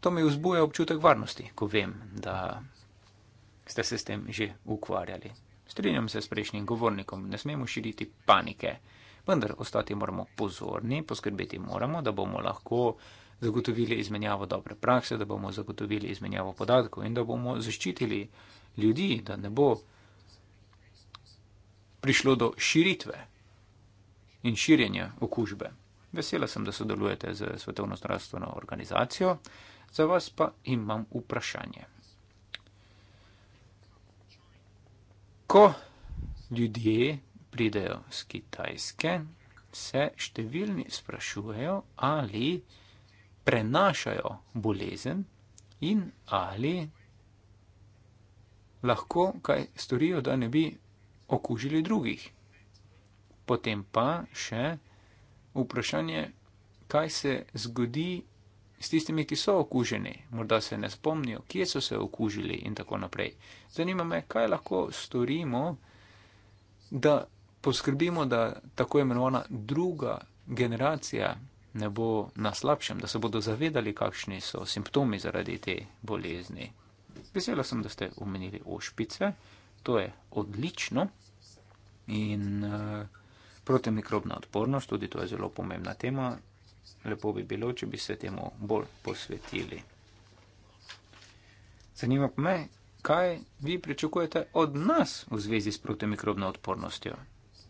to mi vzbuja občutek varnosti, ko vem, da ste se s tem že ukvarjali. Strinjam se s prejšnjim govornikom, ne smemo širiti panike vendar ostati moramo pozorni, poskrbeti moramo, da bomo lahko zagotovili izmenjavo dobre prakse, da bomo zagotovili izmenjavo podatkov in da bomo zaščitili ljudi, da ne bo prišlo do širitve in širjenja okužbe. Vesela sem, da sodelujete z Svetovno zdravstveno organizacijo, za vas pa imam vprašanje. Ko ljudje pridejo z Kitajske, se številni sprašujejo, ali prenašajo bolezen in ali lahko kaj storijo, da ne bi okužili drugih. Potem pa še vprašanje, kaj se zgodi s tistimi, ki so okuženi, morda se ne spomnijo, kje so se okužili in tako naprej. Zanima me, kaj lahko storimo, da poskrbimo, da tako imenovana druga generacija ne bo na slabšem, da se bodo zavedali, kakšni so simptomi zaradi te bolezni. Vesela sem, da ste omenili ošpice, to je odlično in uh, eh, protimikrobna odpornost, tudi to je zelo pomembna tema. Lepo bi bilo, če bi se temu bolj posvetili. Zanima pa me, kaj vi pričakujete od nas v zvezi s protimikrobno odpornostjo?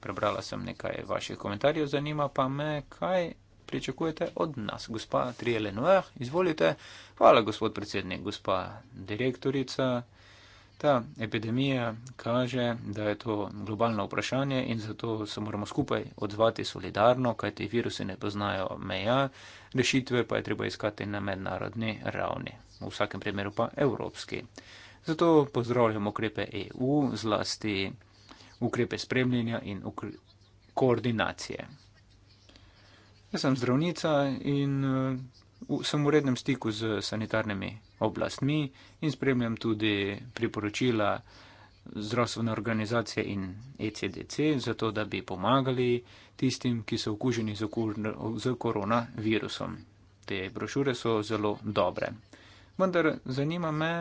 prebrala sem nekaj vaših komentarjev, zanima pa me, kaj pričakujete od nas. Gospa Trielenoer, izvolite. Hvala, gospod predsednik, gospa direktorica. Ta epidemija kaže, da je to globalno vprašanje in zato se moramo skupaj odzvati solidarno, kajti virusi ne poznajo meja, rešitve pa je treba iskati na mednarodni ravni, v vsakem primeru pa evropski. Zato pozdravljamo ukrepe EU, zlasti ukrepe spremljanja in koordinacije. Jaz sem zdravnica in sem v rednem stiku z sanitarnimi oblastmi in spremljam tudi priporočila zdravstvene organizacije in ECDC, zato da bi pomagali tistim, ki so okuženi z koronavirusom. Te brošure so zelo dobre. Vendar zanima me,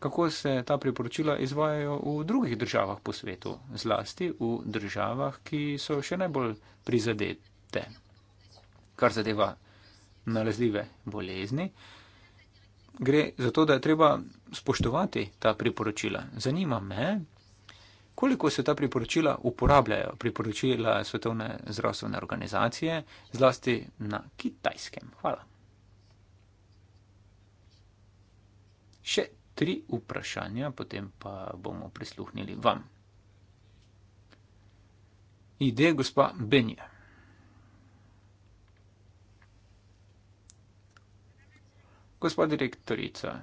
kako se ta priporočila izvajajo v drugih državah po svetu, zlasti v državah, ki so še najbolj prizadete, kar zadeva nalezljive bolezni. Gre za to, da je treba spoštovati ta priporočila. Zanima me, koliko se ta priporočila uporabljajo, priporočila Svetovne zdravstvene organizacije, zlasti na kitajskem. Hvala. Še tri vprašanja, potem pa bomo prisluhnili vam. Ide gospa Benja. Gospa direktorica,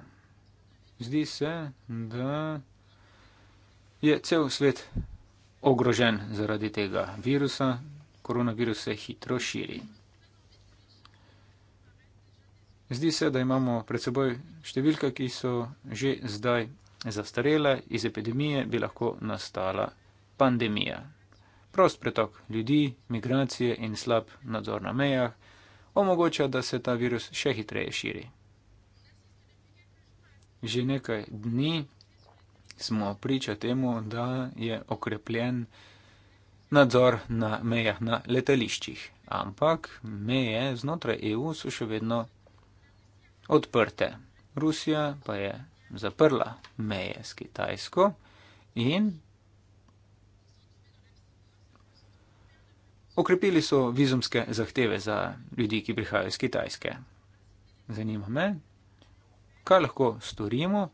zdi se, da je cel svet ogrožen zaradi tega virusa. Koronavirus se hitro širi. Zdi se, da imamo pred seboj številke, ki so že zdaj zastarele, iz epidemije bi lahko nastala pandemija. Prost pretok ljudi, migracije in slab nadzor na mejah omogoča, da se ta virus še hitreje širi. Že nekaj dni smo priča temu, da je okrepljen nadzor na mejah na letališčih, ampak meje znotraj EU so še vedno odprte. Rusija pa je zaprla meje s Kitajsko in okrepili so vizumske zahteve za ljudi, ki prihajajo iz Kitajske. Zanima me, kaj lahko storimo,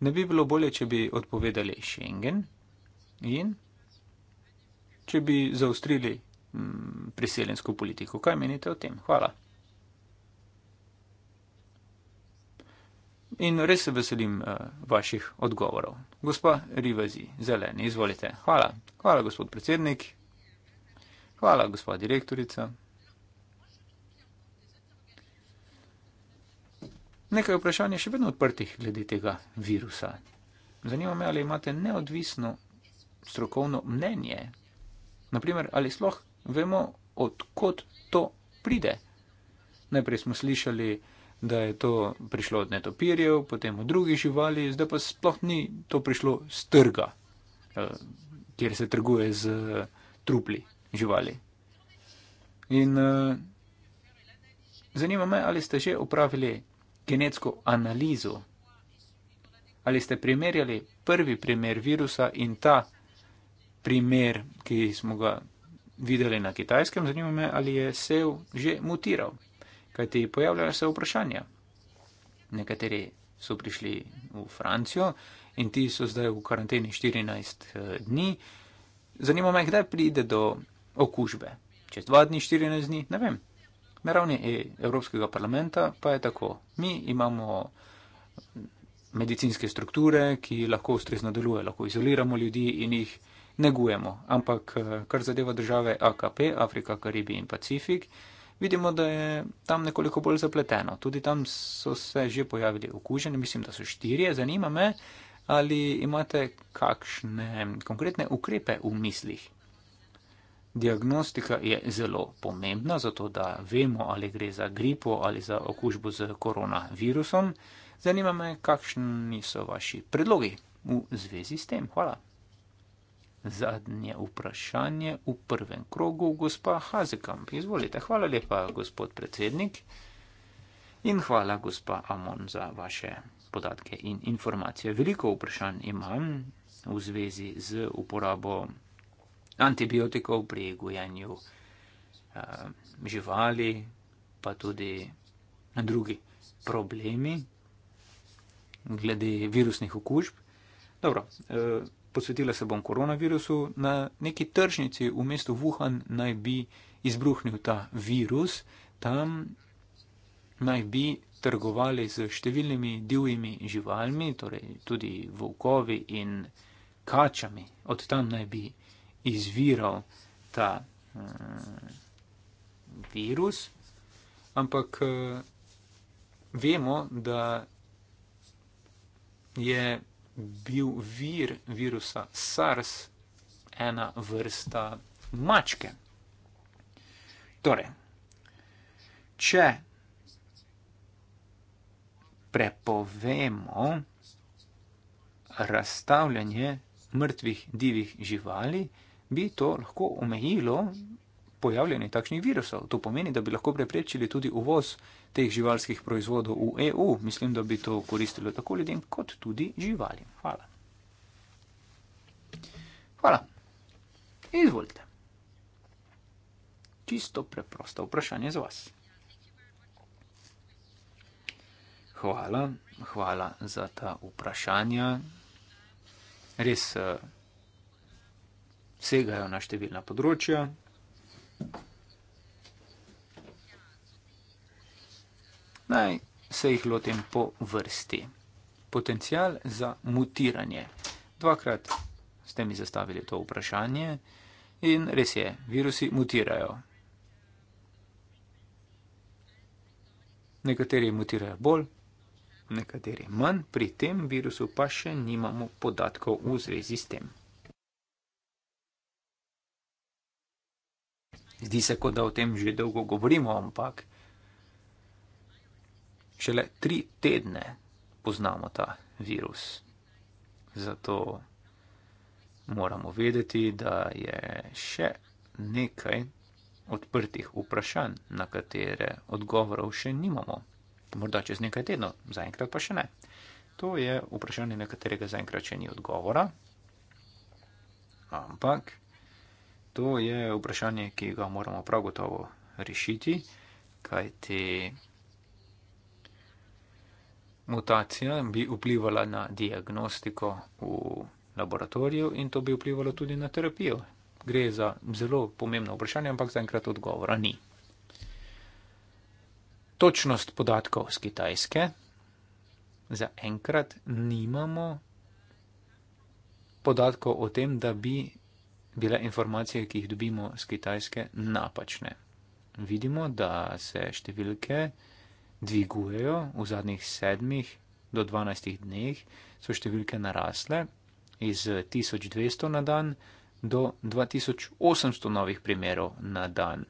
ne bi bilo bolje, če bi odpovedali Schengen in če bi zaustrili mm, priseljensko politiko. Kaj menite o tem? Hvala. in res se veselim uh, vaših odgovorov. Gospa Rivazi, zeleni, izvolite. Hvala. Hvala, gospod predsednik. Hvala, gospod direktorica. Nekaj vprašanj je še vedno odprtih glede tega virusa. Zanima me, ali imate neodvisno strokovno mnenje. Naprimer, ali sploh vemo, odkot to pride. Najprej smo slišali, da je to prišlo od netopirjev, potem od drugih živali, zdaj pa sploh ni to prišlo z trga, eh, kjer se trguje z eh, trupli živali. In eh, zanima me, ali ste že upravili genetsko analizo, ali ste primerjali prvi primer virusa in ta primer, ki smo ga videli na kitajskem, zanima me, ali je sev že mutiral kajti pojavljajo se vprašanja. Nekateri so prišli v Francijo in ti so zdaj v karanteni 14 eh, dni. Zanima me, kdaj pride do okužbe. Čez dva dni, 14 dni, ne vem. Na ravni e, Evropskega parlamenta pa je tako. Mi imamo mm, medicinske strukture, ki lahko ustrezno deluje, lahko izoliramo ljudi in jih negujemo. Ampak eh, kar zadeva države AKP, Afrika, Karibi in Pacifik, vidimo, da je tam nekoliko bolj zapleteno. Tudi tam so se že pojavili okuženi, mislim, da so štirje. Zanima me, ali imate kakšne konkretne ukrepe v mislih. Diagnostika je zelo pomembna, zato da vemo, ali gre za gripo ali za okužbo z koronavirusom. Zanima me, kakšni so vaši predlogi v zvezi s tem. Hvala zadnje vprašanje v prvem krogu, gospa Hazekamp. Izvolite, hvala lepa, gospod predsednik. In hvala, gospa Amon, za vaše podatke in informacije. Veliko vprašanj imam v zvezi z uporabo antibiotikov pri gojanju eh, živali, pa tudi drugi problemi glede virusnih okužb. Dobro, eh, posvetila se bom koronavirusu. Na neki tržnici v mestu Wuhan naj bi izbruhnil ta virus, tam naj bi trgovali z številnimi divjimi živalmi, torej tudi volkovi in kačami. Od tam naj bi izviral ta um, virus. Ampak eh, vemo, da je bil vir virusa SARS ena vrsta mačke. Torej, če prepovemo razstavljanje mrtvih divjih živali, bi to lahko omejilo pojavljanje takšnih virusov. To pomeni, da bi lahko preprečili tudi uvoz teh živalskih proizvodov v EU. Mislim, da bi to koristilo tako ljudem, kot tudi živalim. Hvala. Hvala. Izvolite. Čisto preprosto vprašanje za vas. Hvala, hvala za ta vprašanja. Res uh, segajo na številna področja. Naj se jih lotim po vrsti. Potencial za mutiranje. Dvakrat ste mi zastavili to vprašanje in res je, virusi mutirajo. Nekateri mutirajo bolj, nekateri manj, pri tem virusu pa še nimamo podatkov v zvezi s tem. Zdi se, kot da o tem že dolgo govorimo, ampak šele tri tedne poznamo ta virus. Zato moramo vedeti, da je še nekaj odprtih vprašanj, na katere odgovorov še nimamo. Morda čez nekaj tednov, zaenkrat pa še ne. To je vprašanje, na katerega zaenkrat še ni odgovora. Ampak to je vprašanje, ki ga moramo prav gotovo rešiti, kajti mutacija bi vplivala na diagnostiko v laboratoriju in to bi vplivalo tudi na terapijo. Gre za zelo pomembno vprašanje, ampak zaenkrat odgovora ni. Točnost podatkov z Kitajske. Zaenkrat nimamo podatkov o tem, da bi bile informacije, ki jih dobimo z Kitajske, napačne. Vidimo, da se številke dvigujejo v zadnjih sedmih do dvanajstih dneh, so številke narasle iz 1200 na dan do 2800 novih primerov na dan.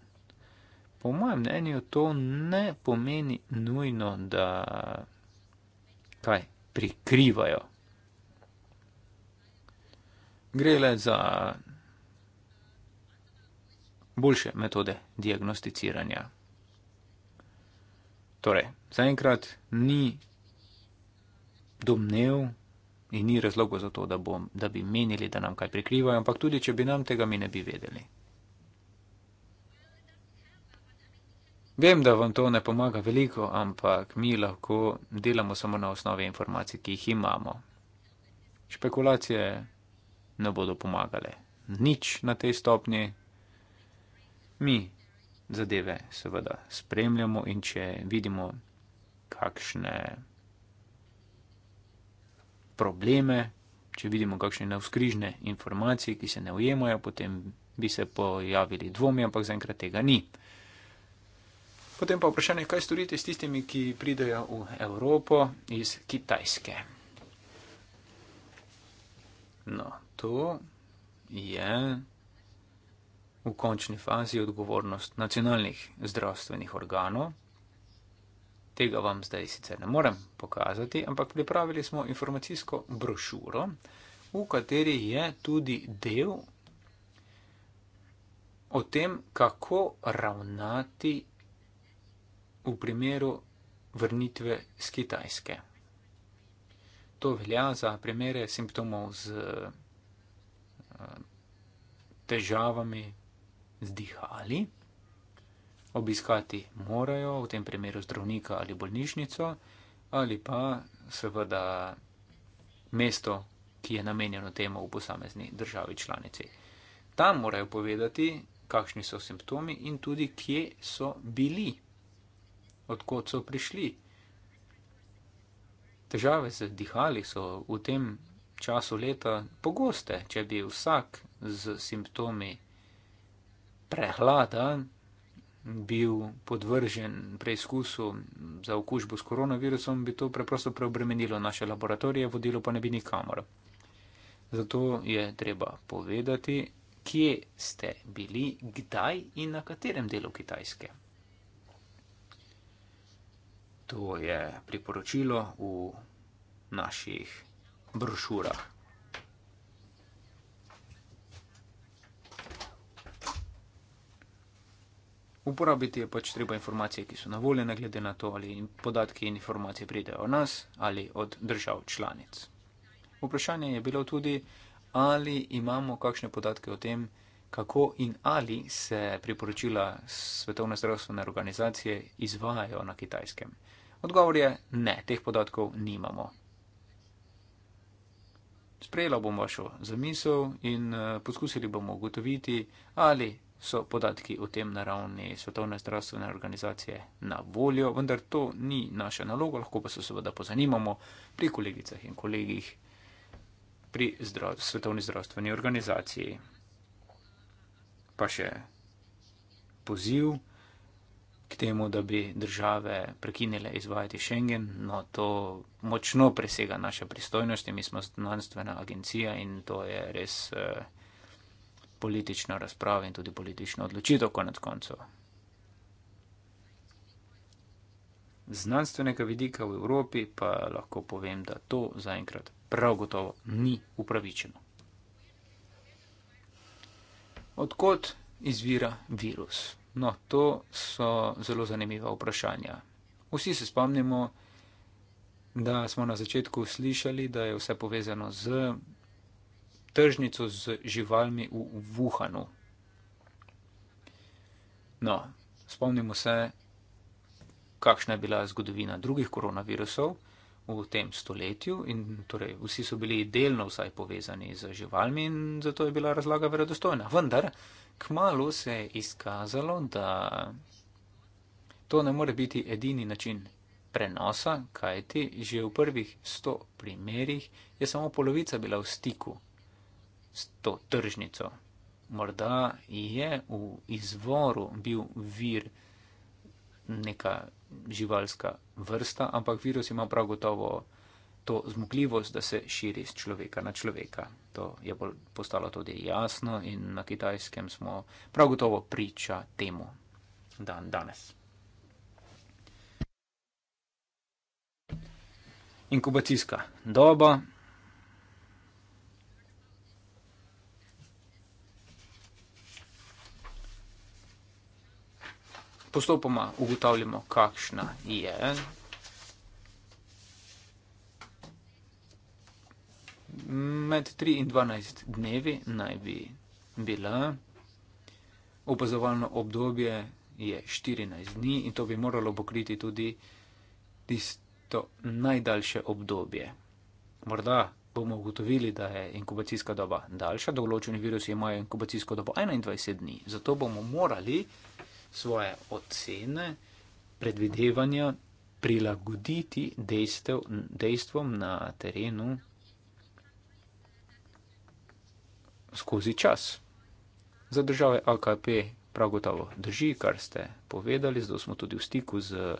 Po mojem mnenju to ne pomeni nujno, da kaj prikrivajo. Gre le za boljše metode diagnosticiranja. Torej, zaenkrat ni domnev in ni razlogov za to, da, bom, da bi menili, da nam kaj prikrivajo, ampak tudi, če bi nam tega, mi ne bi vedeli. Vem, da vam to ne pomaga veliko, ampak mi lahko delamo samo na osnovi informacij, ki jih imamo. Špekulacije ne bodo pomagale. Nič na tej stopnji. Mi zadeve seveda spremljamo in če vidimo kakšne probleme, če vidimo kakšne neuskrižne informacije, ki se ne ujemajo, potem bi se pojavili dvomi, ampak zaenkrat tega ni. Potem pa vprašanje, kaj storite s tistimi, ki pridejo v Evropo iz Kitajske? No, to je v končni fazi odgovornost nacionalnih zdravstvenih organov. Tega vam zdaj sicer ne morem pokazati, ampak pripravili smo informacijsko brošuro, v kateri je tudi del o tem, kako ravnati v primeru vrnitve z Kitajske. To velja za primere simptomov z eh, težavami, zdihali, obiskati morajo, v tem primeru zdravnika ali bolnišnico, ali pa seveda mesto, ki je namenjeno temu v posamezni državi članici. Tam morajo povedati, kakšni so simptomi in tudi, kje so bili, odkot so prišli. Težave z dihali so v tem času leta pogoste, če bi vsak z simptomi prehlada, bil podvržen preizkusu za okužbo s koronavirusom, bi to preprosto preobremenilo naše laboratorije, vodilo pa ne bi nikamor. Zato je treba povedati, kje ste bili, kdaj in na katerem delu Kitajske. To je priporočilo v naših brošurah. uporabiti je pač treba informacije, ki so na voljo, ne glede na to, ali podatki in informacije pridejo od nas ali od držav članic. Vprašanje je bilo tudi, ali imamo kakšne podatke o tem, kako in ali se priporočila Svetovne zdravstvene organizacije izvajajo na kitajskem. Odgovor je ne, teh podatkov nimamo. Sprejela bom vašo zamisel in eh, poskusili bomo ugotoviti, ali so podatki o tem na ravni Svetovne zdravstvene organizacije na voljo, vendar to ni naša naloga, lahko pa se seveda pozanimamo pri kolegicah in kolegih pri zdrav, Svetovni zdravstveni organizaciji. Pa še poziv k temu, da bi države prekinile izvajati Schengen, no to močno presega naše pristojnosti, mi smo znanstvena agencija in to je res. Eh, politična razprava in tudi politična odločitev konec koncev. Znanstvenega vidika v Evropi pa lahko povem, da to zaenkrat prav gotovo ni upravičeno. Odkot izvira virus? No, to so zelo zanimiva vprašanja. Vsi se spomnimo, da smo na začetku slišali, da je vse povezano z tržnico z živalmi v Wuhanu. No, spomnimo se, kakšna je bila zgodovina drugih koronavirusov v tem stoletju in torej vsi so bili delno vsaj povezani z živalmi in zato je bila razlaga verodostojna. Vendar, kmalo se je izkazalo, da to ne more biti edini način prenosa, kajti že v prvih sto primerjih je samo polovica bila v stiku s to tržnico. Morda je v izvoru bil vir neka živalska vrsta, ampak virus ima prav gotovo to zmogljivost, da se širi z človeka na človeka. To je postalo tudi jasno in na kitajskem smo prav gotovo priča temu dan danes. Inkubacijska doba. postopoma ugotavljamo, kakšna je. Med 3 in 12 dnevi naj bi bila, opazovalno obdobje je 14 dni in to bi moralo pokriti tudi tisto najdaljše obdobje. Morda bomo ugotovili, da je inkubacijska doba daljša, določeni virusi imajo inkubacijsko dobo 21 dni, zato bomo morali svoje ocene, predvidevanja prilagoditi dejstev, dejstvom na terenu skozi čas. Za države AKP prav gotovo drži, kar ste povedali, zato smo tudi v stiku z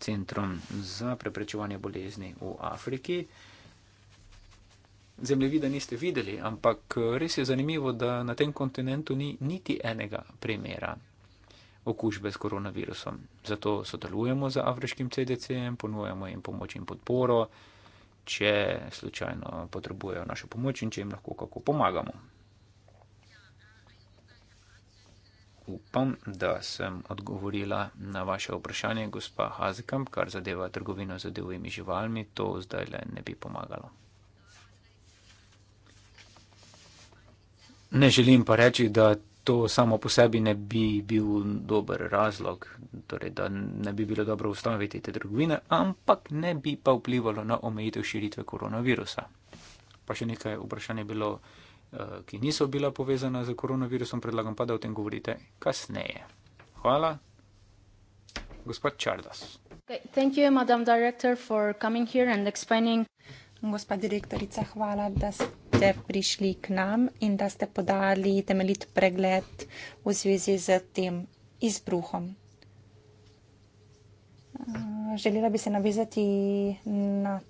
Centrom za preprečevanje bolezni v Afriki. Zemljevida niste videli, ampak res je zanimivo, da na tem kontinentu ni niti enega primera okužbe s koronavirusom. Zato sodelujemo z afriškim CDC-jem, ponujemo jim pomoč in podporo, če slučajno potrebujejo našo pomoč in če jim lahko kako pomagamo. Upam, da sem odgovorila na vaše vprašanje, gospa Hazekam, kar zadeva trgovino z divjimi živalmi, to zdaj le ne bi pomagalo. Ne želim pa reči, da to samo po sebi ne bi bil dober razlog, torej da ne bi bilo dobro ustanoviti te trgovine, ampak ne bi pa vplivalo na omejitev širitve koronavirusa. Pa še nekaj vprašanj je bilo, eh, ki niso bila povezana z koronavirusom, predlagam pa, da o tem govorite kasneje. Hvala. Gospod Čardas. Thank you, madam director, for coming here and explaining. Gospa direktorica, hvala, da ste ste prišli k nam in da ste podali temeljit pregled v zvezi z tem izbruhom. Eh, želela bi se navezati na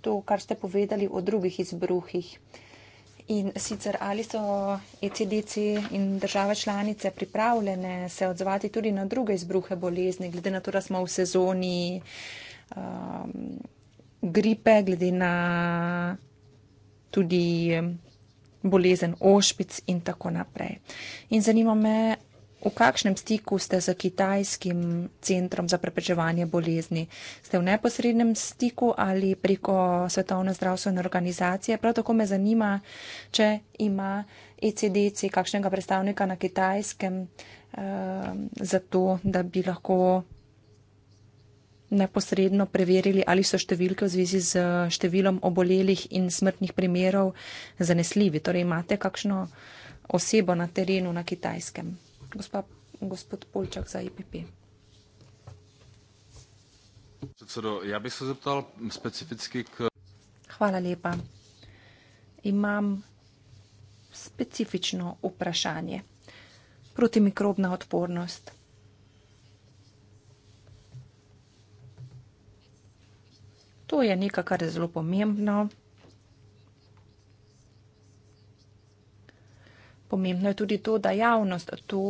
to, kar ste povedali o drugih izbruhih. In sicer ali so ECDC in države članice pripravljene se odzvati tudi na druge izbruhe bolezni, glede na to, da smo v sezoni um, gripe, glede na tudi bolezen ošpic in tako naprej. In zanima me, v kakšnem stiku ste z kitajskim centrom za preprečevanje bolezni? Ste v neposrednem stiku ali preko Svetovne zdravstvene organizacije? Prav tako me zanima, če ima ECDC kakšnega predstavnika na kitajskem eh, za to, da bi lahko neposredno preverili, ali so številke v zvezi z številom obolelih in smrtnih primerov zanesljivi. Torej imate kakšno osebo na terenu na kitajskem. Gospa, gospod Polčak za IPP. Ja bi se zeptal specificky k. Hvala lepa. Imam specifično vprašanje. Protimikrobna odpornost. To je nekaj, kar je zelo pomembno. Pomembno je tudi to, da javnost to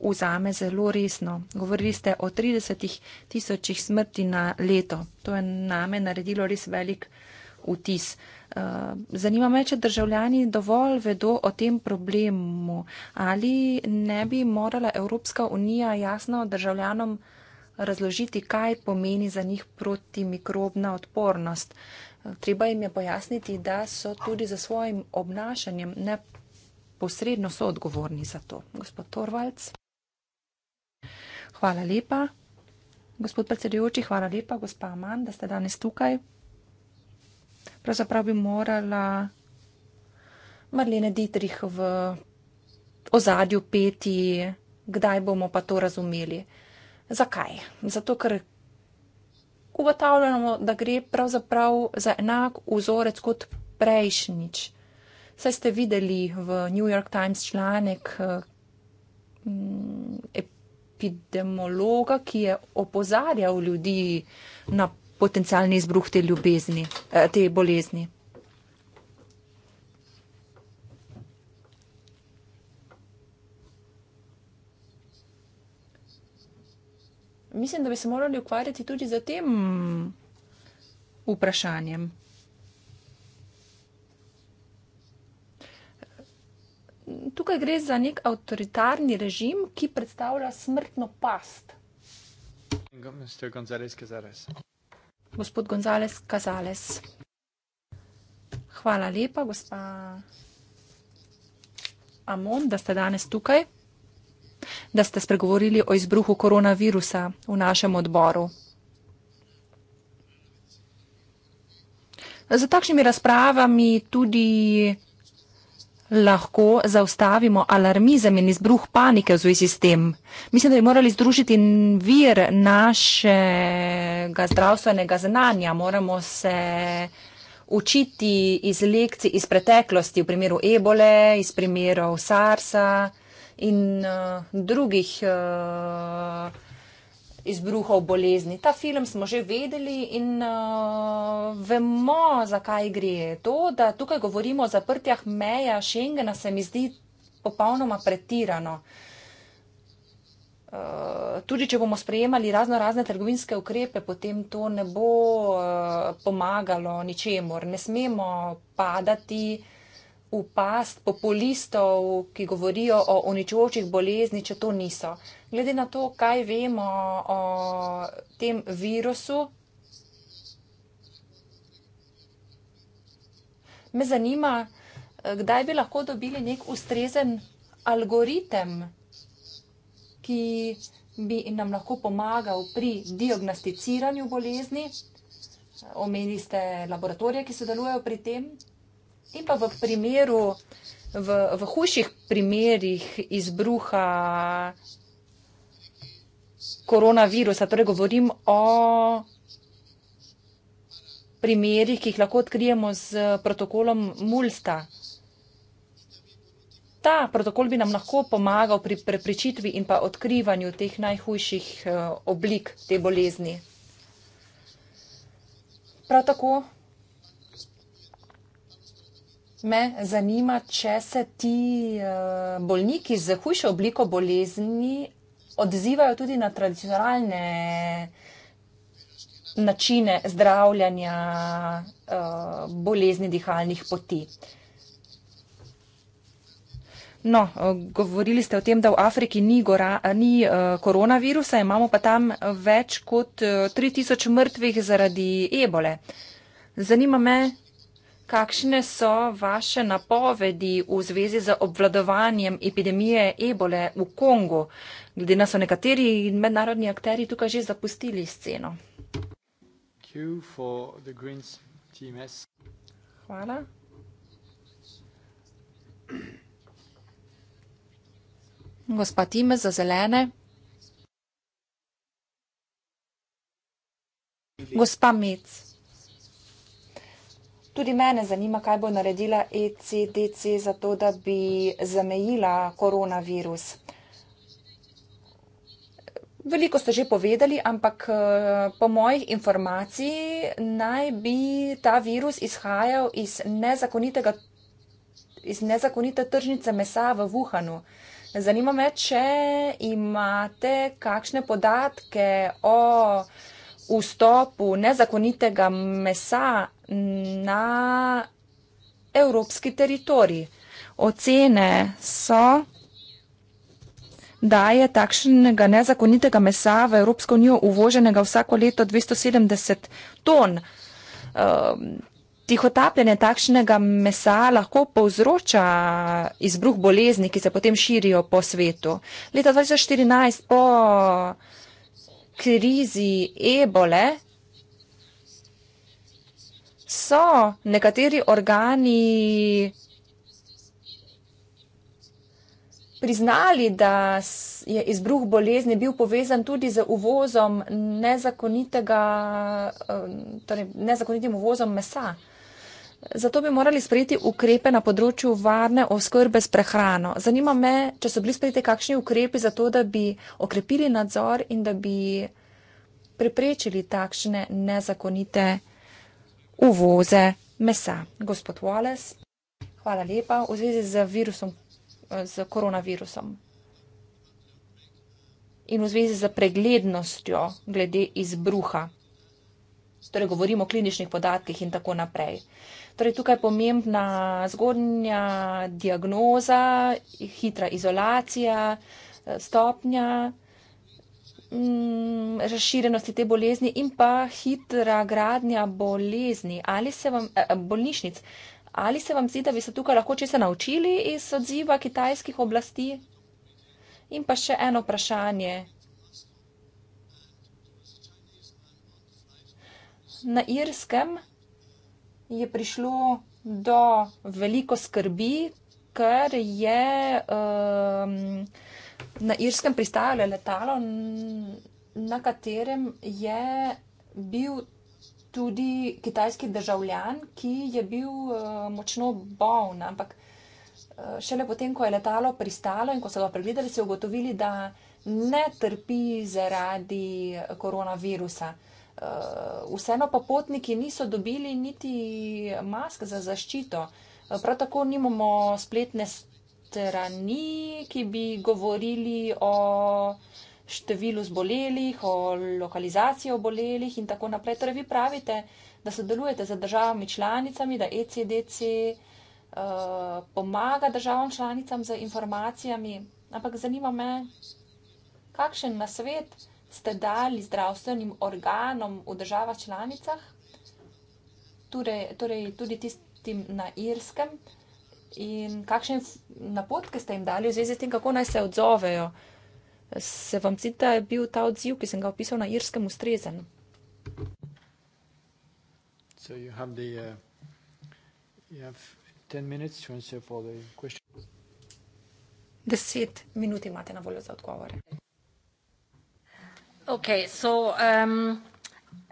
vzame zelo resno. Govorili ste o 30 tisočih smrti na leto. To je name naredilo res velik vtis. Eh, zanima me, če državljani dovolj vedo o tem problemu. Ali ne bi morala Evropska unija jasno državljanom razložiti, kaj pomeni za njih protimikrobna odpornost. Treba jim je pojasniti, da so tudi za svojim obnašanjem neposredno soodgovorni za to. Gospod Torvalc. Hvala lepa. Gospod predsedujoči, hvala lepa, gospa Aman, da ste danes tukaj. Pravzaprav bi morala Marlene Dietrich v ozadju peti, kdaj bomo pa to razumeli. Zakaj? Zato, ker ugotavljamo, da gre pravzaprav za enak vzorec kot prejšnjič. Saj ste videli v New York Times članek eh, mm, epidemiologa, ki je opozarjal ljudi na potencialni izbruh te, ljubezni, eh, te bolezni. mislim, da bi se morali ukvarjati tudi z tem vprašanjem. Tukaj gre za nek avtoritarni režim, ki predstavlja smrtno past. Gospod Gonzales Kazales. Hvala lepa, gospa Amon, da ste danes tukaj da ste spregovorili o izbruhu koronavirusa v našem odboru. Za takšnimi razpravami tudi lahko zaustavimo alarmizem in izbruh panike v zvezi s tem. Mislim, da bi morali združiti vir našega zdravstvenega znanja. Moramo se učiti iz lekcij iz preteklosti v primeru ebole, iz primerov SARS-a in uh, drugih uh, izbruhov bolezni. Ta film smo že vedeli in uh, vemo, zakaj gre. To, da tukaj govorimo o zaprtjah meja Schengena, se mi zdi popolnoma pretirano. Uh, tudi, če bomo sprejemali razno razne trgovinske ukrepe, potem to ne bo uh, pomagalo ničemor. Ne smemo padati uh, v past populistov, ki govorijo o uničujočih bolezni, če to niso. Glede na to, kaj vemo o tem virusu, me zanima, kdaj bi lahko dobili nek ustrezen algoritem, ki bi nam lahko pomagal pri diagnosticiranju bolezni. Omenili ste laboratorije, ki sodelujejo pri tem. In pa v primeru, v, v hujših primerjih izbruha koronavirusa, torej govorim o primerjih, ki jih lahko odkrijemo z protokolom Mulsta. Ta protokol bi nam lahko pomagal pri prepričitvi in pa odkrivanju teh najhujših eh, oblik te bolezni. Prav tako Me zanima, če se ti eh, bolniki z hujšo obliko bolezni odzivajo tudi na tradicionalne načine zdravljanja eh, bolezni dihalnih poti. No, eh, govorili ste o tem, da v Afriki ni, gora, ni koronavirusa, imamo pa tam več kot 3000 mrtvih zaradi ebole. Zanima me, Kakšne so vaše napovedi v zvezi z obvladovanjem epidemije ebole v Kongu, glede na to, da so nekateri mednarodni akteri tukaj že zapustili sceno? Hvala. Gospa Time za zelene. Gospa Mec. Tudi mene zanima, kaj bo naredila ECDC za to, da bi zamejila koronavirus. Veliko ste že povedali, ampak eh, po mojih informacijah naj bi ta virus izhajal iz, iz nezakonite tržnice mesa v Wuhanu. Zanima me, če imate kakšne podatke o vstopu nezakonitega mesa na evropski teritorij. Ocene so, da je takšnega nezakonitega mesa v Evropsko unijo uvoženega vsako leto 270 ton. Ehm, tihotapljanje takšnega mesa lahko povzroča izbruh bolezni, ki se potem širijo po svetu. Leta 2014 po krizi ebole so nekateri organi priznali, da je izbruh bolezni bil povezan tudi z uvozom um, torej nezakonitim uvozom mesa. Zato bi morali sprejeti ukrepe na področju varne oskrbe s prehrano. Zanima me, če so bili sprejeti kakšni ukrepi za to, da bi okrepili nadzor in da bi preprečili takšne nezakonite uvoze mesa. Gospod Wallace, hvala lepa v zvezi z, virusom, z koronavirusom in v zvezi z preglednostjo glede izbruha. Torej, govorimo o kliničnih podatkih in tako naprej. Torej, tukaj je pomembna zgodnja diagnoza, hitra izolacija, stopnja. Mm, razširjenosti te bolezni in pa hitra gradnja bolezni ali se vam, eh, eh, bolnišnic. Ali se vam zdi, da bi se tukaj lahko česa naučili iz odziva kitajskih oblasti? In pa še eno vprašanje. Na Irskem je prišlo do veliko skrbi, ker je um, na Irskem pristajalo letalo, na katerem je bil tudi kitajski državljan, ki je bil eh, močno bolen. Ampak eh, šele potem, ko je letalo pristalo in ko so ga pregledali, so ugotovili, da ne trpi zaradi koronavirusa. Eh, vseeno pa potniki niso dobili niti mask za zaščito. Prav tako nimamo spletne strani, ki bi govorili o številu zbolelih, o lokalizaciji obolelih in tako naprej. Torej, vi pravite, da sodelujete z državami članicami, da ECDC uh, eh, pomaga državam članicam z informacijami, ampak zanima me, kakšen nasvet ste dali zdravstvenim organom v državah članicah, torej, torej tudi tistim na Irskem, In kakšne napotke ste jim dali v zvezi s tem, kako naj se odzovejo? Se vam zdi, da je bil ta odziv, ki sem ga opisal na irskem, ustrezen? Uh, Deset minut imate na voljo za odgovore. Okay, so, um,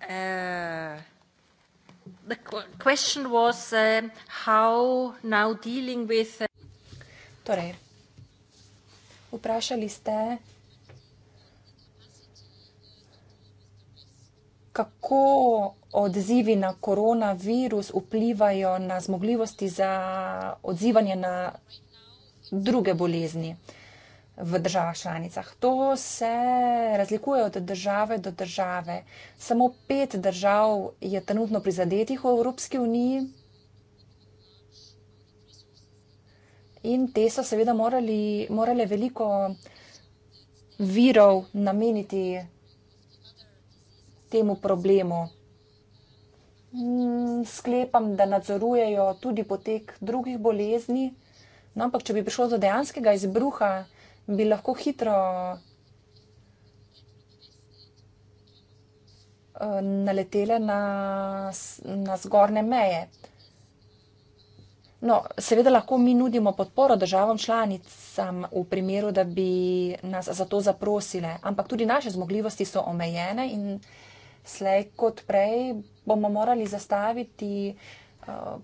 uh, The question was uh, how now dealing with. Uh, torej, vprašali ste, kako odzivi na koronavirus vplivajo na zmogljivosti za odzivanje na druge bolezni. Uh, v državah članicah. To se razlikuje od države do države. Samo pet držav je trenutno prizadetih v Evropski uniji. In te so seveda morali, morali veliko virov nameniti temu problemu. Mm, sklepam, da nadzorujejo tudi potek drugih bolezni, no, ampak če bi prišlo do dejanskega izbruha, bi lahko hitro eh, naletele na, na zgornje meje. No, seveda lahko mi nudimo podporo državam članicam v primeru, da bi nas za to zaprosile, ampak tudi naše zmogljivosti so omejene in slej kot prej bomo morali zastaviti eh,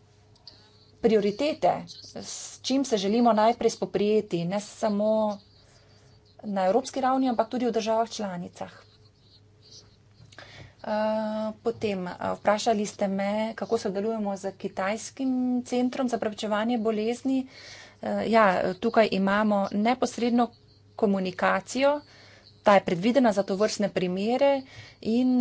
prioritete, s čim se želimo najprej spoprijeti, ne samo na evropski ravni, ampak tudi v državah članicah. Eh, potem eh, vprašali ste me, kako sodelujemo z Kitajskim centrom za prepečevanje bolezni. Eh, ja, tukaj imamo neposredno komunikacijo, ta je predvidena za to vrstne primere in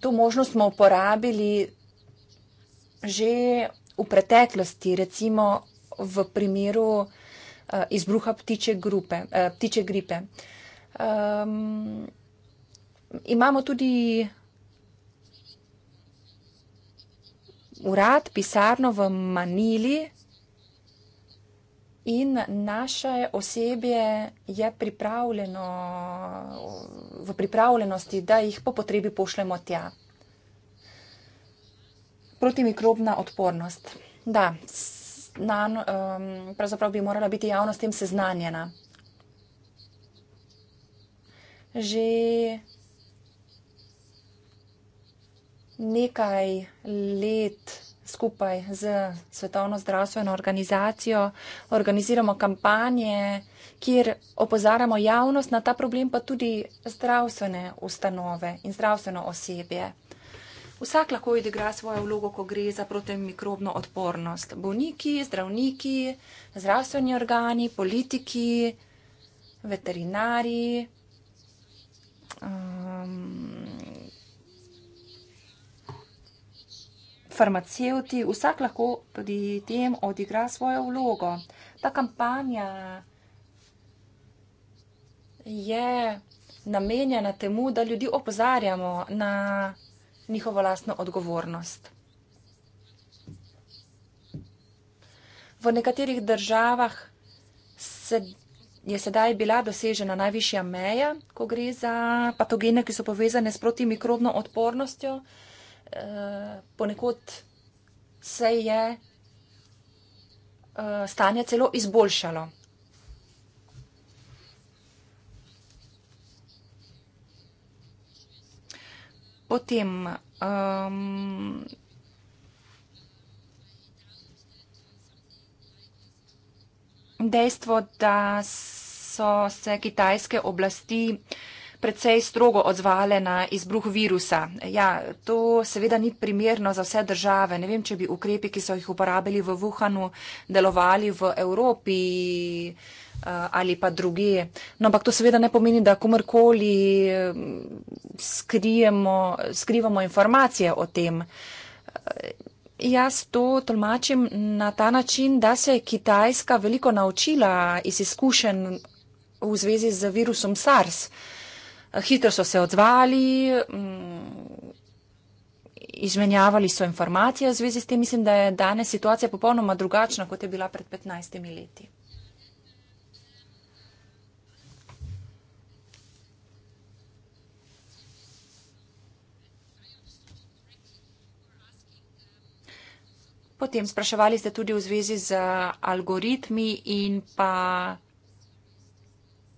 to možnost smo uporabili že v preteklosti, recimo v primeru uh, izbruha ptiče, grupe, uh, ptiče gripe. Um, imamo tudi urad, pisarno v Manili. In naše osebje je pripravljeno, v pripravljenosti, da jih po potrebi pošljemo tja protimikrobna odpornost. Da, nan, um, pravzaprav bi morala biti javnost s tem seznanjena. Že nekaj let skupaj z Svetovno zdravstveno organizacijo organiziramo kampanje, kjer opozarjamo javnost na ta problem, pa tudi zdravstvene ustanove in zdravstveno osebje. Vsak lahko odigra svojo vlogo, ko gre za protimikrobno odpornost. Bovniki, zdravniki, zdravstveni organi, politiki, veterinari, um, farmacevti, vsak lahko pri tem odigra svojo vlogo. Ta kampanja je namenjena temu, da ljudi opozarjamo na njihovo lastno odgovornost. V nekaterih državah se je sedaj bila dosežena najvišja meja, ko gre za patogene, ki so povezane s protimikrobno odpornostjo. Eh, ponekod se je eh, stanje celo izboljšalo. Potem. Um, dejstvo, da so se kitajske oblasti predvsej strogo odzvale na izbruh virusa. Ja, to seveda ni primerno za vse države. Ne vem, če bi ukrepi, ki so jih uporabili v Wuhanu, delovali v Evropi. Uh, Eh, ali pa druge. No, ampak to seveda ne pomeni, da komorkoli eh, skrivamo informacije o tem. Eh, jaz to tolmačim na ta način, da se je Kitajska veliko naučila iz izkušenj v zvezi z virusom SARS. Hitro so se odzvali, mm, izmenjavali so informacije v zvezi s tem. Mislim, da je danes situacija popolnoma drugačna, kot je bila pred 15 leti. Potem spraševali ste tudi v zvezi z eh, algoritmi in pa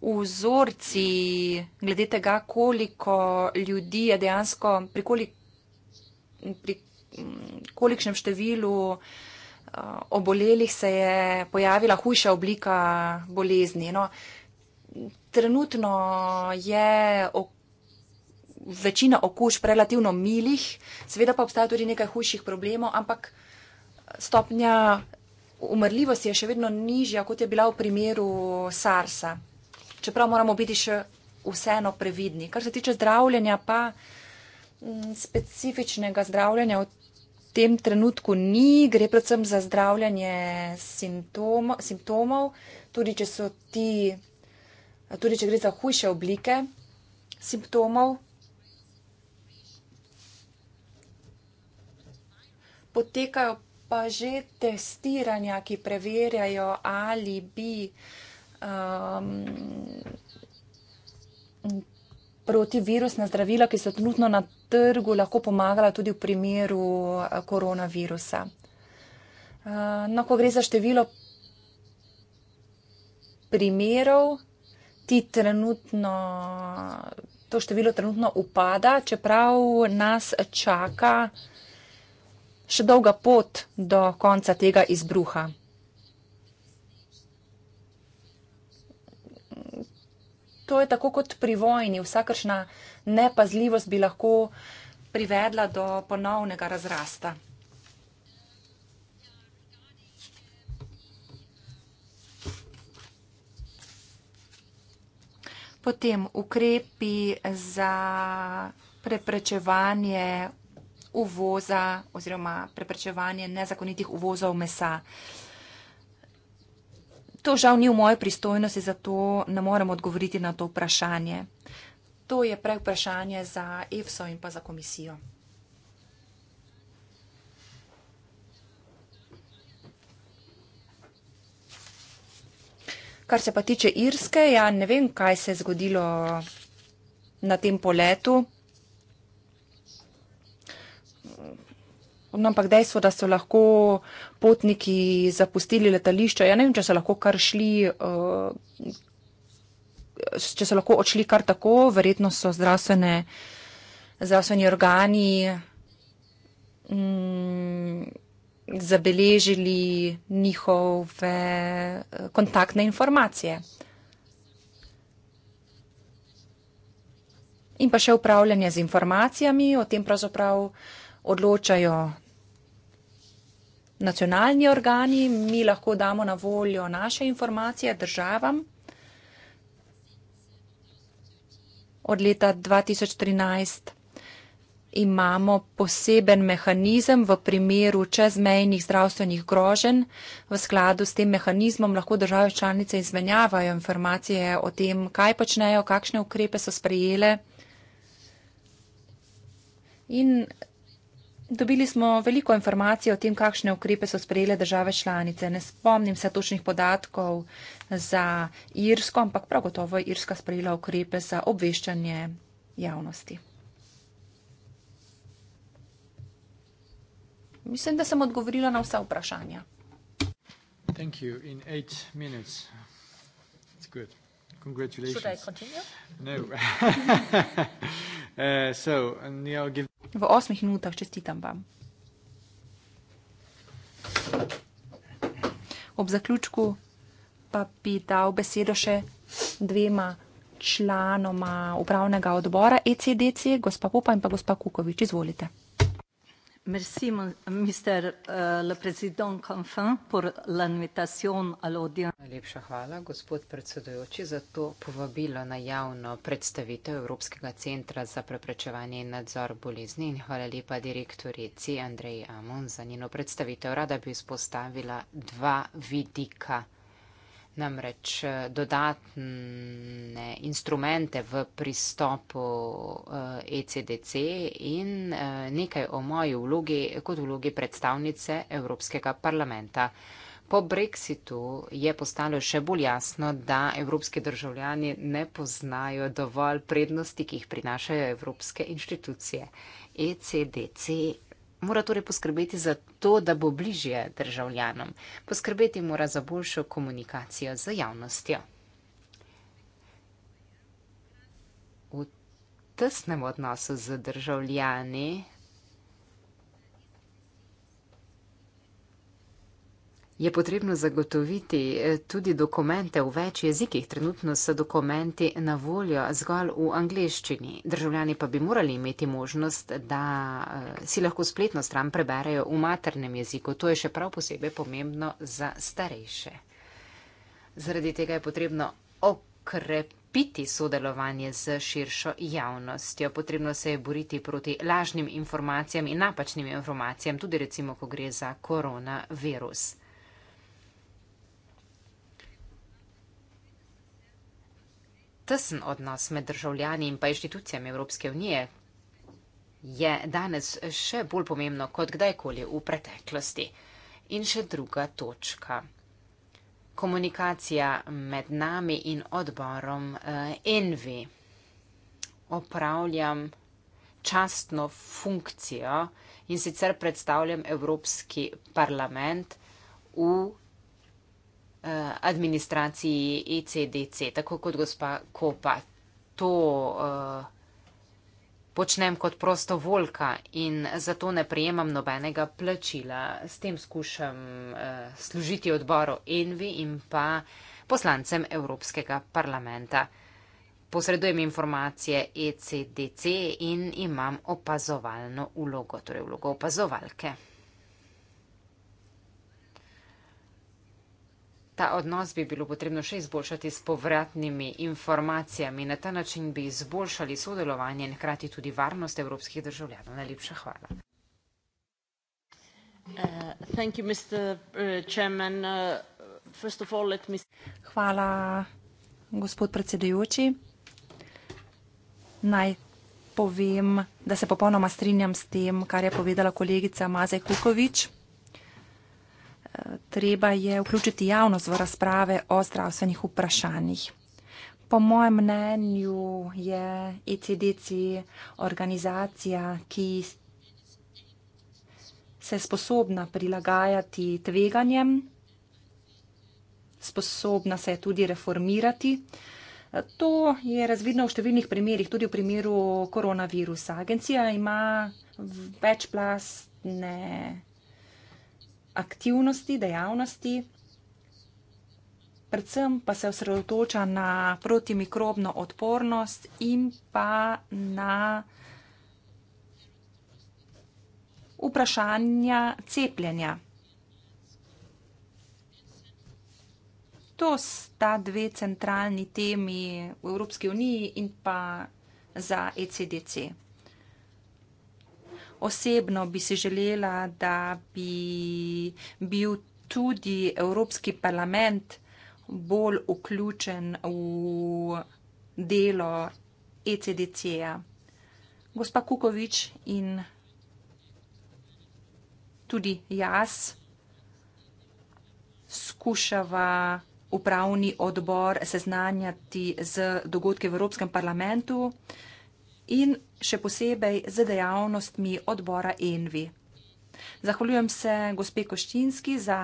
vzorci glede tega, koliko ljudi je dejansko pri, koli, pri mm, kolikšnem številu eh, obolelih se je pojavila hujša oblika bolezni. No, trenutno je ok, večina okužb relativno milih, seveda pa obstaja tudi nekaj hujših problemov, ampak stopnja umrljivosti je še vedno nižja, kot je bila v primeru SARS-a. Čeprav moramo biti še vseeno previdni. Kar se tiče zdravljenja, pa mm, specifičnega zdravljenja v tem trenutku ni, gre predvsem za zdravljanje simptomo, simptomov, tudi če so ti, tudi če gre za hujše oblike simptomov. Potekajo pa že testiranja, ki preverjajo, ali bi um, protivirusna zdravila, ki so trenutno na trgu, lahko pomagala tudi v primeru eh, koronavirusa. Eh, no, ko gre za število primerov, ti trenutno, to število trenutno upada, čeprav nas čaka še dolga pot do konca tega izbruha. To je tako kot pri vojni. Vsakršna nepazljivost bi lahko privedla do ponovnega razrasta. Potem ukrepi za preprečevanje uvoza oziroma preprečevanje nezakonitih uvozov mesa. To žal ni v moje pristojnosti, zato ne morem odgovoriti na to vprašanje. To je prej vprašanje za EFSO in pa za komisijo. Kar se pa tiče Irske, ja ne vem, kaj se je zgodilo na tem poletu. No, ampak dejstvo, da so lahko potniki zapustili letališče. Ja ne vem, če so lahko kar šli. Uh, Če so lahko odšli kar tako, verjetno so zdravstvene, zdravstveni organi mm, zabeležili njihove eh, kontaktne informacije. In pa še upravljanje z informacijami, o tem pravzaprav uh, odločajo nacionalni organi, mi lahko damo na voljo naše informacije državam. Od leta 2013 imamo poseben mehanizem v primeru čezmejnih zdravstvenih grožen. V skladu s tem mehanizmom lahko države članice izmenjavajo informacije o tem, kaj počnejo, kakšne ukrepe so sprejele. In Dobili smo veliko informacij o tem, kakšne ukrepe so sprejele države članice. Ne spomnim se točnih podatkov za Irsko, ampak prav gotovo je Irska sprejela ukrepe za obveščanje javnosti. Mislim, da sem odgovorila na vsa vprašanja. Thank you. In 8 minutes. It's good. Congratulations. Should I continue? No. Uh, v osmih minutah čestitam vam. Ob zaključku pa bi dal besedo še dvema članoma upravnega odbora ECDC, gospa Popa in pa gospa Kukovič. Izvolite. Merci, mon, mister, uh, le président Canfin, pour l'invitation à l'audience. Najlepša hvala, gospod predsedujoči, za to povabilo na javno predstavitev Evropskega centra za preprečevanje in nadzor bolezni in hvala lepa direktorici Andreji Amon za njeno predstavitev. Rada bi izpostavila dva vidika namreč eh, dodatne instrumente v pristopu ECDC eh, e in eh, nekaj o moji vlogi kot vlogi predstavnice Evropskega parlamenta. Po brexitu je postalo še bolj jasno, da evropski državljani ne poznajo dovolj prednosti, ki jih prinašajo evropske inštitucije. ECDC mora torej poskrbeti za to, da bo bližje državljanom. Poskrbeti mora za boljšo komunikacijo z javnostjo. V tesnem odnosu z državljani je potrebno zagotoviti eh, tudi dokumente v več jezikih. Trenutno so dokumenti na voljo zgolj v angliščini. Državljani pa bi morali imeti možnost, da eh, si lahko spletno stran preberejo v maternem jeziku. To je še prav posebej pomembno za starejše. Zaradi tega je potrebno okrepiti. Piti sodelovanje z širšo javnostjo. Potrebno se je boriti proti lažnim informacijam in napačnim informacijam, tudi recimo, ko gre za koronavirus. tesen odnos med državljani in pa inštitucijami Evropske unije, je danes še bolj pomembno kot kdajkoli v preteklosti. In še druga točka. Komunikacija med nami in odborom eh, Envi. Opravljam častno funkcijo in sicer predstavljam Evropski parlament v Eh, administraciji ECDC, tako kot gospa Kopa. To eh, počnem kot prostovoljka in zato ne prejemam nobenega plačila. S tem skušam eh, služiti odboru Envi in pa poslancem Evropskega parlamenta. Posredujem informacije ECDC in imam opazovalno ulogo, torej ulogo opazovalke. ta odnos bi bilo potrebno še izboljšati s povratnimi informacijami. Na ta način bi izboljšali sodelovanje in hkrati tudi varnost evropskih državljanov. Najlepša hvala. Uh, uh, uh, hvala, gospod predsedujoči. Naj povem, da se popolnoma strinjam s tem, kar je povedala kolegica Mazej Kukovič treba je vključiti javnost v razprave o zdravstvenih vprašanjih. Po mojem mnenju je ECDC organizacija, ki se je sposobna prilagajati tveganjem, sposobna se je tudi reformirati. To je razvidno v številnih primerih, tudi v primeru koronavirusa. Agencija ima večplastne aktivnosti, dejavnosti, predvsem pa se osredotoča na protimikrobno odpornost in pa na vprašanja cepljenja. To sta dve centralni temi v Evropski uniji in pa za ECDC osebno bi si želela, da bi bil tudi Evropski parlament bolj vključen v delo ECDC-ja. Gospa Kukovič in tudi jaz skušava upravni odbor seznanjati z dogodki v Evropskem parlamentu in še posebej z dejavnostmi odbora Envi. Zahvaljujem se gospe Koštinski za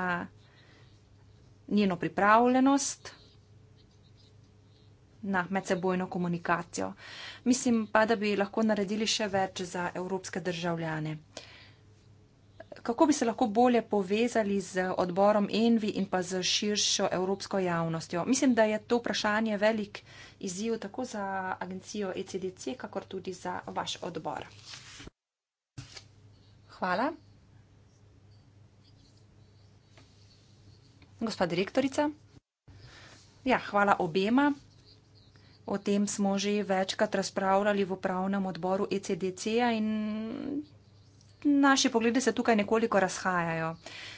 njeno pripravljenost na medsebojno komunikacijo. Mislim pa, da bi lahko naredili še več za evropske državljane kako bi se lahko bolje povezali z odborom Envi in pa z širšo evropsko javnostjo. Mislim, da je to vprašanje velik izziv tako za agencijo ECDC, kakor tudi za vaš odbor. Hvala. Gospa direktorica. Ja, hvala obema. O tem smo že večkrat razpravljali v upravnem odboru ECDC-a in naši poglede se tukaj nekoliko razhajajo.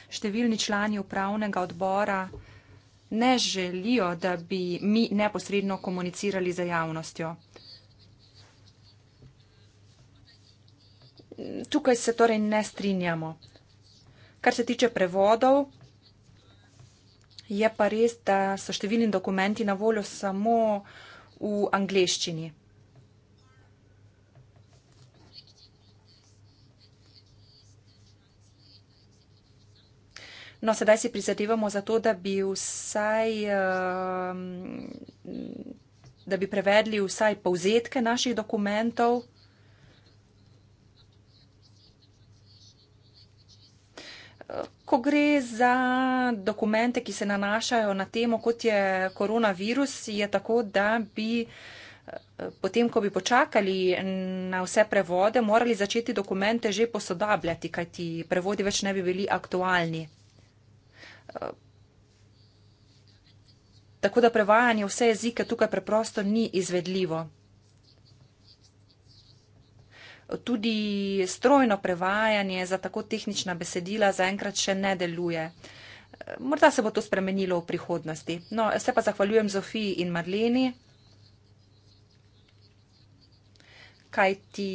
Številni člani upravnega odbora ne želijo, da bi mi neposredno komunicirali za javnostjo. Tukaj se torej ne strinjamo. Kar se tiče prevodov, je pa res, da so številni dokumenti na voljo samo v angleščini. No, sedaj si prizadevamo za to, da bi vsaj. Uh, da bi prevedli vsaj povzetke naših dokumentov. Ko gre za dokumente, ki se nanašajo na temo, kot je koronavirus, je tako, da bi eh, potem, ko bi počakali na vse prevode, morali začeti dokumente že posodabljati, kajti prevodi več ne bi bili aktualni. Tako da prevajanje vse jezike tukaj preprosto ni izvedljivo. Tudi strojno prevajanje za tako tehnična besedila zaenkrat še ne deluje. Morda se bo to spremenilo v prihodnosti. No, se pa zahvaljujem Zofiji in Marleni, kajti.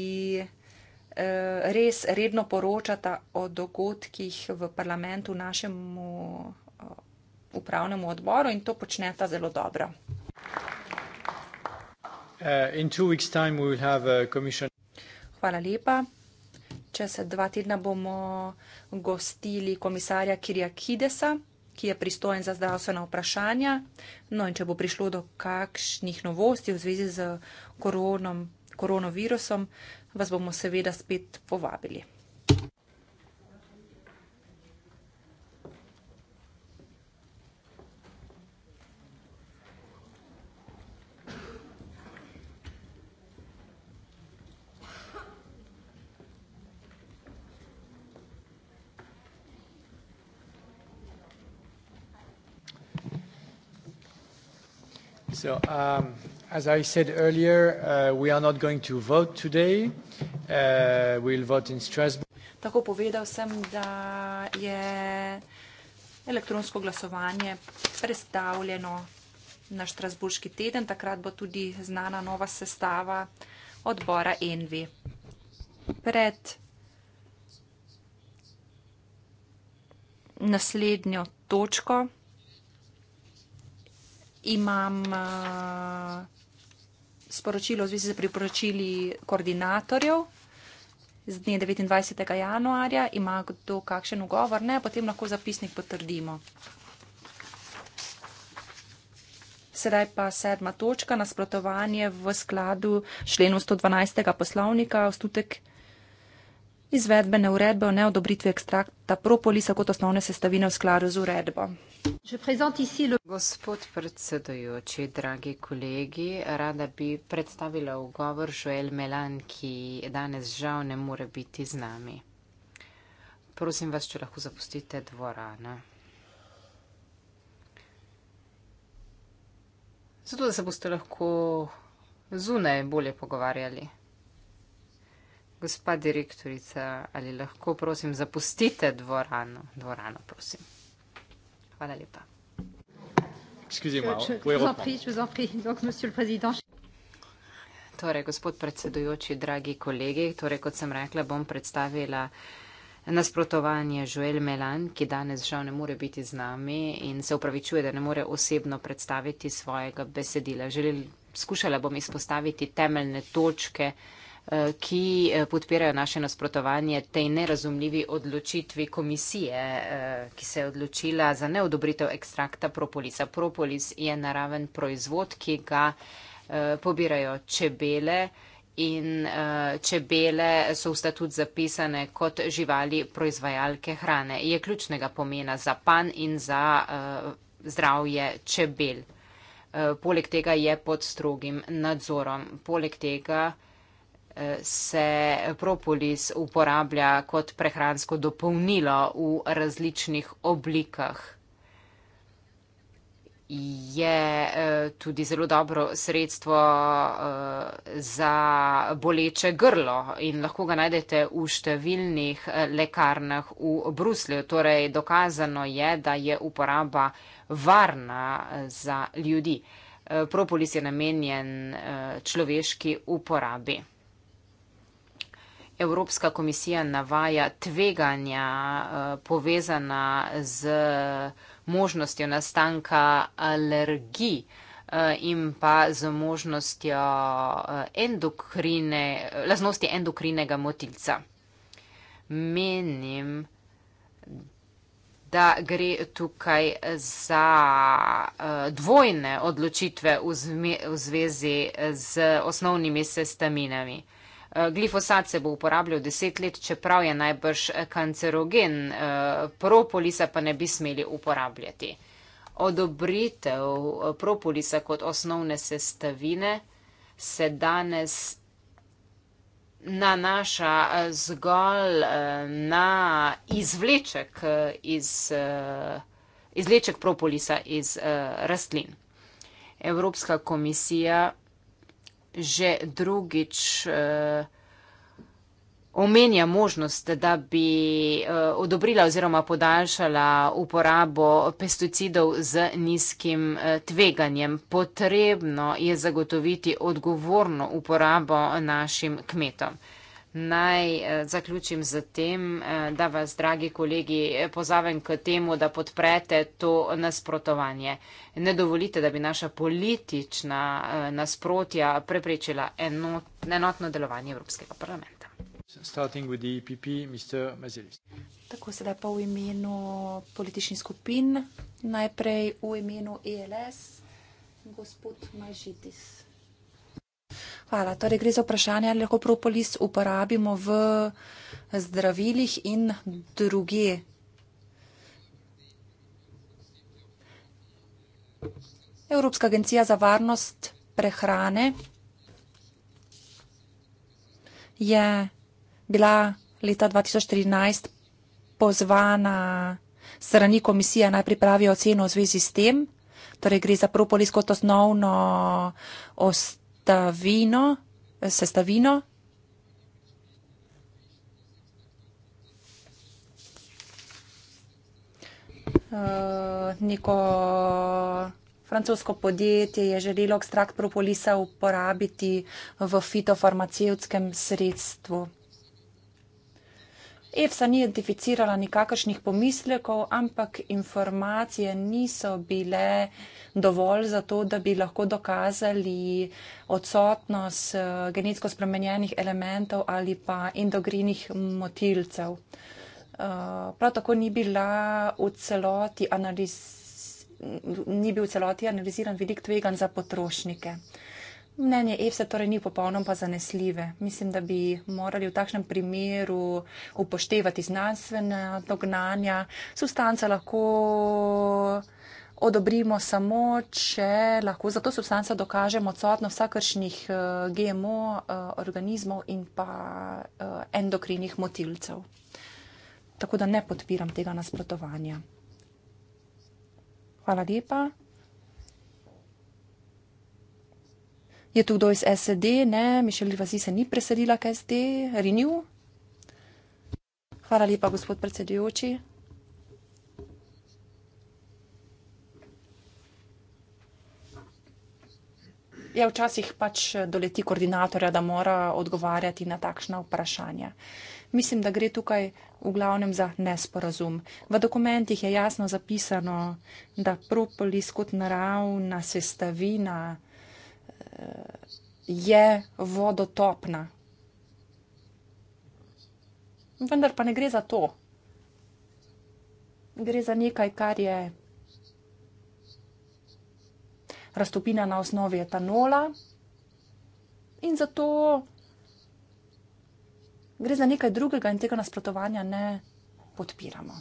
Eh, res redno poročata o dogodkih v parlamentu našemu eh, upravnemu odboru in to počneta zelo dobro. Eh, Hvala lepa. Čez dva tedna bomo gostili komisarja Kirja Kidesa, ki je pristojen za zdravstvena vprašanja. No in če bo prišlo do kakšnih novosti v zvezi z koronom, koronavirusom, vas bomo seveda spet povabili. So, um... As I said earlier, uh, we are not going to vote today. Uh, we'll vote in Strasbourg. Tako povedal sem, da je elektronsko glasovanje prestavljeno na Štrasburški teden. Takrat bo tudi znana nova sestava odbora Envi. Pred naslednjo točko imam uh, sporočilo v zvezi z priporočili koordinatorjev z dne 29. januarja. Ima kdo kakšen ugovor? Ne, potem lahko zapisnik potrdimo. Sedaj pa sedma točka, nasprotovanje v skladu členu 112. poslovnika, ostutek izvedbene uredbe o neodobritvi ekstrakta propolisa kot osnovne sestavine v skladu z uredbo. Gospod predsedujoči, dragi kolegi, rada bi predstavila ugovor Joel Melan, ki danes žal ne more biti z nami. Prosim vas, če lahko zapustite dvorano. Zato, da se boste lahko zunaj bolje pogovarjali. Gospa direktorica, ali lahko prosim zapustite dvorano? Dvorano, prosim. Hvala lepa. Torej, gospod predsedujoči, dragi kolegi, torej, kot sem rekla, bom predstavila nasprotovanje Joel Melan, ki danes žal ne more biti z nami in se upravičuje, da ne more osebno predstaviti svojega besedila. Želel, skušala bom izpostaviti temeljne točke ki eh, podpirajo naše nasprotovanje tej nerazumljivi odločitvi komisije, eh, ki se je odločila za neodobritev ekstrakta propolisa. Propolis je naraven proizvod, ki ga eh, pobirajo čebele in čebele so v statut zapisane kot živali proizvajalke hrane. Je ključnega pomena za pan in za zdravje čebel. Poleg tega je pod strogim nadzorom. Poleg tega se propolis uporablja kot prehransko dopolnilo v različnih oblikah. Je eh, tudi zelo dobro sredstvo eh, za boleče grlo in lahko ga najdete v številnih eh, lekarnah v Bruslju. Torej, dokazano je, da je uporaba varna za ljudi. Propolis je namenjen človeški uporabi. Evropska komisija navaja tveganja eh, povezana z možnostjo nastanka alergi eh, in pa z možnostjo eh, endokrine, lasnosti endokrinega motilca. Menim, da gre tukaj za dvojne odločitve v zvezi z osnovnimi sestaminami. Eh, glifosat se bo uporabljal deset let, čeprav je najbrž eh, kancerogen, eh, propolisa pa ne bi smeli uporabljati. Odobritev propolisa kot osnovne sestavine se danes nanaša zgolj na izvleček iz, izvleček propolisa iz rastlin. Evropska komisija že drugič eh, omenja možnost, da bi eh, odobrila oziroma podaljšala uporabo pesticidov z nizkim eh, tveganjem. Potrebno je zagotoviti odgovorno uporabo našim kmetom. Naj eh, zaključim z tem, eh, da vas, dragi kolegi, pozavem k temu, da podprete to nasprotovanje. Ne dovolite, da bi naša politična eh, nasprotja preprečila enotno delovanje Evropskega parlamenta. EPP, e Tako sedaj pa v imenu političnih skupin, najprej v imenu ELS, gospod Mažitis spala. Torej, gre za vprašanje, ali lahko propolis uporabimo v zdravilih in druge. Evropska agencija za varnost prehrane je bila leta 2013 pozvana strani komisije naj pripravi oceno v zvezi s tem, torej gre za propolis kot osnovno ostalo sestavino, sestavino. Eh, neko francosko podjetje je želelo ekstrakt propolisa uporabiti v fitofarmacevtskem sredstvu. EFSA ni identificirala nikakršnih pomislekov, ampak informacije niso bile dovolj za to, da bi lahko dokazali odsotnost eh, genetsko spremenjenih elementov ali pa endogrinih motilcev. Eh, prav tako ni, bila v analiz, ni bil v celoti analiziran velik tvegan za potrošnike. Mnenje EFSA torej ni popolnoma zanesljive. Mislim, da bi morali v takšnem primeru upoštevati znanstvena dognanja. Substanca lahko odobrimo samo, če lahko za to substanco dokažemo odsotno vsakršnih eh, GMO eh, organizmov in pa eh, endokrinih motilcev. Tako da ne podpiram tega nasprotovanja. Hvala lepa. je tu kdo iz SD, ne, Mišel Vasi se ni presedila k SD, Renew. Hvala lepa, gospod predsedujoči. Ja, včasih pač doleti koordinatorja, da mora odgovarjati na takšna vprašanja. Mislim, da gre tukaj v glavnem za nesporazum. V dokumentih je jasno zapisano, da propolis kot naravna sestavina je vodotopna. Vendar pa ne gre za to. Gre za nekaj, kar je raztopina na osnovi etanola in zato gre za nekaj drugega in tega nasprotovanja ne podpiramo.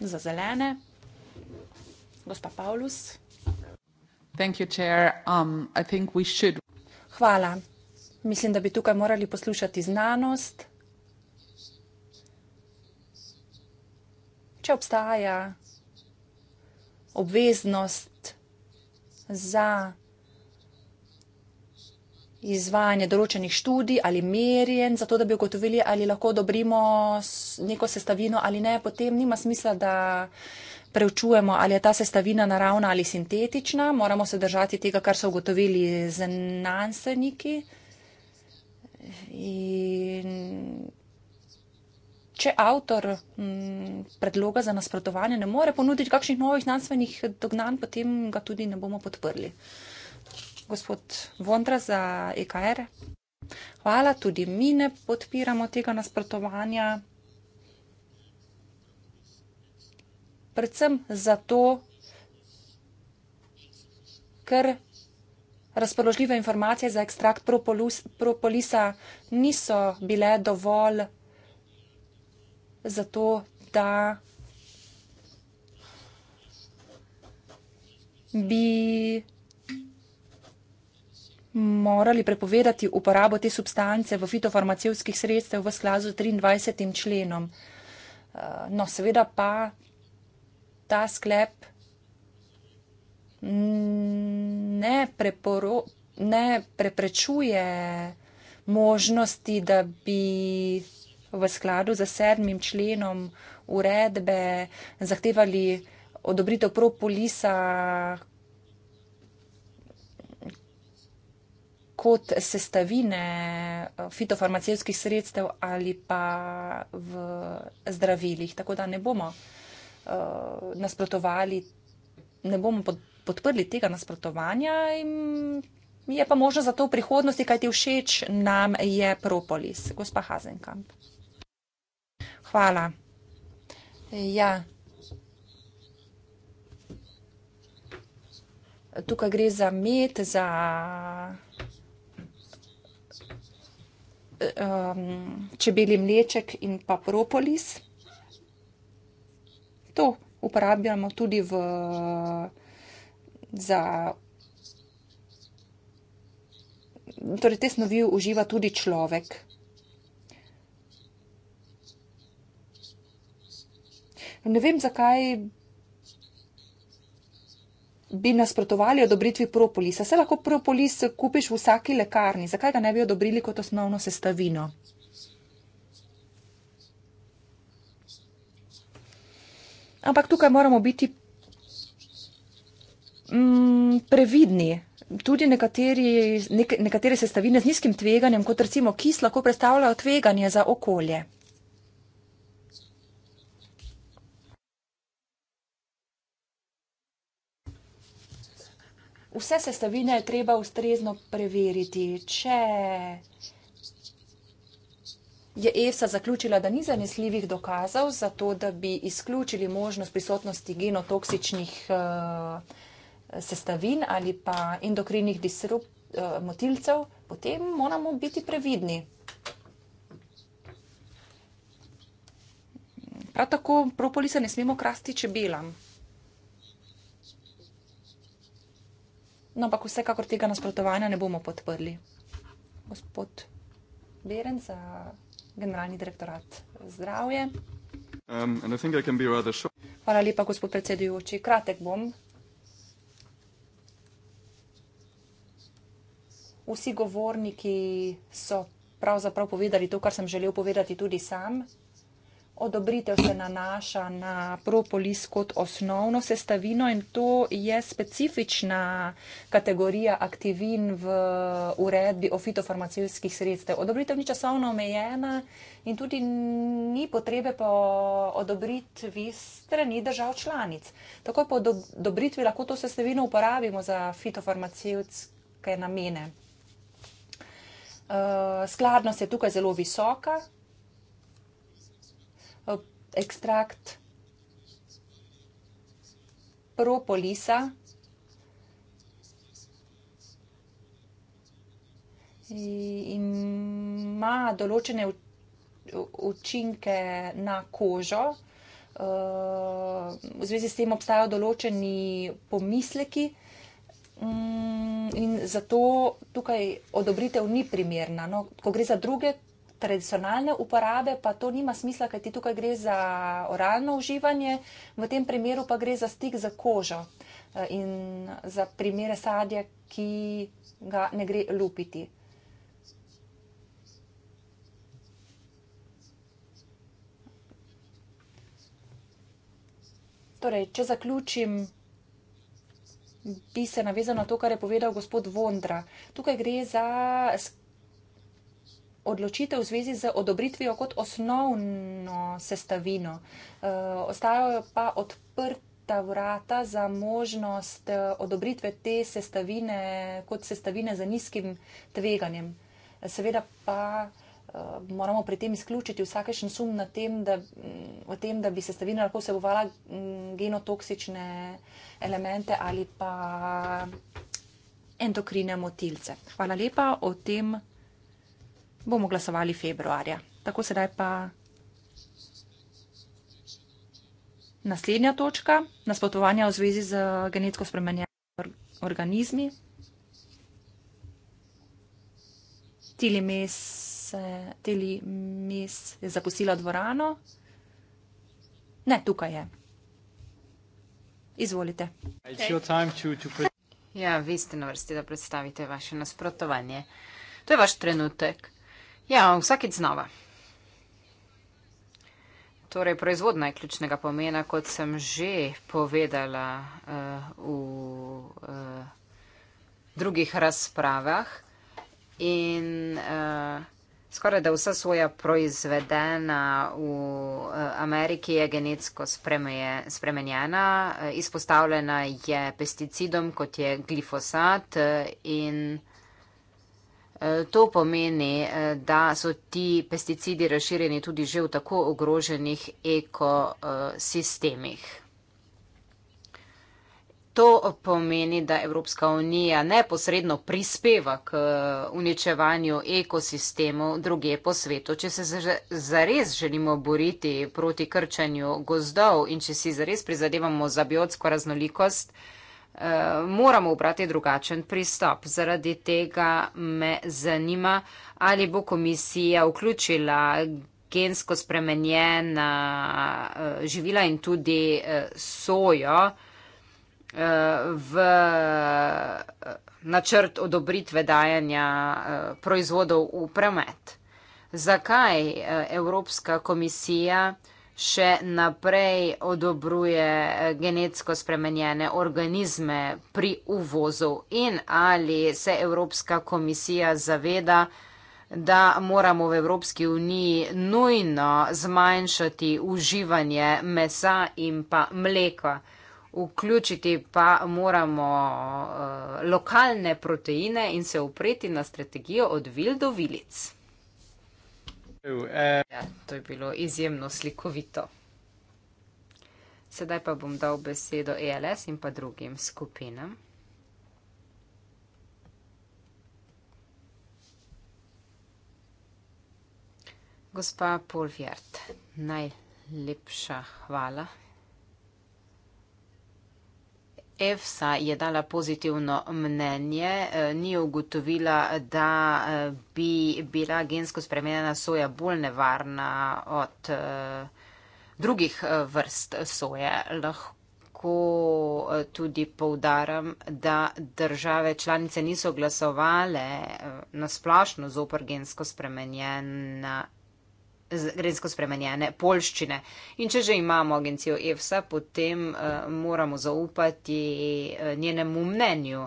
Za zelene, gospa Paulus. Um, Hvala. Mislim, da bi tukaj morali poslušati znanost. Če obstaja obveznost za izvajanje določenih študij ali merjen, zato da bi ugotovili, ali lahko dobrimo neko sestavino ali ne, potem nima smisla, da preučujemo, ali je ta sestavina naravna ali sintetična, moramo se držati tega, kar so ugotovili znanstveniki. In če avtor m, mm, predloga za nasprotovanje ne more ponuditi kakšnih novih znanstvenih dognanj, potem ga tudi ne bomo podprli. Gospod Vondra za EKR. Hvala, tudi mi ne podpiramo tega nasprotovanja. predvsem zato, ker razpoložljive informacije za ekstrakt propolus, propolisa niso bile dovolj zato, da bi morali prepovedati uporabo te substance v fitofarmacevskih sredstev v skladu z 23. členom. No, seveda pa ta sklep ne, preporo, ne preprečuje možnosti, da bi v skladu z sedmim členom uredbe zahtevali odobritev propolisa kot sestavine eh, fitofarmacijskih sredstev ali pa v zdravilih. Tako da ne bomo. Eh, nasprotovali, ne bomo pod, podprli tega nasprotovanja. Je pa možno za to v prihodnosti, kaj ti všeč nam je Propolis, gospa Hazenkamp. Hvala. Ja. Tukaj gre za med, za um, eh, ehm, čebeli mleček in pa propolis to uporabljamo tudi v, za. Torej, te snovi uživa tudi človek. Ne vem, zakaj bi nasprotovali odobritvi propolisa. Se lahko propolis kupiš v vsaki lekarni, zakaj ga ne bi odobrili kot osnovno sestavino? Ampak tukaj moramo biti mm, previdni. Tudi nekateri, nek, nekatere sestavine z nizkim tveganjem, kot recimo kis, lahko predstavljajo tveganje za okolje. Vse sestavine je treba ustrezno preveriti. Če je ESA zaključila, da ni zanesljivih dokazov za to, da bi izključili možnost prisotnosti genotoksičnih uh, sestavin ali pa endokrinih disrup, uh, motilcev, potem moramo biti previdni. Prav tako propolisa ne smemo krasti čebelam. No, ampak vsekakor tega nasprotovanja ne bomo podprli. Gospod Beren za generalni direktorat zdravje. Um, Hvala lepa, gospod predsedujoči. Kratek bom. Vsi govorniki so pravzaprav povedali to, kar sem želel povedati tudi sam odobritev se nanaša na propolis kot osnovno sestavino in to je specifična kategorija aktivin v uredbi o fitofarmacijskih sredstev. Odobritev ni časovno omejena in tudi ni potrebe po odobritvi strani držav članic. Tako po odobritvi lahko to sestavino uporabimo za fitofarmacijske namene. Uh, skladnost je tukaj zelo visoka, ekstrakt propolisa. Ima določene učinke na kožo. Eh, v zvezi s tem obstajajo določeni pomisleki. Mm, in zato tukaj odobritev ni primerna. No, ko gre za druge tradicionalne uporabe, pa to nima smisla, ker ti tukaj gre za oralno uživanje, v tem primeru pa gre za stik za kožo eh, in za primere sadja, ki ga ne gre lupiti. Torej, če zaključim, bi se navezal na to, kar je povedal gospod Vondra. Tukaj gre za odločitev v zvezi z odobritvijo kot osnovno sestavino. Eh, ostajajo pa odprta vrata za možnost eh, odobritve te sestavine kot sestavine za nizkim tveganjem. Seveda pa eh, moramo pri tem izključiti vsakešen sum na tem, da, mm, o tem, da bi sestavina lahko vsebovala mm, genotoksične elemente ali pa endokrine motilce. Hvala lepa, o tem bomo glasovali februarja. Tako sedaj pa naslednja točka, nasprotovanja v zvezi z genetsko spremenjenimi organizmi. Telemes je zapustila dvorano. Ne, tukaj je. Izvolite. Ja, vi ste na vrsti, da predstavite vaše nasprotovanje. To je vaš trenutek. Ja, vsakeč znova. Torej, proizvodna je ključnega pomena, kot sem že povedala uh, v uh, drugih razpravah. In uh, skoraj da vsa svoja proizvedena v uh, Ameriki je genetsko spremeje, spremenjena, uh, izpostavljena je pesticidom, kot je glifosat. Uh, To pomeni, eh, da so ti pesticidi razširjeni tudi že v tako ogroženih ekosistemih. To pomeni, da Evropska unija neposredno prispeva k eh, uničevanju ekosistemov druge po svetu. Če se zares želimo boriti proti krčanju gozdov in če si zares prizadevamo za biotsko raznolikost, Eh, moramo obrati drugačen pristop. Zaradi tega me zanima, ali bo komisija vključila gensko spremenjena eh, živila in tudi eh, sojo v načrt odobritve dajanja proizvodov v premet. Zakaj Evropska komisija še naprej odobruje eh, genetsko spremenjene organizme pri uvozu in ali se Evropska komisija zaveda, da moramo v Evropski uniji nujno zmanjšati uživanje mesa in pa mleka. Vključiti pa moramo eh, lokalne proteine in se upreti na strategijo od vil do vilic. Eh, ja, to je bilo izjemno slikovito. Sedaj pa bom dal besedo ELS in pa drugim skupinam. Gospa Polvjart, najlepša hvala EFSA je dala pozitivno mnenje, eh, ni ugotovila, da eh, bi bila gensko spremenjena soja bolj nevarna od eh, drugih vrst soje. Lahko tudi povdarjam, da države članice niso glasovale nasplošno zoper gensko spremenjena gensko spremenjene polščine. In če že imamo agencijo EFSA, potem uh, moramo zaupati eh, njenemu mnenju.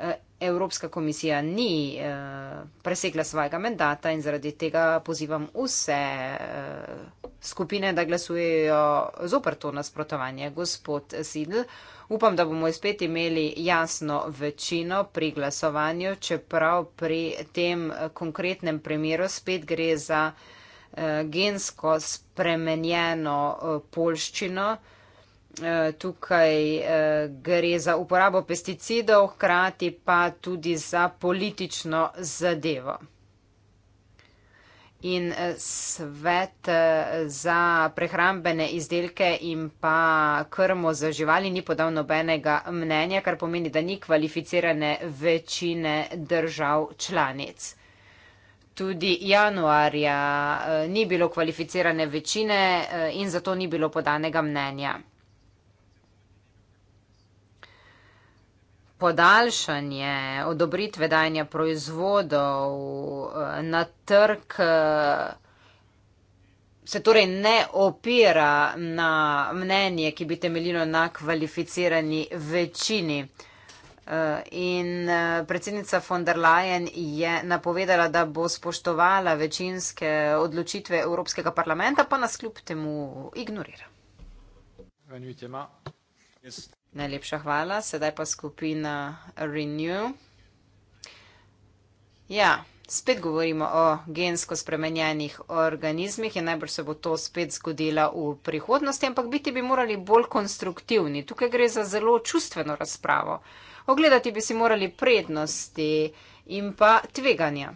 Uh, Evropska komisija ni uh, presegla svojega mandata in zaradi tega pozivam vse uh, skupine, da glasujejo zopr to nasprotovanje. Gospod Sidl, upam, da bomo spet imeli jasno večino pri glasovanju, čeprav pri tem konkretnem primeru spet gre za. Eh, gensko spremenjeno eh, polščino. Eh, tukaj gre za uporabo pesticidov, hkrati pa tudi za politično zadevo. In svet za prehrambene izdelke in pa krmo za živali ni podal nobenega mnenja, kar pomeni, da ni kvalificirane večine držav članic. Tudi januarja eh, ni bilo kvalificirane večine eh, in zato ni bilo podanega mnenja. Podaljšanje odobritve dajanja proizvodov eh, na trg se torej ne opira na mnenje, ki bi temeljilo na kvalificirani večini. In eh, predsednica von der Leyen je napovedala, da bo spoštovala večinske odločitve Evropskega parlamenta, pa nas kljub temu ignorira. Najlepša hvala. Sedaj pa skupina Renew. Ja, spet govorimo o gensko spremenjenih organizmih in najbrž se bo to spet zgodilo v prihodnosti, ampak biti bi morali bolj konstruktivni. Tukaj gre za zelo čustveno razpravo. Uh, Ogledati bi si morali prednosti in pa tveganja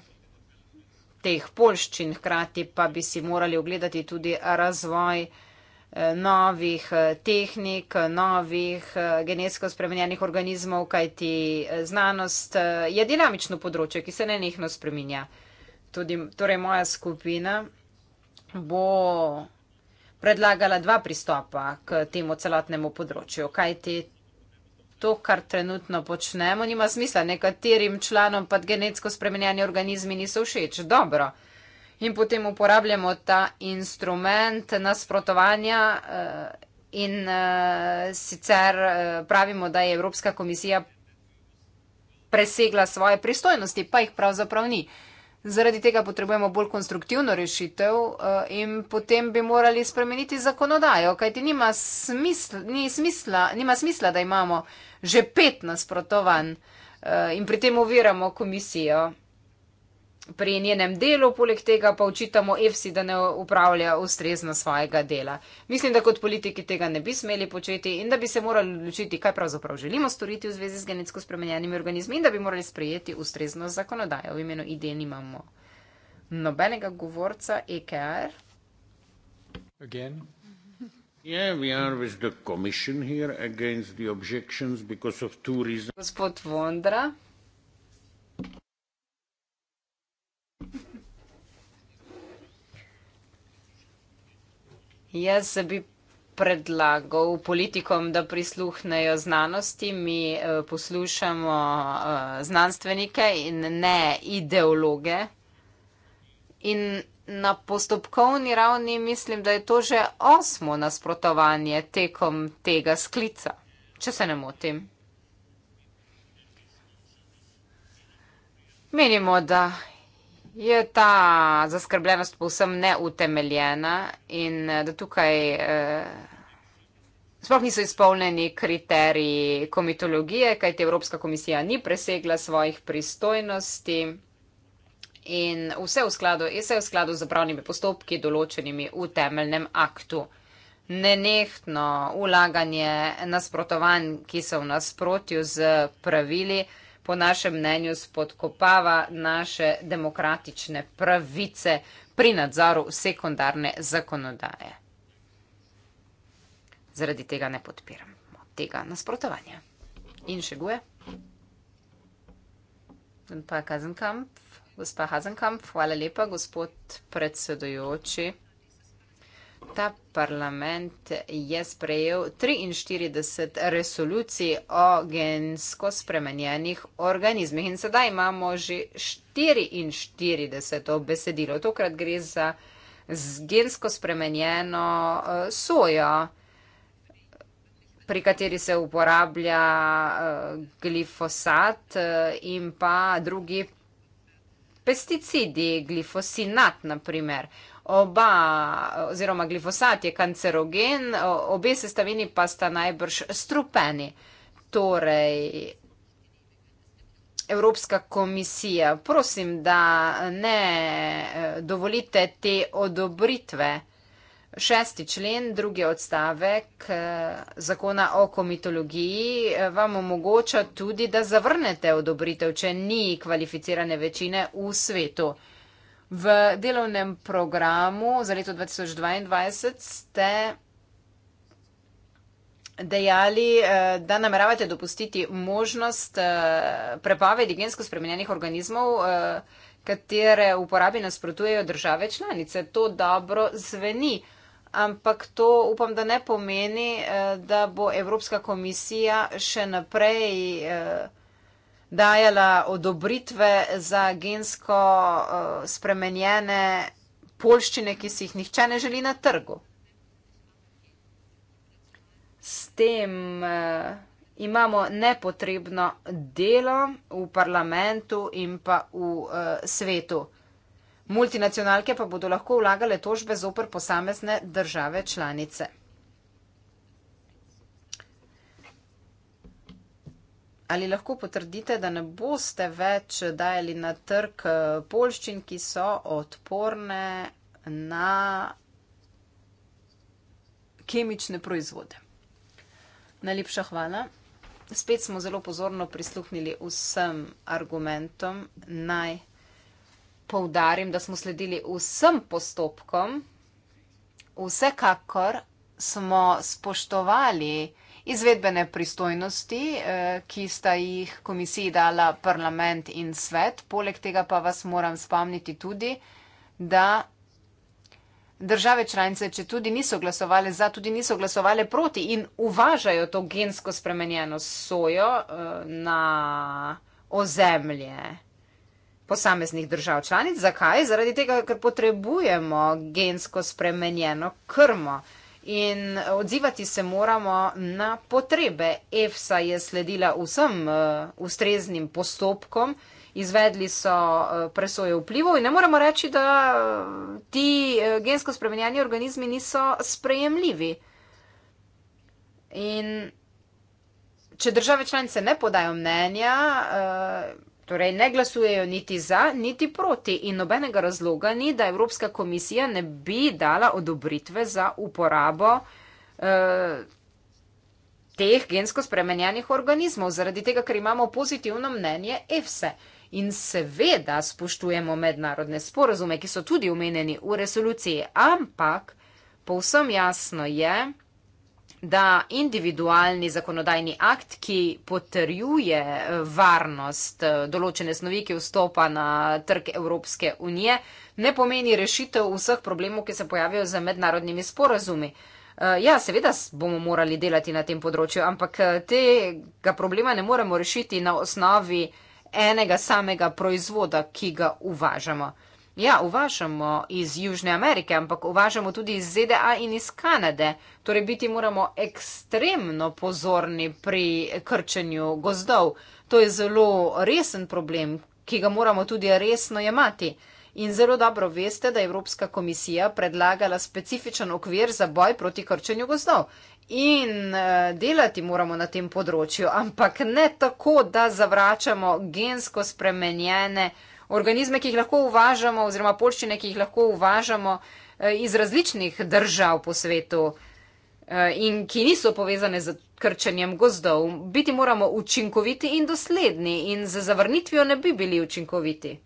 teh polščin, hkrati pa bi si morali ogledati tudi razvoj eh, novih eh, tehnik, novih eh, genetsko spremenjenih organizmov, kajti znanost je dinamično področje, ki se nenehno spreminja. Tudi, torej moja skupina bo predlagala dva pristopa k temu celotnemu področju, kajti to, kar trenutno počnemo, nima smisla. Nekaterim članom pa genetsko spremenjeni organizmi niso všeč. Dobro. In potem uporabljamo ta instrument nasprotovanja eh, in eh, sicer eh, pravimo, da je Evropska komisija presegla svoje pristojnosti, pa jih pravzaprav ni. Zaradi tega potrebujemo bolj konstruktivno rešitev eh, in potem bi morali spremeniti zakonodajo, kajti nima smisla, ni smisla, nima smisla da imamo že pet nasprotovanj eh, in pri tem oviramo komisijo pri njenem delu, poleg tega pa očitamo EFSI, da ne upravlja ustrezno svojega dela. Mislim, da kot politiki tega ne bi smeli početi in da bi se morali odločiti, kaj pravzaprav želimo storiti v zvezi z genetsko spremenjenimi organizmi in da bi morali sprejeti ustrezno zakonodajo. V imenu ID nimamo nobenega govorca EKR. Again. Yeah, Gospod Vondra. Jaz bi predlagal politikom, da prisluhnejo znanosti. Mi eh, poslušamo eh, znanstvenike in ne ideologe. In na postopkovni ravni mislim, da je to že osmo nasprotovanje tekom tega sklica, če se ne motim. Menimo, da je ta zaskrbljenost povsem neutemeljena in eh, da tukaj eh, sploh niso izpolneni kriteriji komitologije, kajti Evropska komisija ni presegla svojih pristojnosti in vse v skladu, je vse v skladu z pravnimi postopki, določenimi v temeljnem aktu. Nenehno ulaganje nasprotovanj, ki so v nasprotju z pravili, eh, po našem mnenju spodkopava naše demokratične pravice pri nadzoru sekundarne zakonodaje. Zaradi tega ne podpiramo tega nasprotovanja. In še guje. Pa Kazenkamp, gospa Hazenkamp, hvala lepa, gospod predsedujoči. Ta parlament je sprejel 43 resolucij o gensko spremenjenih organizmih in sedaj imamo že 44 besedilo. Tokrat gre za gensko spremenjeno eh, sojo, pri kateri se uporablja eh, glifosat eh, in pa drugi pesticidi, glifosinat naprimer oba, oziroma glifosat je kancerogen, obe sestavini pa sta najbrž strupeni. Torej, Evropska komisija, prosim, da ne e, dovolite te odobritve. Šesti člen, drugi odstavek e, zakona o komitologiji e, vam omogoča tudi, da zavrnete odobritev, če ni kvalificirane večine v svetu. V delovnem programu za leto 2022 ste dejali, eh, da nameravate dopustiti možnost eh, prepovedi gensko spremenjenih organizmov, eh, katere uporabi nasprotujejo države članice. To dobro zveni, ampak to upam, da ne pomeni, da bo Evropska komisija še naprej dajala odobritve za gensko eh, spremenjene polščine, ki si jih nihče ne želi na trgu. S tem eh, imamo nepotrebno delo v parlamentu in pa v eh, svetu. Multinacionalke pa bodo lahko vlagale tožbe zoper posamezne države članice. Ali lahko potrdite, da ne boste več dajali na trg eh, polščin, ki so odporne na kemične proizvode? Najlepša hvala. Spet smo zelo pozorno prisluhnili vsem argumentom. Naj povdarim, da smo sledili vsem postopkom. Vsekakor smo spoštovali. Izvedbene pristojnosti, eh, ki sta jih komisiji dala parlament in svet, poleg tega pa vas moram spomniti tudi, da države članice, če tudi niso glasovali za, tudi niso glasovali proti in uvažajo to gensko spremenjeno sojo eh, na ozemlje posameznih držav članic. Zakaj? Zaradi tega, ker potrebujemo gensko spremenjeno krmo in odzivati se moramo na potrebe. EFSA je sledila vsem eh, ustreznim postopkom, izvedli so eh, presoje vplivov in ne moremo reči, da eh, ti gensko spremenjeni organizmi niso sprejemljivi. In če države članice ne podajo mnenja, Torej, ne glasujejo niti za, niti proti in nobenega razloga ni, da Evropska komisija ne bi dala odobritve za uporabo eh, teh gensko spremenjenih organizmov, zaradi tega, ker imamo pozitivno mnenje EFSE. In seveda spoštujemo mednarodne sporazume, ki so tudi omenjeni v resoluciji, ampak povsem jasno je, da individualni zakonodajni akt, ki potrjuje eh, varnost eh, določene snovi, ki vstopa na trg Evropske unije, ne pomeni rešitev vseh problemov, ki se pojavijo za mednarodnimi sporazumi. Eh, ja, seveda bomo morali delati na tem področju, ampak tega problema ne moremo rešiti na osnovi enega samega proizvoda, ki ga uvažamo. Ja, uvažamo iz Južne Amerike, ampak uvažamo tudi iz ZDA in iz Kanade. Torej, biti moramo ekstremno pozorni pri krčenju gozdov. To je zelo resen problem, ki ga moramo tudi resno jemati. In zelo dobro veste, da je Evropska komisija predlagala specifičen okvir za boj proti krčenju gozdov. In eh, delati moramo na tem področju, ampak ne tako, da zavračamo gensko spremenjene organizme, ki jih lahko uvažamo, oziroma polščine, ki jih lahko uvažamo eh, iz različnih držav po svetu eh, in ki niso povezane z krčenjem gozdov. Biti moramo učinkoviti in dosledni in z zavrnitvijo ne bi bili učinkoviti.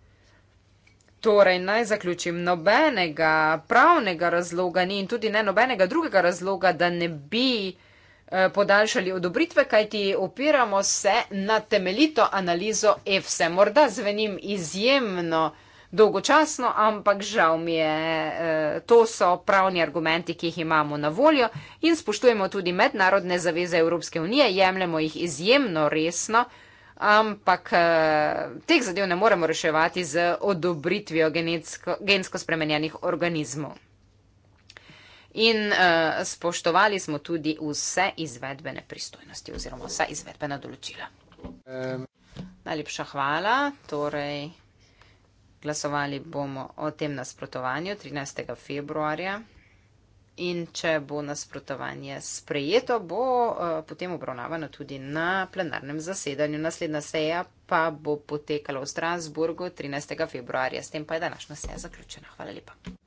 Torej, naj zaključim, nobenega pravnega razloga ni in tudi ne nobenega drugega razloga, da ne bi uh, Eh, podaljšali odobritve, kajti opiramo se na temeljito analizo EFSE. Morda zvenim izjemno dolgočasno, ampak žal mi je, eh, to so pravni argumenti, ki jih imamo na voljo in spoštujemo tudi mednarodne zaveze Evropske unije, jemljemo jih izjemno resno, ampak eh, teh zadev ne moremo reševati z odobritvijo gensko spremenjenih organizmov in uh, spoštovali smo tudi vse izvedbene pristojnosti oziroma vsa izvedbena določila. Um. Najlepša hvala. Torej, glasovali bomo o tem nasprotovanju 13. februarja. In če bo nasprotovanje sprejeto, bo uh, potem obravnavano tudi na plenarnem zasedanju. Naslednja seja pa bo potekala v Strasburgu 13. februarja. S tem pa je današnja seja zaključena. Hvala lepa.